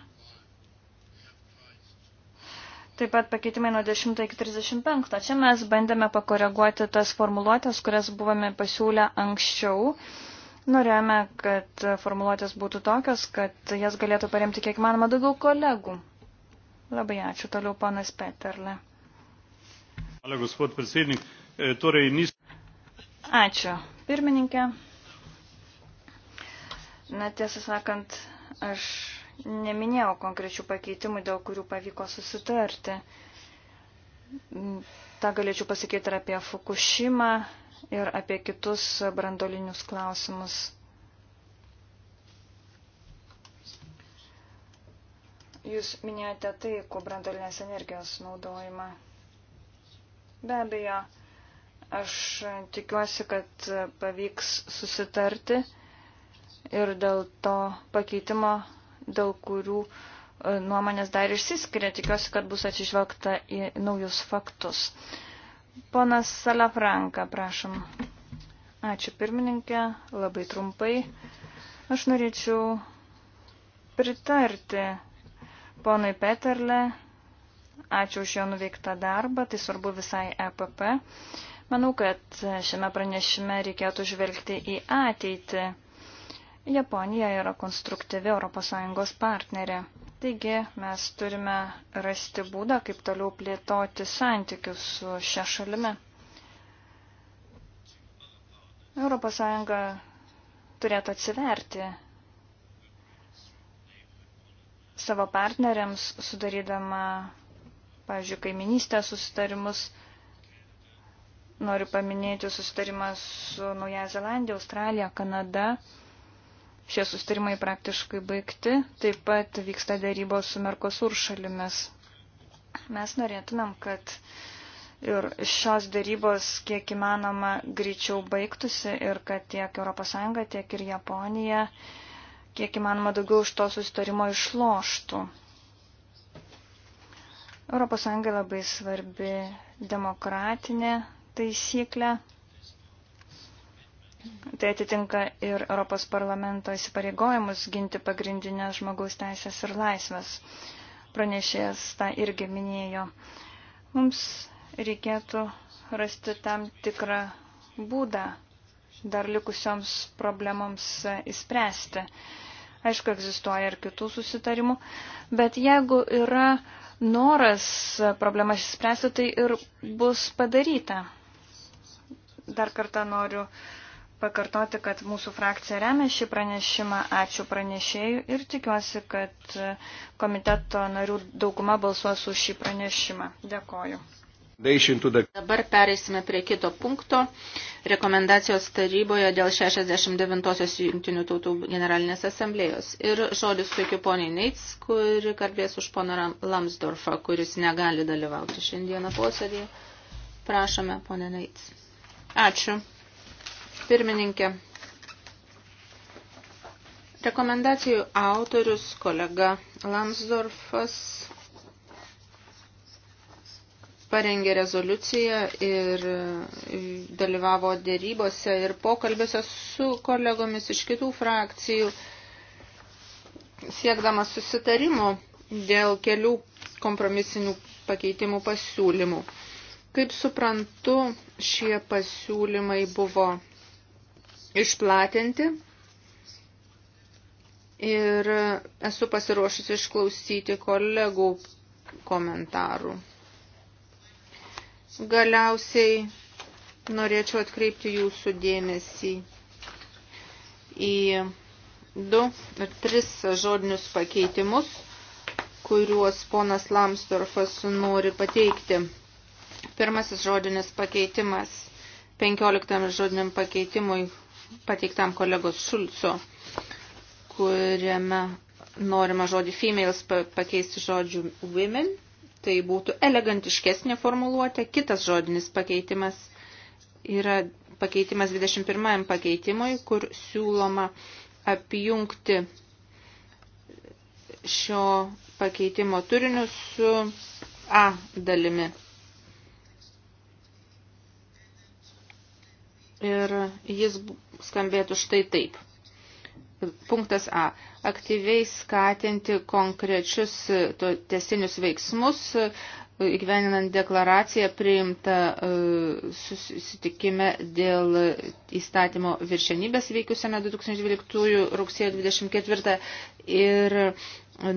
A: Taip pat pakeitimai nuo 10 iki 35. Čia mes bandėme pakoreguoti tas formuluotės, kurias buvome pasiūlę anksčiau. Norėjome, kad formuluotės būtų tokios, kad jas galėtų paremti kiek manoma daugiau kolegų. Labai ačiū. Toliau panas Peterle.
B: E,
A: ačiū. Pirmininkė. Na, tiesą sakant, aš neminėjau konkrečių pakeitimų, dėl kurių pavyko susitarti. Ta galėčiau pasakyti ir apie Fukushimą, ir apie kitus brandolinius klausimus. Jūs minėjote tai, kuo brandolinės energijos naudojimą. Be abejo, aš tikiuosi, kad pavyks susitarti ir dėl to pakeitimo, dėl kurių e, nuomonės dar išsiskiria. Tikiuosi, kad bus atsižvelgta į naujus faktus. Ponas Salafranka, prašom. Ačiū pirmininkė, labai trumpai. Aš norėčiau pritarti Ponui Peterle, ačiū už jo nuveiktą darbą, tai svarbu visai EPP. Manau, kad šiame pranešime reikėtų žvelgti į ateitį. Japonija yra konstruktyvi ES partnerė. Taigi mes turime rasti būdą, kaip toliau plėtoti santykius su šia šalimi. ES turėtų atsiverti savo partneriams, sudarydama, pavyzdžiui, kaiminystės susitarimus. Noriu paminėti susitarimą su Nauja Zelandija, Australija, Kanada. Šie susitarimai praktiškai baigti. Taip pat vyksta dėrybos su Merkosur šalimis. Mes norėtumėm, kad ir šios dėrybos kiek įmanoma greičiau baigtųsi ir kad tiek ES, tiek ir Japonija uh, kiek įmanoma daugiau iš to susitarimo išloštų. ES labai svarbi demokratinė taisyklė. Tai atitinka ir Europos parlamento įsipareigojimus ginti pagrindinės žmogaus teisės ir laisvės. Pranešėjas tą irgi minėjo. Mums reikėtų rasti tam tikrą būdą dar likusioms problemoms e, įspręsti. Aišku, egzistuoja ir kitų susitarimų, bet jeigu yra noras problemas išspręsti, tai ir bus padaryta. Dar kartą noriu pakartoti, kad mūsų frakcija remia šį pranešimą. Ačiū pranešėjų ir tikiuosi, kad komiteto narių dauguma balsuos už šį pranešimą. Dėkoju. Dabar
B: pereisime prie kito punkto. Rekomendacijos taryboje dėl 69-osios Junktinių tautų generalinės asamblėjos. Ir žodis teikiu poniai Neits, kuri kalbės už poną Lamsdorfą, kuris negali dalyvauti šiandieną posėdėje. Prašome, ponė Neits. Ačiū. Pirmininkė. Rekomendacijų autorius kolega Lamsdorfas parengė rezoliuciją ir e, dalyvavo dėrybose ir pokalbėse su kolegomis iš kitų frakcijų, siekdamas susitarimo dėl kelių kompromisinių pakeitimų pasiūlymų. Kaip suprantu, šie pasiūlymai buvo išplatinti ir esu pasiruošusi išklausyti kolegų komentarų. Galiausiai norėčiau atkreipti jūsų dėmesį į du ar tris žodinius pakeitimus, kuriuos ponas Lamstorfas nori pateikti. Pirmasis žodinis pakeitimas 15 žodiniam pakeitimui pateiktam kolegos Šulco, kuriame norima žodį females pakeisti žodžiu women tai būtų elegantiškesnė formuluotė. Kitas žodinis pakeitimas yra pakeitimas 21 pakeitimui, kur siūloma apjungti šio pakeitimo turiniu su A dalimi. Ir jis skambėtų štai taip. Punktas A. Aktyviai skatinti konkrečius e, testinius veiksmus, e, įgyveninant deklaraciją priimtą e, susitikime dėl įstatymo viršenybės veikusiame 2012 rugsėjo 24 ir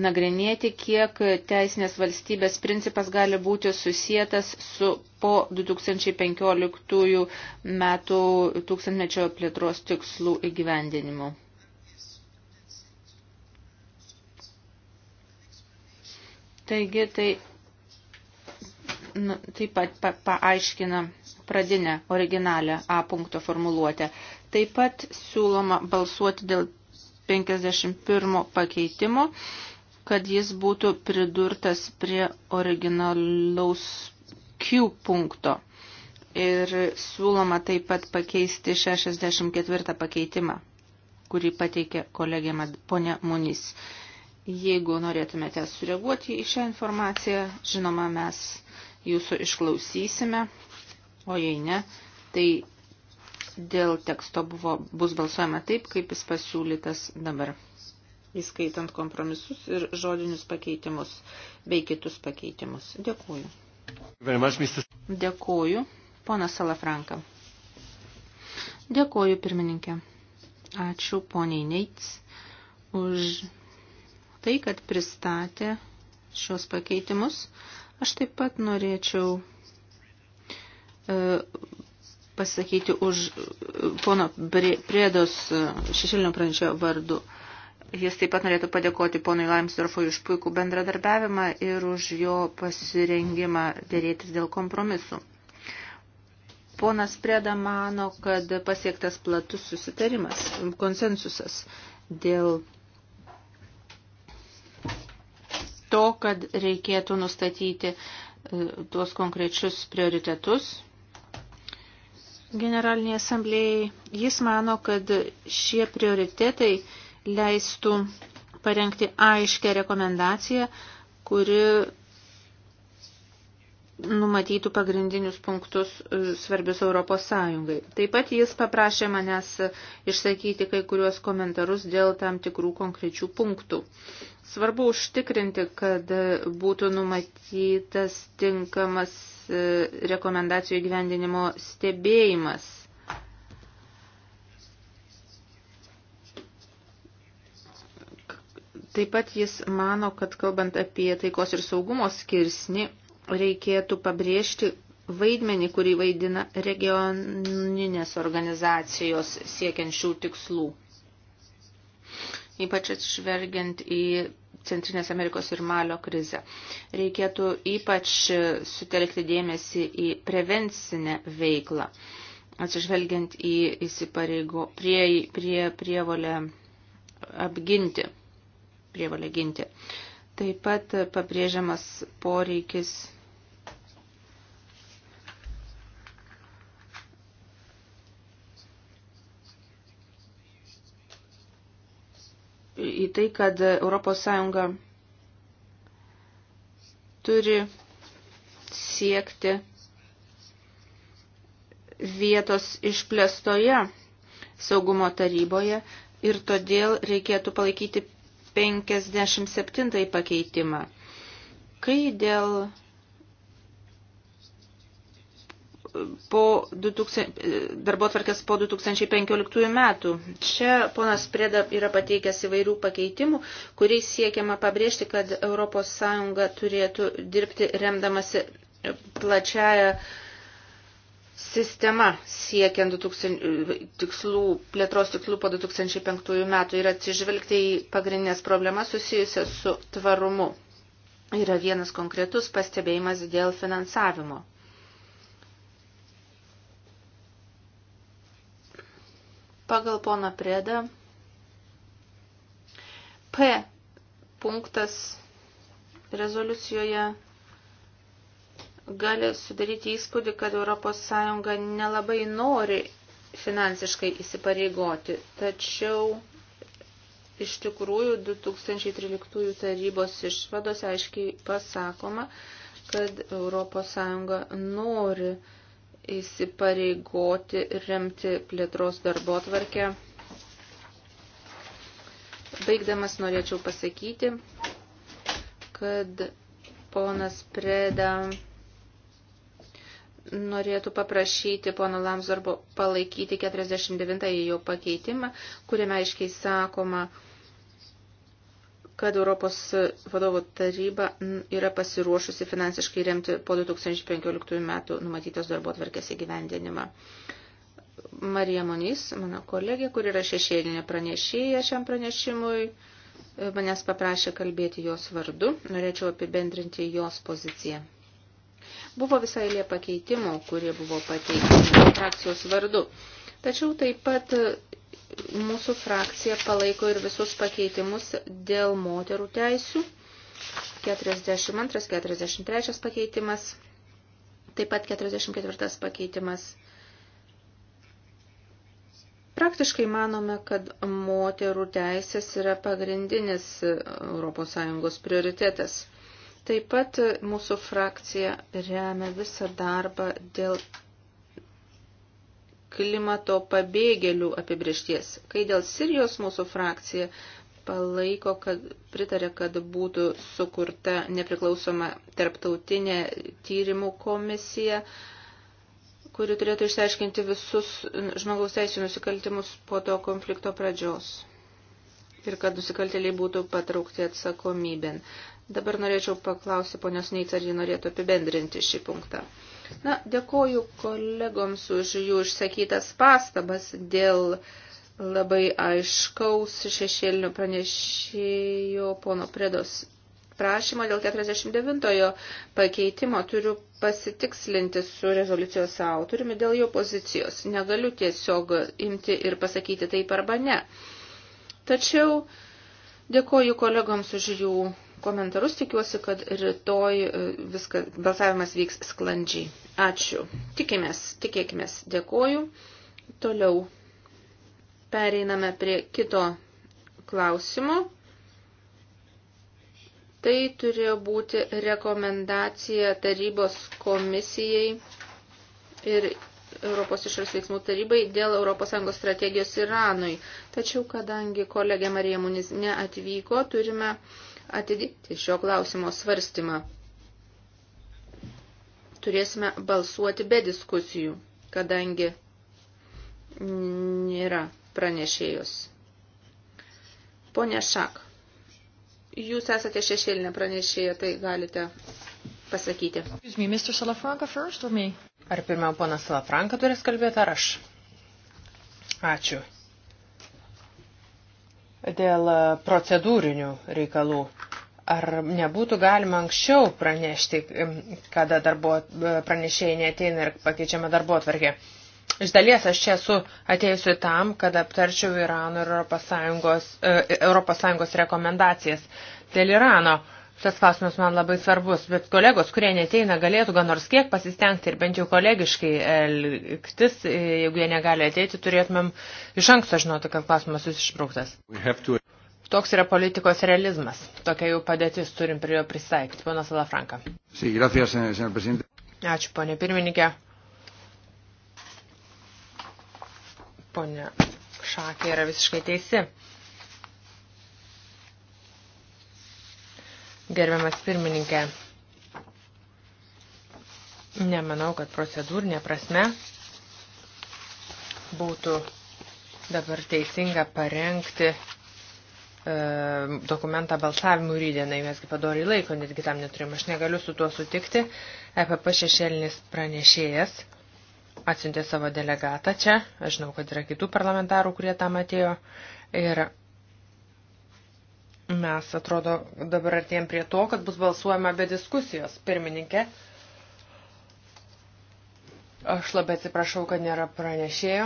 B: nagrinėti, kiek teisinės valstybės principas gali būti susijęs su po 2015 metų tūkstantmečio plėtros tikslų įgyvendinimu. Taigi tai nu, taip pat pa, paaiškina pradinę originalią A punkto formuluotę. Taip pat siūloma balsuoti dėl 51 pakeitimo, kad jis būtų pridurtas prie originalaus Q punkto. Ir siūloma taip pat pakeisti 64 pakeitimą, kurį pateikė kolegė ponė Munys. Jeigu norėtumėte sureaguoti į šią informaciją, žinoma, mes jūsų išklausysime, o jei ne, tai dėl teksto buvo, bus balsuojama taip, kaip jis pasiūlytas dabar, įskaitant kompromisus ir žodinius pakeitimus bei kitus pakeitimus.
A: Dėkuoju.
B: Dėkuoju, ponas Salafranka. Dėkuoju, pirmininkė. Ačiū poniai Neits už tai, kad pristatė šios pakeitimus. Aš taip pat norėčiau e, pasakyti už e, pono Priedos e, šešėlinio pranešėjo vardu. Jis taip pat norėtų padėkoti ponui Laimsdorfui už puikų bendradarbiavimą ir už jo pasirengimą dėrėtis dėl kompromisų. Ponas Preda mano, kad pasiektas platus susitarimas, konsensusas dėl to, kad reikėtų nustatyti e, tuos konkrečius prioritetus Generaliniai asamblėjai. Jis mano, kad šie prioritetai leistų parengti aiškę rekomendaciją, kuri numatytų pagrindinius punktus e, svarbius Europos Sąjungai. Taip pat jis paprašė manęs išsakyti kai kuriuos komentarus dėl tam tikrų konkrečių punktų. Svarbu užtikrinti, kad būtų numatytas tinkamas e, rekomendacijų įgyvendinimo stebėjimas. Taip pat jis mano, kad kalbant apie taikos ir saugumo skirsnį, reikėtų pabrėžti vaidmenį, kurį vaidina regioninės organizacijos siekiančių tikslų ypač atsižvelgiant į Centrinės Amerikos ir Malio krizę. Reikėtų ypač sutelkti dėmesį į prevencinę veiklą, atsižvelgiant į įsipareigo prie, prie prievolę apginti, prievolę ginti. Taip pat pabrėžiamas poreikis į tai, kad ES turi siekti vietos išplėstoje saugumo taryboje ir todėl reikėtų palaikyti 57 pakeitimą. Kai dėl po 2000, darbo tvarkės po 2015 metų. Čia ponas Preda yra pateikęs įvairių pakeitimų, kuriais siekiama pabrėžti, kad ES turėtų dirbti remdamasi plačiaja sistema siekiant 2000, tikslų, plėtros tikslų po 2005 metų ir atsižvelgti į pagrindinės problemas susijusias su tvarumu. Yra vienas konkretus pastebėjimas dėl finansavimo. Pagal poną priedą P punktas rezoliucijoje gali sudaryti įspūdį, kad ES nelabai nori finansiškai įsipareigoti, tačiau iš tikrųjų 2013 tarybos išvados aiškiai pasakoma, kad ES nori įsipareigoti remti plėtros darbo tvarkę. Baigdamas norėčiau pasakyti, kad ponas Preda norėtų paprašyti pono Lamsorbo palaikyti 49-ąjį jo pakeitimą, kuriame aiškiai sakoma, kad Europos vadovų taryba yra pasiruošusi finansiškai remti po 2015 metų numatytos darbo atvarkės įgyvendinimą. Marija Monys, mano kolegė, kur yra šešėlinė pranešėja šiam pranešimui, e, manęs paprašė kalbėti jos vardu. Norėčiau apibendrinti jos poziciją. Buvo visai lė pakeitimų, kurie buvo pateikti frakcijos vardu. Tačiau taip pat mūsų frakcija palaiko ir visus pakeitimus dėl moterų teisių. 42, 43 pakeitimas, taip pat 44 pakeitimas. Praktiškai manome, kad moterų teisės yra pagrindinis ES prioritetas. Taip pat mūsų frakcija remia visą darbą dėl klimato pabėgėlių apibriešties. Kai dėl Sirijos mūsų frakcija palaiko, kad pritarė, kad būtų sukurta nepriklausoma tarptautinė tyrimų komisija, kuri turėtų išsiaiškinti visus žmogaus teisų nusikaltimus po to konflikto pradžios ir kad nusikaltėliai būtų patraukti atsakomybėn. Dabar norėčiau paklausyti ponios Neits, ar ji norėtų apibendrinti šį punktą. Na, dėkoju kolegoms už jų išsakytas pastabas dėl labai aiškaus šešėlinio pranešėjo pono Predos prašymo dėl 49-ojo pakeitimo turiu pasitikslinti su rezoliucijos autoriumi dėl jo pozicijos. Negaliu tiesiog imti ir pasakyti taip arba ne. Tačiau dėkoju kolegoms už jų komentarus. Tikiuosi, kad rytoj e, viską, balsavimas vyks sklandžiai. Ačiū. Tikimės, tikėkimės. Dėkoju. Toliau pereiname prie kito klausimo. Tai turėjo būti rekomendacija tarybos komisijai ir Europos išorės veiksmų tarybai dėl ES strategijos Iranui. Tačiau, kadangi kolegė Marija Munis neatvyko, turime atidėti šio klausimo svarstymą. Turėsime balsuoti be diskusijų, kadangi nėra pranešėjus. Pone Šak, jūs esate šešėlinė pranešėja,
C: tai galite pasakyti. Ar pirmiau ponas Salafranka turės kalbėti, ar aš? Ačiū dėl e, procedūrinių reikalų. Ar nebūtų galima anksčiau pranešti, kada darbo e, pranešėjai neteina ir pakeičiama darbo atvarkė? Iš dalies aš čia esu atėjusi tam, kad aptarčiau Irano ir ES, ES rekomendacijas dėl Irano. Tas klausimas man labai svarbus, bet kolegos, kurie neteina, galėtų gan nors kiek pasistengti ir bent jau kolegiškai elgtis, e, jeigu jie negali ateiti, turėtumėm iš anksto žinoti, kad klausimas jūs išbrauktas. To... Toks yra politikos realizmas. Tokia jau padėtis turim prie jo pristaikyti. Ponas Alafranka.
A: Sí, gracias, eh,
C: Ačiū, ponė pirmininkė. Ponė Šakė yra visiškai teisi Gerbiamas pirmininkė, nemanau, kad procedūrinė prasme būtų dabar teisinga parengti e, dokumentą balsavimų rydienai, mesgi padori laiko, netgi tam neturim, aš negaliu su tuo sutikti. EPP šešėlinis pranešėjas atsiuntė savo delegatą čia, aš žinau, kad yra kitų parlamentarų, kurie tam atėjo, ir Mes atrodo dabar artėjom prie to, kad bus balsuojama be diskusijos. Pirmininkė, aš labai atsiprašau, kad nėra pranešėjo.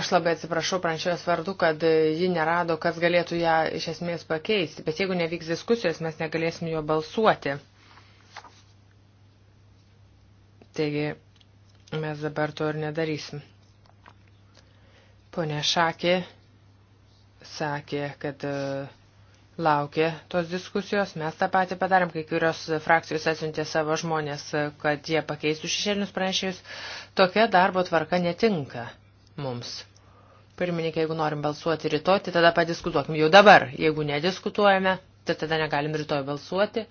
C: Aš labai atsiprašau pranešėjos vardu, kad ji nerado, kas galėtų ją iš esmės pakeisti, bet jeigu nevyks diskusijos, mes negalėsim jo balsuoti. Taigi, mes dabar to ir nedarysim. Pone Šakė sakė, kad e, laukia tos diskusijos. Mes tą patį padarėm, kai kurios frakcijos atsiuntė savo žmonės, e, kad jie pakeistų šešėlinius pranešėjus. Tokia darbo tvarka netinka mums. Pirmininkai, jeigu norim balsuoti rytoj, tai tada padiskutuokim jau dabar. Jeigu nediskutuojame, tai tada negalim rytoj balsuoti,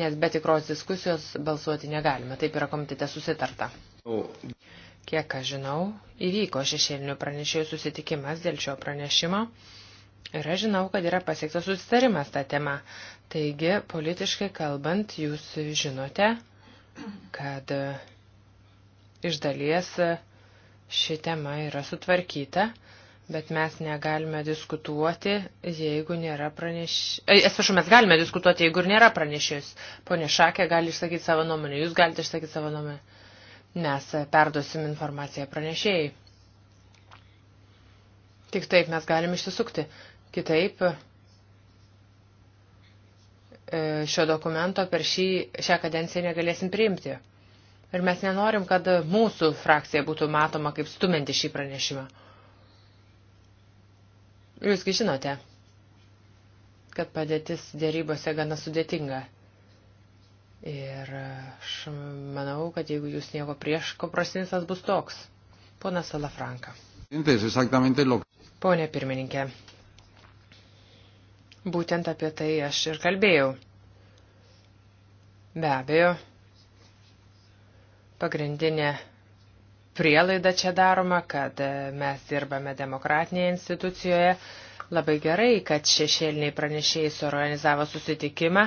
C: nes be tikros diskusijos balsuoti negalime. Taip yra komitete susitarta. Kiek aš žinau, įvyko šešėlinių pranešėjų susitikimas dėl šio pranešimo ir aš žinau, kad yra pasiektas susitarimas tą temą. Taigi, politiškai kalbant, jūs žinote, kad iš dalies ši tema yra sutvarkyta, bet mes negalime diskutuoti, jeigu nėra pranešėjus. Atsiprašau, mes galime diskutuoti, jeigu ir nėra pranešėjus. Pone Šakė gali išsakyti savo nuomonę, jūs galite išsakyti savo nuomonę mes perduosim informaciją pranešėjai. Tik taip mes galim išsisukti. Kitaip e, šio dokumento per šį, šią kadenciją negalėsim priimti. Ir mes nenorim, kad mūsų frakcija būtų matoma kaip stuminti šį pranešimą. Jūsgi žinote, kad padėtis dėrybose gana sudėtinga. Ir aš manau, kad jeigu jūs nieko prieš, kompromisinis bus toks. Pona Salafranka. Pone pirmininkė, būtent apie tai aš ir kalbėjau. Be abejo, pagrindinė prielaida čia daroma, kad mes dirbame demokratinėje institucijoje. Labai gerai, kad šešėliniai pranešėjai suorganizavo susitikimą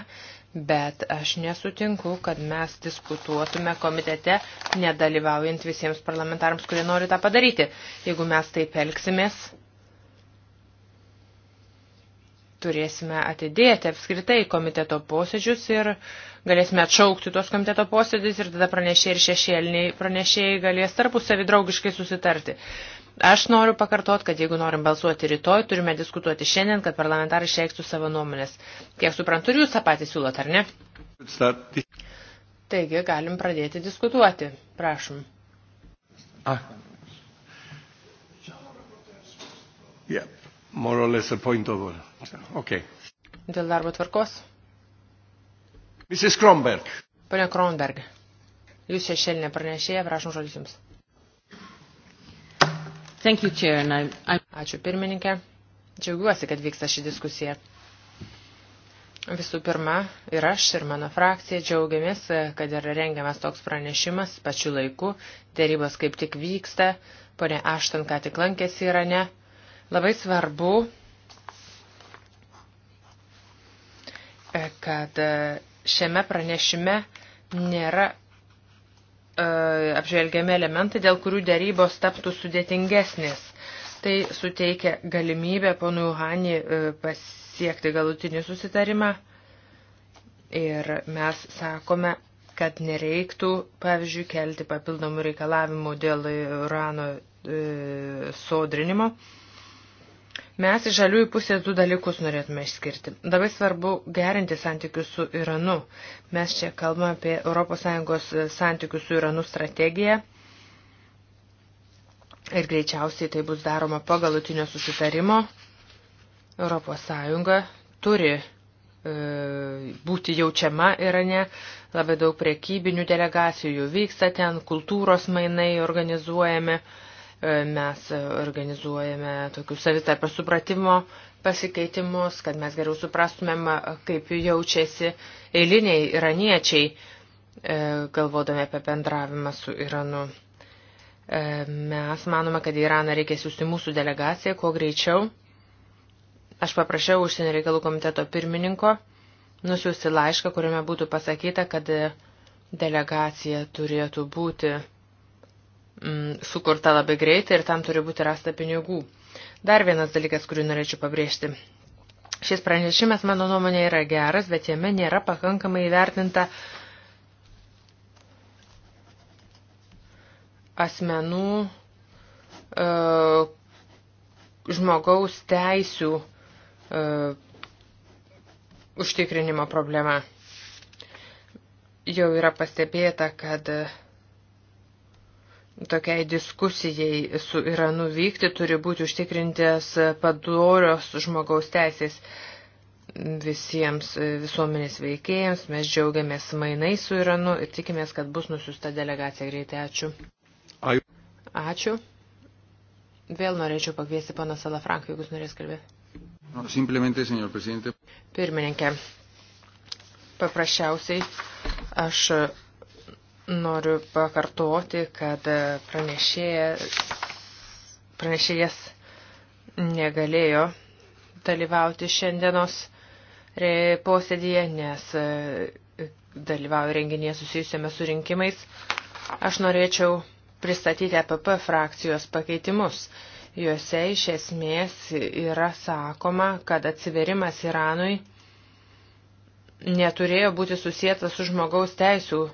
C: Bet aš nesutinku, kad mes diskutuotume komitete, nedalyvaujant visiems parlamentarams, kurie nori tą padaryti. Jeigu mes taip elgsimės, turėsime atidėti apskritai komiteto posėdžius ir galėsime atšaukti tuos komiteto posėdžius ir tada pranešėjai ir šešėliniai pranešėjai galės tarpusavį draugiškai susitarti. Aš noriu pakartot, kad jeigu norim balsuoti rytoj, turime diskutuoti šiandien, kad parlamentarai išreikštų savo nuomonės. Kiek suprantu, jūs tą patį siūlot, ar ne? Taigi, galim pradėti diskutuoti. Prašom. Ah.
A: Yeah. More or less a point of okay.
C: Dėl darbo tvarkos.
A: Mrs. Kronberg.
C: Pane Kronberg, jūs šešėlinė pranešėja, prašom žodžius jums. Thank you, Chair, and I, I... Ačiū pirmininkė. Džiaugiuosi, kad vyksta ši diskusija. Visų pirma, ir aš, ir mano frakcija džiaugiamės, kad yra rengiamas toks pranešimas pačiu laiku, dėrybos kaip tik vyksta, ponė Ašton ką tik lankėsi Irane. Labai svarbu, e, kad e, šiame pranešime nėra E, apžvelgiami elementai, dėl kurių dėrybos taptų sudėtingesnės. Tai suteikia galimybę ponui Uhani e, pasiekti galutinį susitarimą. Ir mes sakome, kad nereiktų, pavyzdžiui, kelti papildomų reikalavimų dėl urano e, sodrinimo. E, Mes iš žaliųjų pusės du dalykus norėtume išskirti. Labai svarbu gerinti santykius su Iranu. Mes čia kalbame apie ES santykius su Iranu strategiją. Ir greičiausiai tai bus daroma pagalutinio susitarimo. ES turi e, būti jaučiama Irane. Labai daug priekybinių delegacijų vyksta ten, kultūros mainai organizuojami. Mes organizuojame tokius savitarpio supratimo pasikeitimus, kad mes geriau suprastumėm, kaip jaučiasi eiliniai iraniečiai, e, galvodami apie bendravimą su Iranu. E, mes manome, kad į Iraną reikia siūsti mūsų delegaciją kuo greičiau. Aš paprašiau užsienio reikalų komiteto pirmininko nusiųsti laišką, kuriame būtų pasakyta, kad delegacija turėtų būti mm, sukurta labai greitai ir tam turi būti rasta pinigų. Dar vienas dalykas, kurį norėčiau pabrėžti. Šis pranešimas, mano nuomonė, yra geras, bet jame nėra pakankamai įvertinta asmenų e, žmogaus teisių e, užtikrinimo problema. Jau yra pastebėta, kad e, tokiai diskusijai su Iranu vykti, turi būti užtikrintas padorios žmogaus teisės visiems visuomenės veikėjams. Mes džiaugiamės mainai su Iranu ir tikimės, kad bus nusiusta delegacija greitai. Ačiū. Ačiū. Vėl norėčiau pakviesti pana Salafranką, jeigu norės kalbėti.
A: No, simplemente, senor presidente.
C: Pirmininkė, paprasčiausiai aš Noriu pakartoti, kad pranešėjas, pranešėjas negalėjo dalyvauti šiandienos posėdėje, nes e, dalyvauju renginėje susijusiame su rinkimais. Aš norėčiau pristatyti APP e frakcijos pakeitimus. Juose iš esmės yra sakoma, kad atsiverimas Iranui neturėjo būti susijęs su žmogaus teisų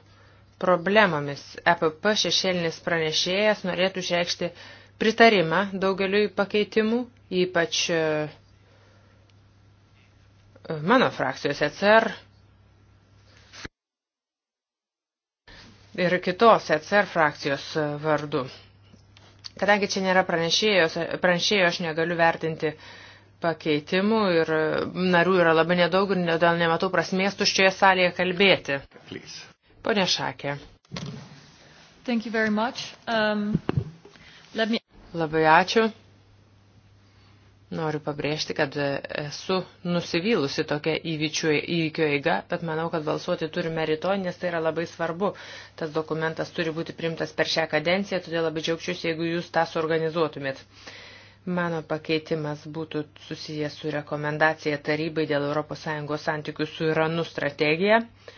C: problemomis. EPP šešėlinis pranešėjas norėtų išreikšti pritarimą daugeliui pakeitimų, ypač e, mano frakcijos ECR ir kitos ECR frakcijos vardu. Kadangi čia nėra pranešėjo, aš negaliu vertinti pakeitimų ir narių yra labai nedaug ir dėl nematau prasmės tuščioje salėje kalbėti. Please. Pone Šakė. Um, me... Labai ačiū. Noriu pabrėžti, kad esu nusivylusi tokia įvykių, įvykio eiga, bet manau, kad balsuoti turime rytoj, nes tai yra labai svarbu. Tas dokumentas turi būti primtas per šią kadenciją, todėl labai džiaugčiausi, jeigu jūs tą suorganizuotumėt. Mano pakeitimas būtų susijęs su rekomendacija tarybai dėl ES santykių su Iranu strategija. Uh,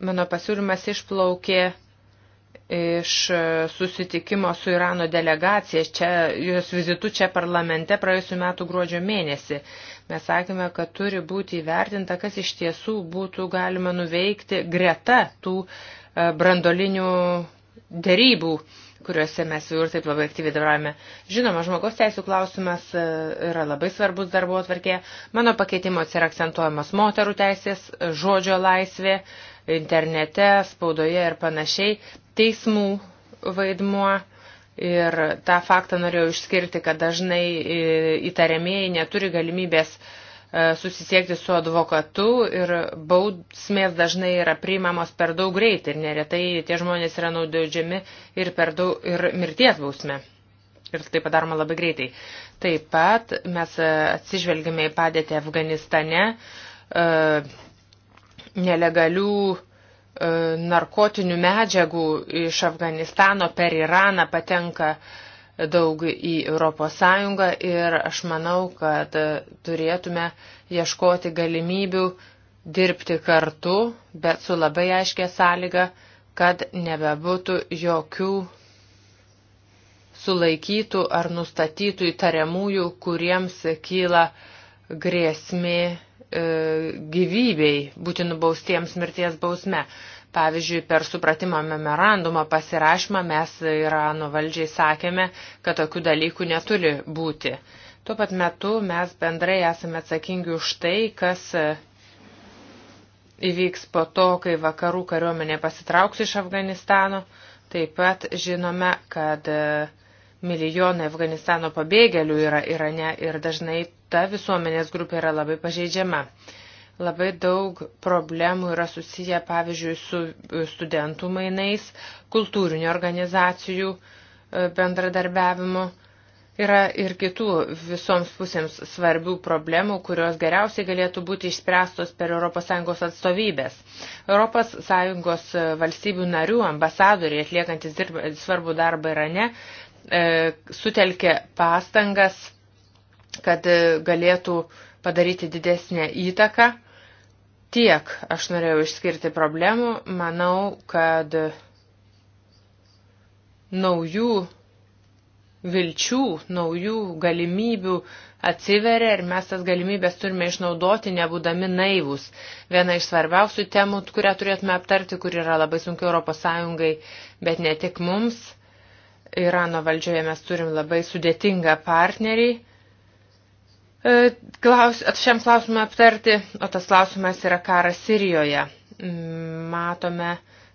C: Mano pasiūlymas išplaukė iš susitikimo su Irano delegacija, čia, jos vizitu čia parlamente praėjusiu metu gruodžio mėnesį. Mes sakėme, kad turi būti įvertinta, kas iš tiesų būtų galima nuveikti greta tų e, brandolinių dėrybų kuriuose mes jau ir taip labai aktyviai dalyvaujame. Žinoma, žmogaus teisų klausimas e, yra labai svarbus darbo atvarkė. Mano pakeitimuose yra akcentuojamas moterų teisės, žodžio laisvė, internete, spaudoje ir panašiai, teismų vaidmuo. Ir tą faktą norėjau išskirti, kad dažnai e, įtariamieji neturi galimybės e, susisiekti su advokatu ir bausmės dažnai yra priimamos per daug greitai ir neretai tie žmonės yra naudodžiami ir, per daug, ir mirties bausme. Ir tai padaroma labai greitai. Taip pat mes e, atsižvelgime į padėtį Afganistane. Uh, nelegalių e, narkotinių medžiagų iš Afganistano per Iraną patenka daug į Europos Sąjungą ir aš manau, kad e, turėtume ieškoti galimybių dirbti kartu, bet su labai aiškia sąlyga, kad nebebūtų jokių sulaikytų ar nustatytų įtariamųjų, kuriems kyla grėsmė E, gyvybei būti nubaustiems mirties bausme. Pavyzdžiui, per supratimo memorandumą pasirašymą mes Irano valdžiai sakėme, kad tokių dalykų neturi būti. Tuo pat metu mes bendrai esame atsakingi už tai, kas e, įvyks po to, kai vakarų kariuomenė pasitrauks iš Afganistano. Taip pat žinome, kad e, milijonai Afganistano pabėgėlių yra Irane ir dažnai ta visuomenės grupė yra labai pažeidžiama. Labai daug problemų yra susiję, pavyzdžiui, su e, studentų mainais, kultūrinių organizacijų e, bendradarbiavimu. Yra ir kitų visoms pusėms svarbių problemų, kurios geriausiai galėtų būti išspręstos per ES atstovybės. ES valstybių narių ambasadoriai atliekantis dirba, svarbų darbą Irane e, sutelkė pastangas kad e, galėtų padaryti didesnę įtaką. Tiek aš norėjau išskirti problemų. Manau, kad naujų vilčių, naujų galimybių atsiveria ir mes tas galimybės turime išnaudoti, nebūdami naivus. Viena iš svarbiausių temų, kurią turėtume aptarti, kur yra labai sunku Europos Sąjungai, bet ne tik mums. Irano valdžioje mes turim labai sudėtingą partnerį E, klaus, šiam klausimui aptarti, o tas klausimas yra karas Sirijoje. Mm, matome,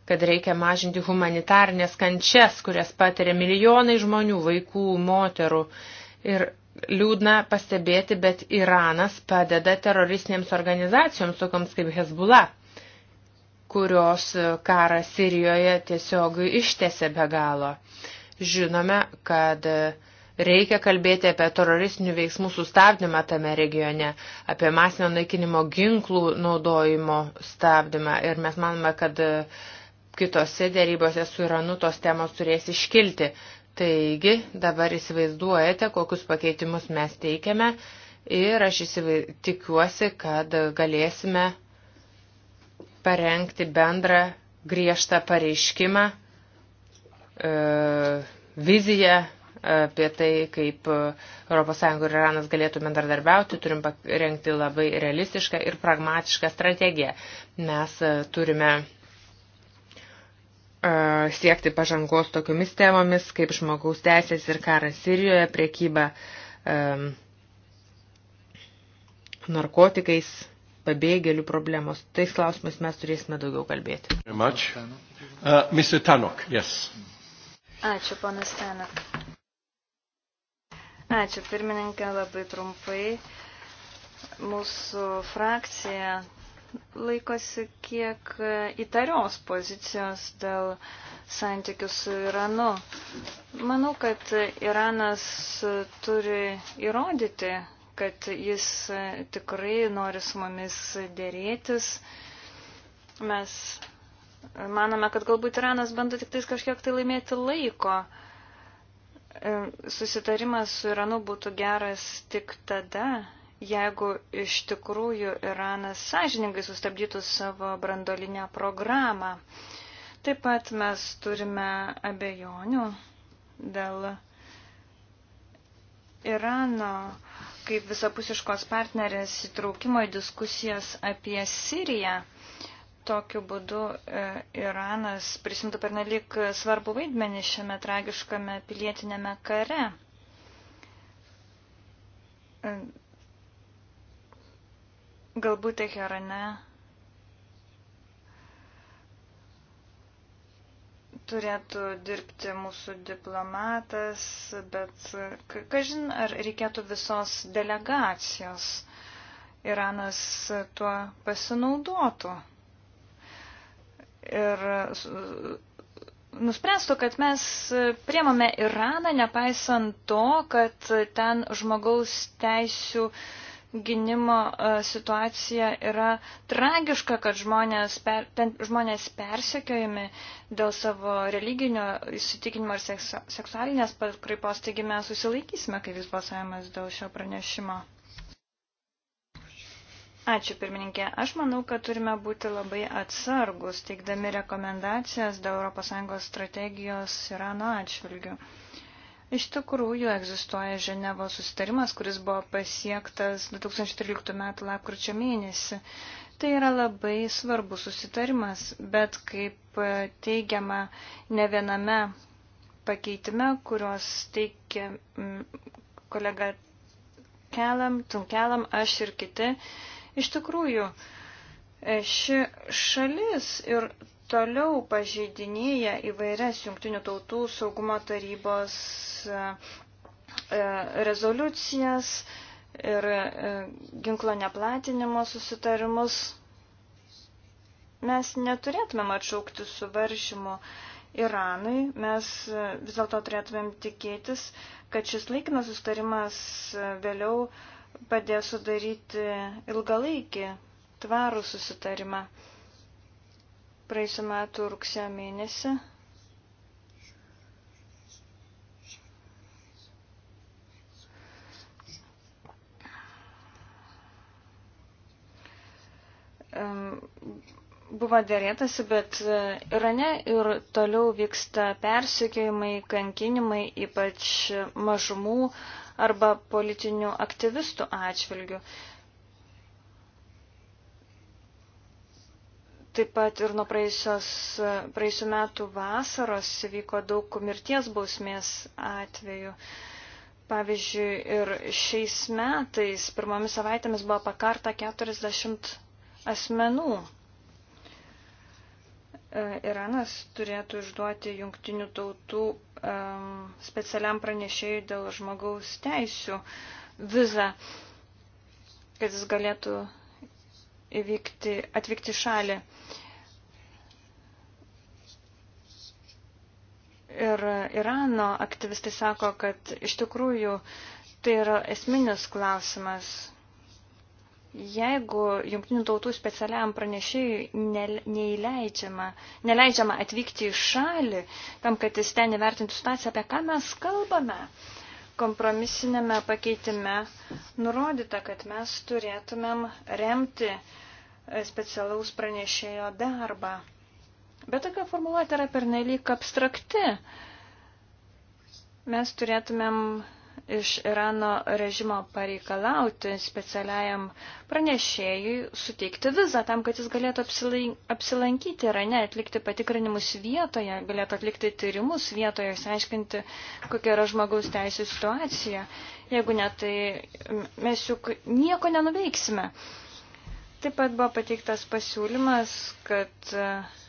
C: kad reikia mažinti humanitarnės kančias, kurias patiria milijonai žmonių, vaikų, moterų. Ir liūdna pastebėti, bet Iranas padeda teroristinėms organizacijoms, tokioms kaip Hezbollah, kurios karą Sirijoje tiesiog ištėse be galo. Žinome, kad uh, Reikia kalbėti apie teroristinių veiksmų sustabdymą tame regione, apie masinio naikinimo ginklų naudojimo stabdymą. Ir mes manome, kad e, kitose dėrybose su Iranu tos temos turės iškilti. Taigi, dabar įsivaizduojate, kokius pakeitimus mes teikiame ir aš tikiuosi, kad galėsime parengti bendrą griežtą pareiškimą, e, viziją apie tai, kaip ES ir Iranas galėtų bendradarbiauti, turim rengti labai realistišką ir pragmatišką strategiją. Mes e, turime e, siekti pažangos tokiomis temomis, kaip žmogaus teisės ir karas Sirijoje, priekyba um, narkotikais, pabėgėlių problemos. Tais klausimais mes turėsime daugiau kalbėti.
A: Uh, Mr.
C: Tanok, yes.
A: Ačiū, ponas Tanok. Ačiū, pirmininkė, labai trumpai. Mūsų frakcija laikosi kiek įtarios pozicijos dėl santykių su Iranu. Manau, kad Iranas turi įrodyti, kad jis tikrai nori su mumis dėrėtis. Mes manome, kad galbūt Iranas bando tik tais kažkiek tai laimėti laiko. E, susitarimas su Iranu būtų geras tik tada, jeigu iš tikrųjų Iranas sąžiningai sustabdytų savo brandolinę programą. Taip pat mes turime abejonių dėl Irano kaip visapusiškos partnerės įtraukimo į diskusijas apie Siriją tokiu būdu e, Iranas prisimtų pernelik svarbu vaidmenį šiame tragiškame pilietinėme kare. E, galbūt Teherane turėtų dirbti mūsų diplomatas, bet kažin ar reikėtų visos delegacijos. Iranas tuo pasinaudotų ir e, nuspręstų, kad mes priemame Iraną, nepaisant to, kad ten žmogaus teisų gynimo e, situacija yra tragiška, kad žmonės, per, ten žmonės persekiojami dėl savo religinio įsitikinimo ir seksualinės pakraipos, taigi mes susilaikysime, kai vis balsavimas dėl šio pranešimo. Ačiū, pirmininkė. Aš manau, kad turime būti labai atsargus, teikdami rekomendacijas dėl ES strategijos Irano atšvilgių. Iš tikrųjų, egzistuoja Ženevo susitarimas, kuris buvo pasiektas 2013 m. lapkričio mėnesį. Tai yra labai svarbus susitarimas, bet kaip teigiama ne viename pakeitime, kuriuos teikia kolega Kelam, Tunkeliam, aš ir kiti, Iš tikrųjų, e, ši šalis ir toliau pažeidinėja įvairias Junktinių tautų saugumo tarybos e, e, rezoliucijas ir ginklo neplatinimo susitarimus. Mes neturėtumėm atšaukti suvaržymų Iranui, mes vis dėlto turėtumėm tikėtis, kad šis laikinas sustarimas vėliau uh, padės sudaryti ilgalaikį tvarų susitarimą. Praėjusiu metu rugsėjo mėnesį buvo dėrėtasi, bet Irane ir toliau vyksta persikėjimai, kankinimai, ypač mažumų arba politinių aktyvistų atžvilgių. Taip pat ir nuo praėjusių metų vasaros vyko daug mirties bausmės atvejų. Pavyzdžiui, ir šiais metais pirmomis savaitėmis buvo pakarta 40 asmenų. E, Iranas turėtų išduoti jungtinių tautų um, specialiam pranešėjui dėl žmogaus teisių vizą, kad jis galėtų įvykti, atvykti šalį. Ir Irano aktyvistai sako, kad iš tikrųjų tai yra esminis klausimas Jeigu jungtinių tautų specialiam pranešėjui neįleidžiama, neleidžiama atvykti į šalį, tam, kad jis ten įvertintų situaciją, apie ką mes kalbame, kompromisinėme pakeitime nurodyta, kad mes turėtumėm remti specialaus pranešėjo darbą. Bet tokia formuluotė yra pernelyg abstrakti. Mes turėtumėm iš Irano režimo pareikalauti specialiajam pranešėjui suteikti vizą tam, kad jis galėtų apsilankyti Irane, atlikti patikrinimus vietoje, galėtų atlikti tyrimus vietoje, išsiaiškinti, kokia yra žmogaus teisų situacija. Jeigu ne, tai mes juk nieko nenuveiksime. Taip pat buvo pateiktas pasiūlymas, kad uh,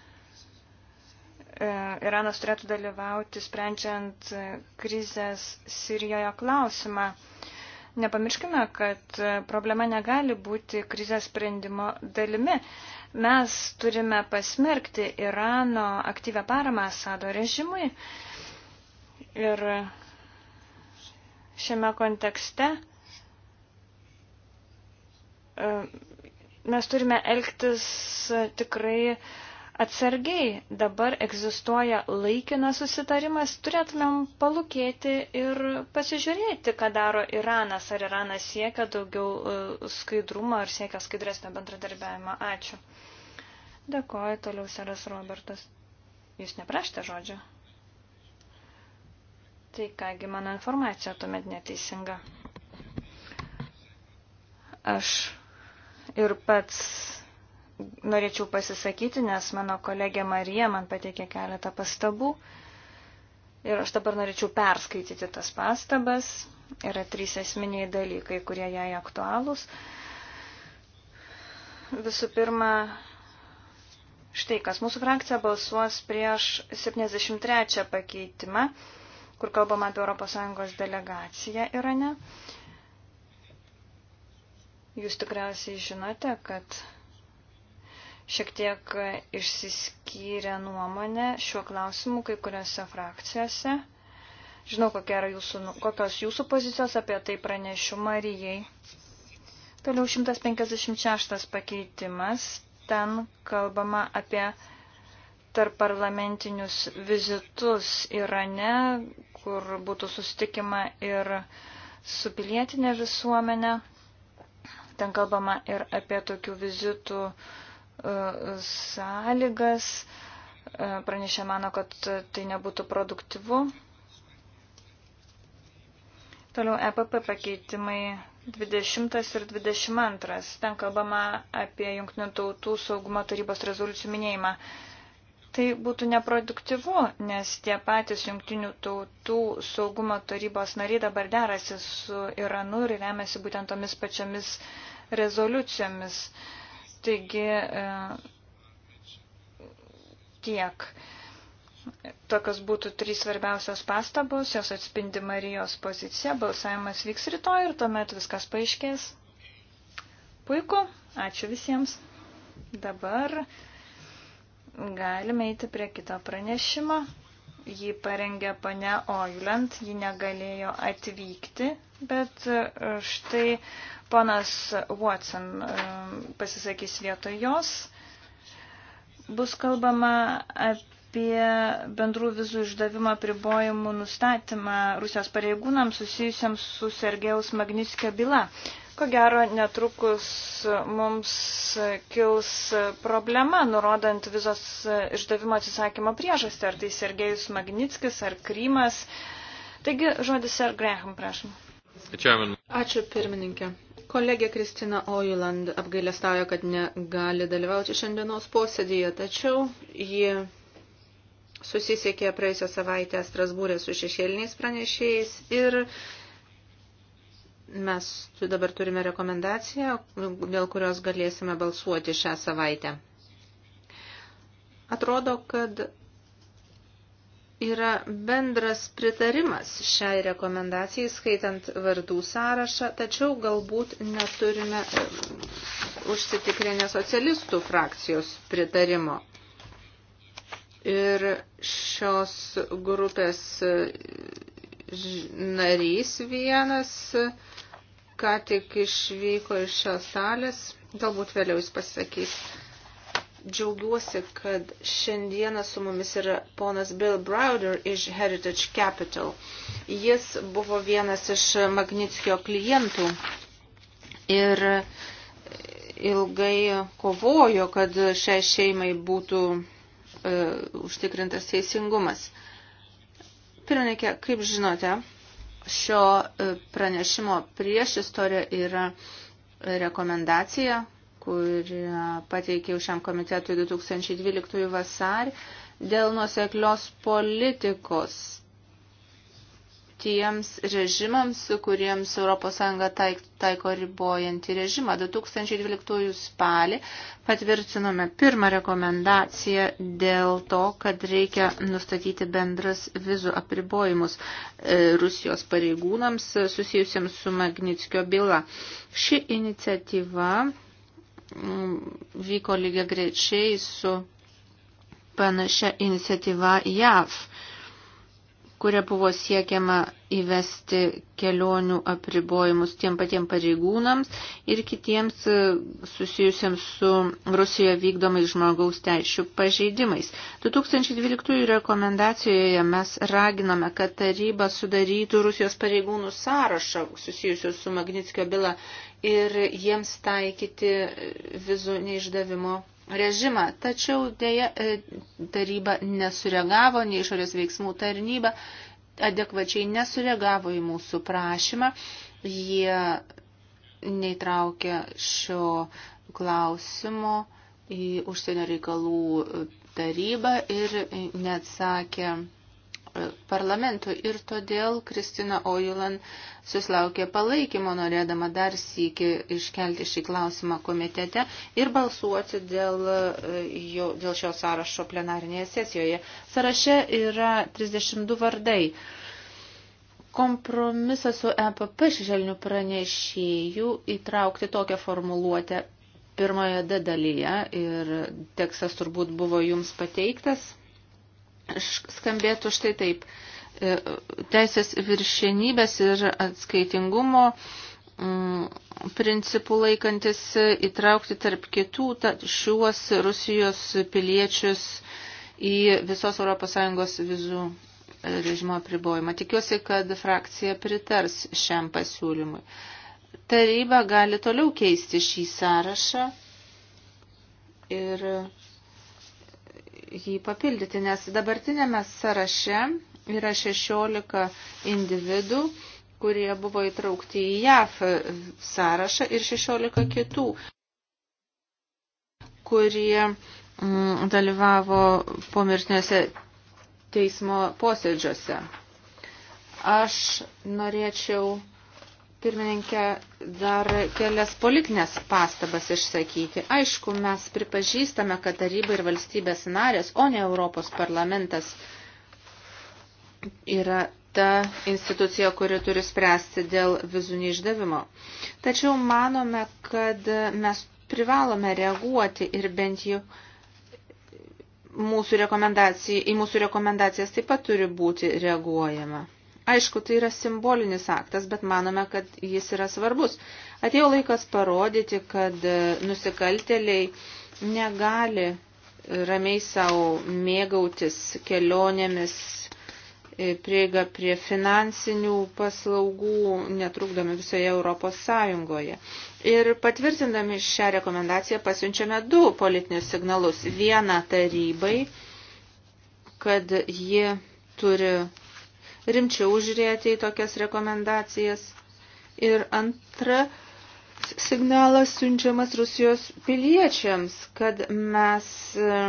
A: E, Iranas turėtų dalyvauti sprendžiant e, krizės Sirijoje klausimą. Nepamirškime, kad e, problema negali būti krizės sprendimo dalimi. Mes turime pasmerkti Irano aktyvę paramą Asado režimui. Ir šiame kontekste mes turime elgtis tikrai uh, atsargiai. Dabar egzistuoja laikina susitarimas, turėtumėm palūkėti ir pasižiūrėti, ką daro Iranas. Ar Iranas siekia daugiau e, skaidrumo, ar siekia skaidresnio bendradarbiavimo. Ačiū. Dėkoju, toliau seras Robertas. Jūs neprašėte žodžio? Tai kągi, mano informacija tuomet neteisinga. Aš ir pats norėčiau pasisakyti, nes mano kolegė Marija man pateikė keletą pastabų. Ir aš dabar norėčiau perskaityti tas pastabas. Yra trys esminiai dalykai, kurie jai aktualūs. Visų pirma, štai kas. Mūsų frakcija balsuos prieš 73 pakeitimą, kur kalbama apie ES delegaciją Irane. Jūs tikriausiai žinote, kad šiek tiek išsiskyrė nuomonė šiuo klausimu kai kuriuose frakcijose. Žinau, yra jūsų, nu- kokios jūsų pozicijos apie tai pranešiu Marijai. Toliau 156 pakeitimas. Ten kalbama apie tarp parlamentinius vizitus Irane, kur būtų sustikima ir su pilietinė visuomenė. Ten kalbama ir apie tokių vizitų uh, E, sąlygas. E, pranešė mano, kad tai nebūtų produktyvu. Toliau EPP pakeitimai 20 ir 22. Ten kalbama apie Junktinių tautų saugumo tarybos rezoliucijų minėjimą. Tai būtų neproduktyvu, nes tie patys Junktinių tautų saugumo tarybos nariai dabar derasi su Iranu ir remiasi būtent tomis pačiomis rezoliucijomis. Uh, Taigi e, tiek. Tokios būtų trys svarbiausios pastabos, jos atspindi Marijos poziciją, balsavimas vyks rytoj ir tuomet viskas paaiškės. Puiku, ačiū visiems. Dabar galime eiti prie kito pranešimo jį parengė pane Oiland, ji negalėjo atvykti, bet e, štai ponas Watson e, pasisakys vietoj jos. Bus kalbama apie bendrų vizų išdavimo pribojimų nustatymą Rusijos pareigūnams susijusiams su Sergejaus Magniskio byla. Ko gero, netrukus mums kils problema, nurodant vizos išdavimo atsisakymo priežastį, ar tai Sergejus Magnitskis, ar Krymas. Taigi, žodis Ser Graham, prašom. Ačiū pirmininkė.
B: Kolegė Kristina Ojuland apgailestauja, kad negali dalyvauti šiandienos posėdėje, tačiau ji susisiekė praėjusią savaitę Strasbūrė su šešėliniais pranešėjais ir Mes dabar turime rekomendaciją, dėl kurios galėsime balsuoti šią savaitę. Atrodo, kad yra bendras pritarimas šiai rekomendacijai, skaitant vardų sąrašą, tačiau galbūt neturime um, užsitikrinę socialistų frakcijos pritarimo. Ir šios grupės uh, narys vienas ką tik išvyko iš šios salės, galbūt vėliau jis pasakys. Džiaugiuosi, kad šiandieną su mumis yra ponas Bill Browder iš Heritage Capital. Jis buvo vienas iš Magnitskio klientų ir ilgai kovojo, kad šiai šeimai būtų e, užtikrintas teisingumas. Pirmininkė, kaip žinote, šio e, pranešimo prieš istorija yra rekomendacija, kurią pateikiau šiam komitetui 2012 vasarį dėl nuoseklios politikos tiems režimams, kuriems ES taik, taiko ribojantį režimą. 2012 spalį patvirtinome pirmą rekomendaciją dėl to, kad reikia nustatyti bendras vizų apribojimus e, Rusijos pareigūnams susijusiems su Magnitskio byla. Ši iniciatyva mm, vyko lygiai grečiai su panašia iniciatyva JAV kuria buvo siekiama įvesti kelionių apribojimus tiem patiem pareigūnams ir kitiems e, susijusiems su Rusijoje vykdomais žmogaus teisų pažeidimais. 2012 rekomendacijoje mes raginame, kad taryba sudarytų Rusijos pareigūnų sąrašą susijusios su Magnitskio byla ir jiems taikyti e, vizų neišdavimo režimą. Tačiau dėja e, taryba nesureagavo, nei išorės veiksmų tarnyba adekvačiai nesureagavo į mūsų prašymą. Jie neįtraukė šio klausimo į užsienio reikalų tarybą ir neatsakė parlamentu ir todėl Kristina Ojulan susilaukė palaikymo, norėdama dar sįki iškelti šį klausimą komitete ir balsuoti dėl, e, jo, dėl šio sąrašo plenarinėje sesijoje. Sąraše yra 32 vardai. Kompromisą su EPP šešėlinių pranešėjų įtraukti tokią formuluotę pirmoje D dalyje ir tekstas turbūt buvo jums pateiktas skambėtų štai taip. E, teisės viršienybės ir atskaitingumo mm, principų laikantis įtraukti tarp kitų ta, šiuos Rusijos piliečius į visos ES vizų režimo apribojimą. Tikiuosi, kad frakcija pritars šiam pasiūlymui. Taryba gali toliau keisti šį sąrašą ir jį papildyti, nes dabartinėme sąraše yra 16 individų, kurie buvo įtraukti į JAF sąrašą ir 16 kitų, kurie mm, dalyvavo pomirtiniuose teismo posėdžiuose. Aš norėčiau pirmininkė, dar kelias politinės pastabas išsakyti. Aišku, mes pripažįstame, kad taryba ir valstybės narės, o ne Europos parlamentas, yra ta institucija, kuri turi spręsti dėl vizų neišdavimo. Tačiau manome, kad mes privalome reaguoti ir bent jau mūsų į mūsų rekomendacijas taip pat turi būti reaguojama. Aišku, tai yra simbolinis aktas, bet manome, kad jis yra svarbus. Atėjo laikas parodyti, kad e, nusikalteliai negali ramiai savo mėgautis kelionėmis e, prieiga prie finansinių paslaugų, netrukdami visoje Europos Sąjungoje. Ir patvirtindami šią rekomendaciją pasiunčiame du politinius signalus. Vieną tarybai, kad ji turi rimčiau žiūrėti į tokias rekomendacijas. Ir antra, signalas siunčiamas Rusijos piliečiams, kad mes e,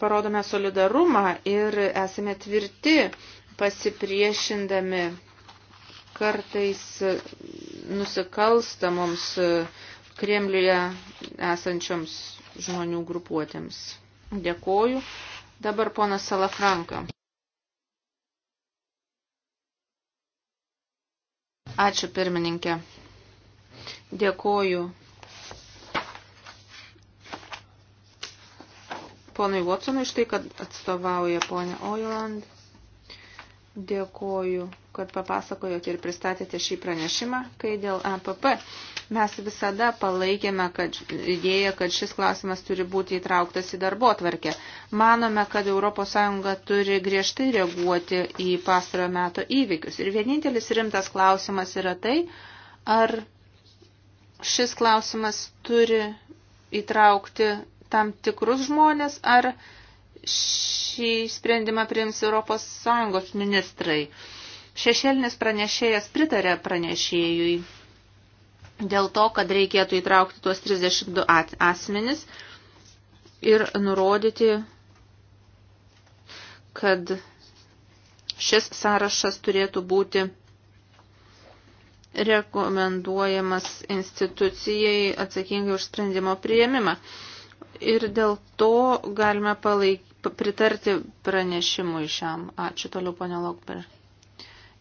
B: parodome solidarumą ir esame tvirti pasipriešindami kartais e, nusikalstamoms e, Kremliuje esančioms žmonių grupuotėms. Dėkoju. Dabar ponas Salafranka. Ačiū pirmininkė. Dėkoju ponui Watsonui iš tai, kad atstovauja ponė Oiland. Dėkoju, kad papasakojot ir pristatėte šį pranešimą, kai dėl MPP e Mes visada palaikėme kad, idėją, kad šis klausimas turi būti įtrauktas į darbo tvarkę. Manome, kad ES turi griežtai reaguoti į pastarojo meto įvykius. Ir vienintelis rimtas klausimas yra tai, ar šis klausimas turi įtraukti tam tikrus žmonės, ar šį sprendimą priims ES ministrai. Šešėlinis pranešėjas pritarė pranešėjui dėl to, kad reikėtų įtraukti tuos 32 asmenis ir nurodyti, kad šis sąrašas turėtų būti rekomenduojamas institucijai atsakingai už sprendimo prieimimą. Ir dėl to galime palaik, pritarti pranešimui šiam. Ačiū toliau, ponė Lokber.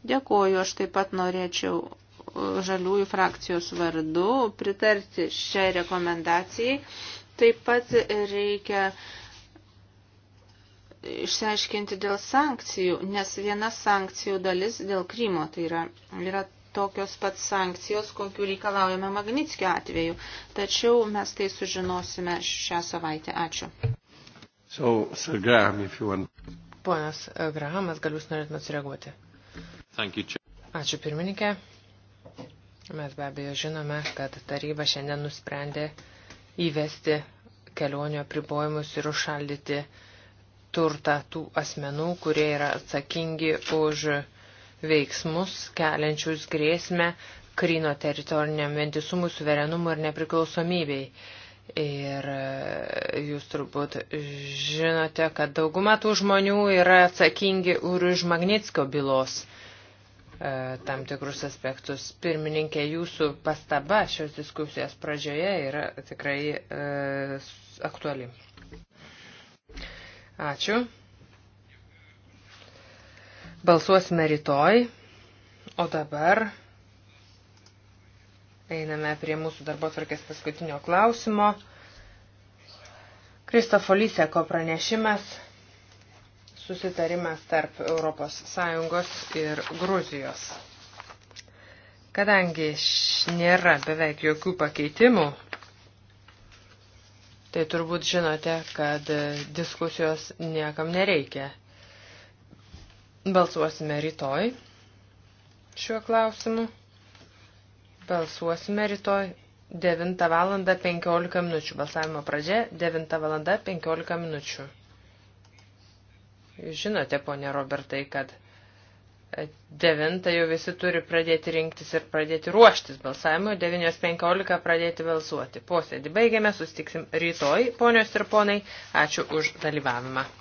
B: Dėkuoju, aš taip pat norėčiau žaliųjų frakcijos vardu pritarti šiai rekomendacijai. Taip pat reikia išsiaiškinti dėl sankcijų, nes viena sankcijų dalis dėl Krymo, tai yra, yra tokios pat sankcijos, kokiu reikalaujame Magnitskio atveju. Tačiau mes tai sužinosime šią savaitę.
C: Ačiū.
A: So, Sir Graham, if you want.
C: Ponas Grahamas, gal jūs norėtumėte sureaguoti? Thank you, Ačiū pirmininkė. Mes be abejo žinome, kad taryba šiandien nusprendė įvesti kelionių apribojimus ir užšaldyti turtą tų asmenų, kurie yra atsakingi už veiksmus keliančius grėsmę Kryno teritoriniam vientisumui, suverenumui ir nepriklausomybei. Ir e, jūs turbūt žinote, kad dauguma tų žmonių yra atsakingi ir už Magnitskio bylos E, tam tikrus aspektus. Pirmininkė, jūsų pastaba šios diskusijos pradžioje yra tikrai e, aktuali. Ačiū. Balsuosime rytoj, o dabar einame prie mūsų darbo tvarkės paskutinio klausimo. Kristofo Lyseko pranešimas susitarimas tarp ES ir Gruzijos. Kadangi nėra beveik jokių pakeitimų, tai turbūt žinote, kad e, diskusijos niekam nereikia. Balsuosime rytoj šiuo klausimu. Balsuosime rytoj 9 val. 15 min. Balsavimo pradžia 9 val. 15 min. Žinote, ponė Robertai, kad devintą jau visi turi pradėti rinktis ir pradėti ruoštis balsavimui, 9.15 pradėti balsuoti. Posėdį baigiame, sustiksim rytoj, ponios ir ponai, ačiū už dalyvavimą.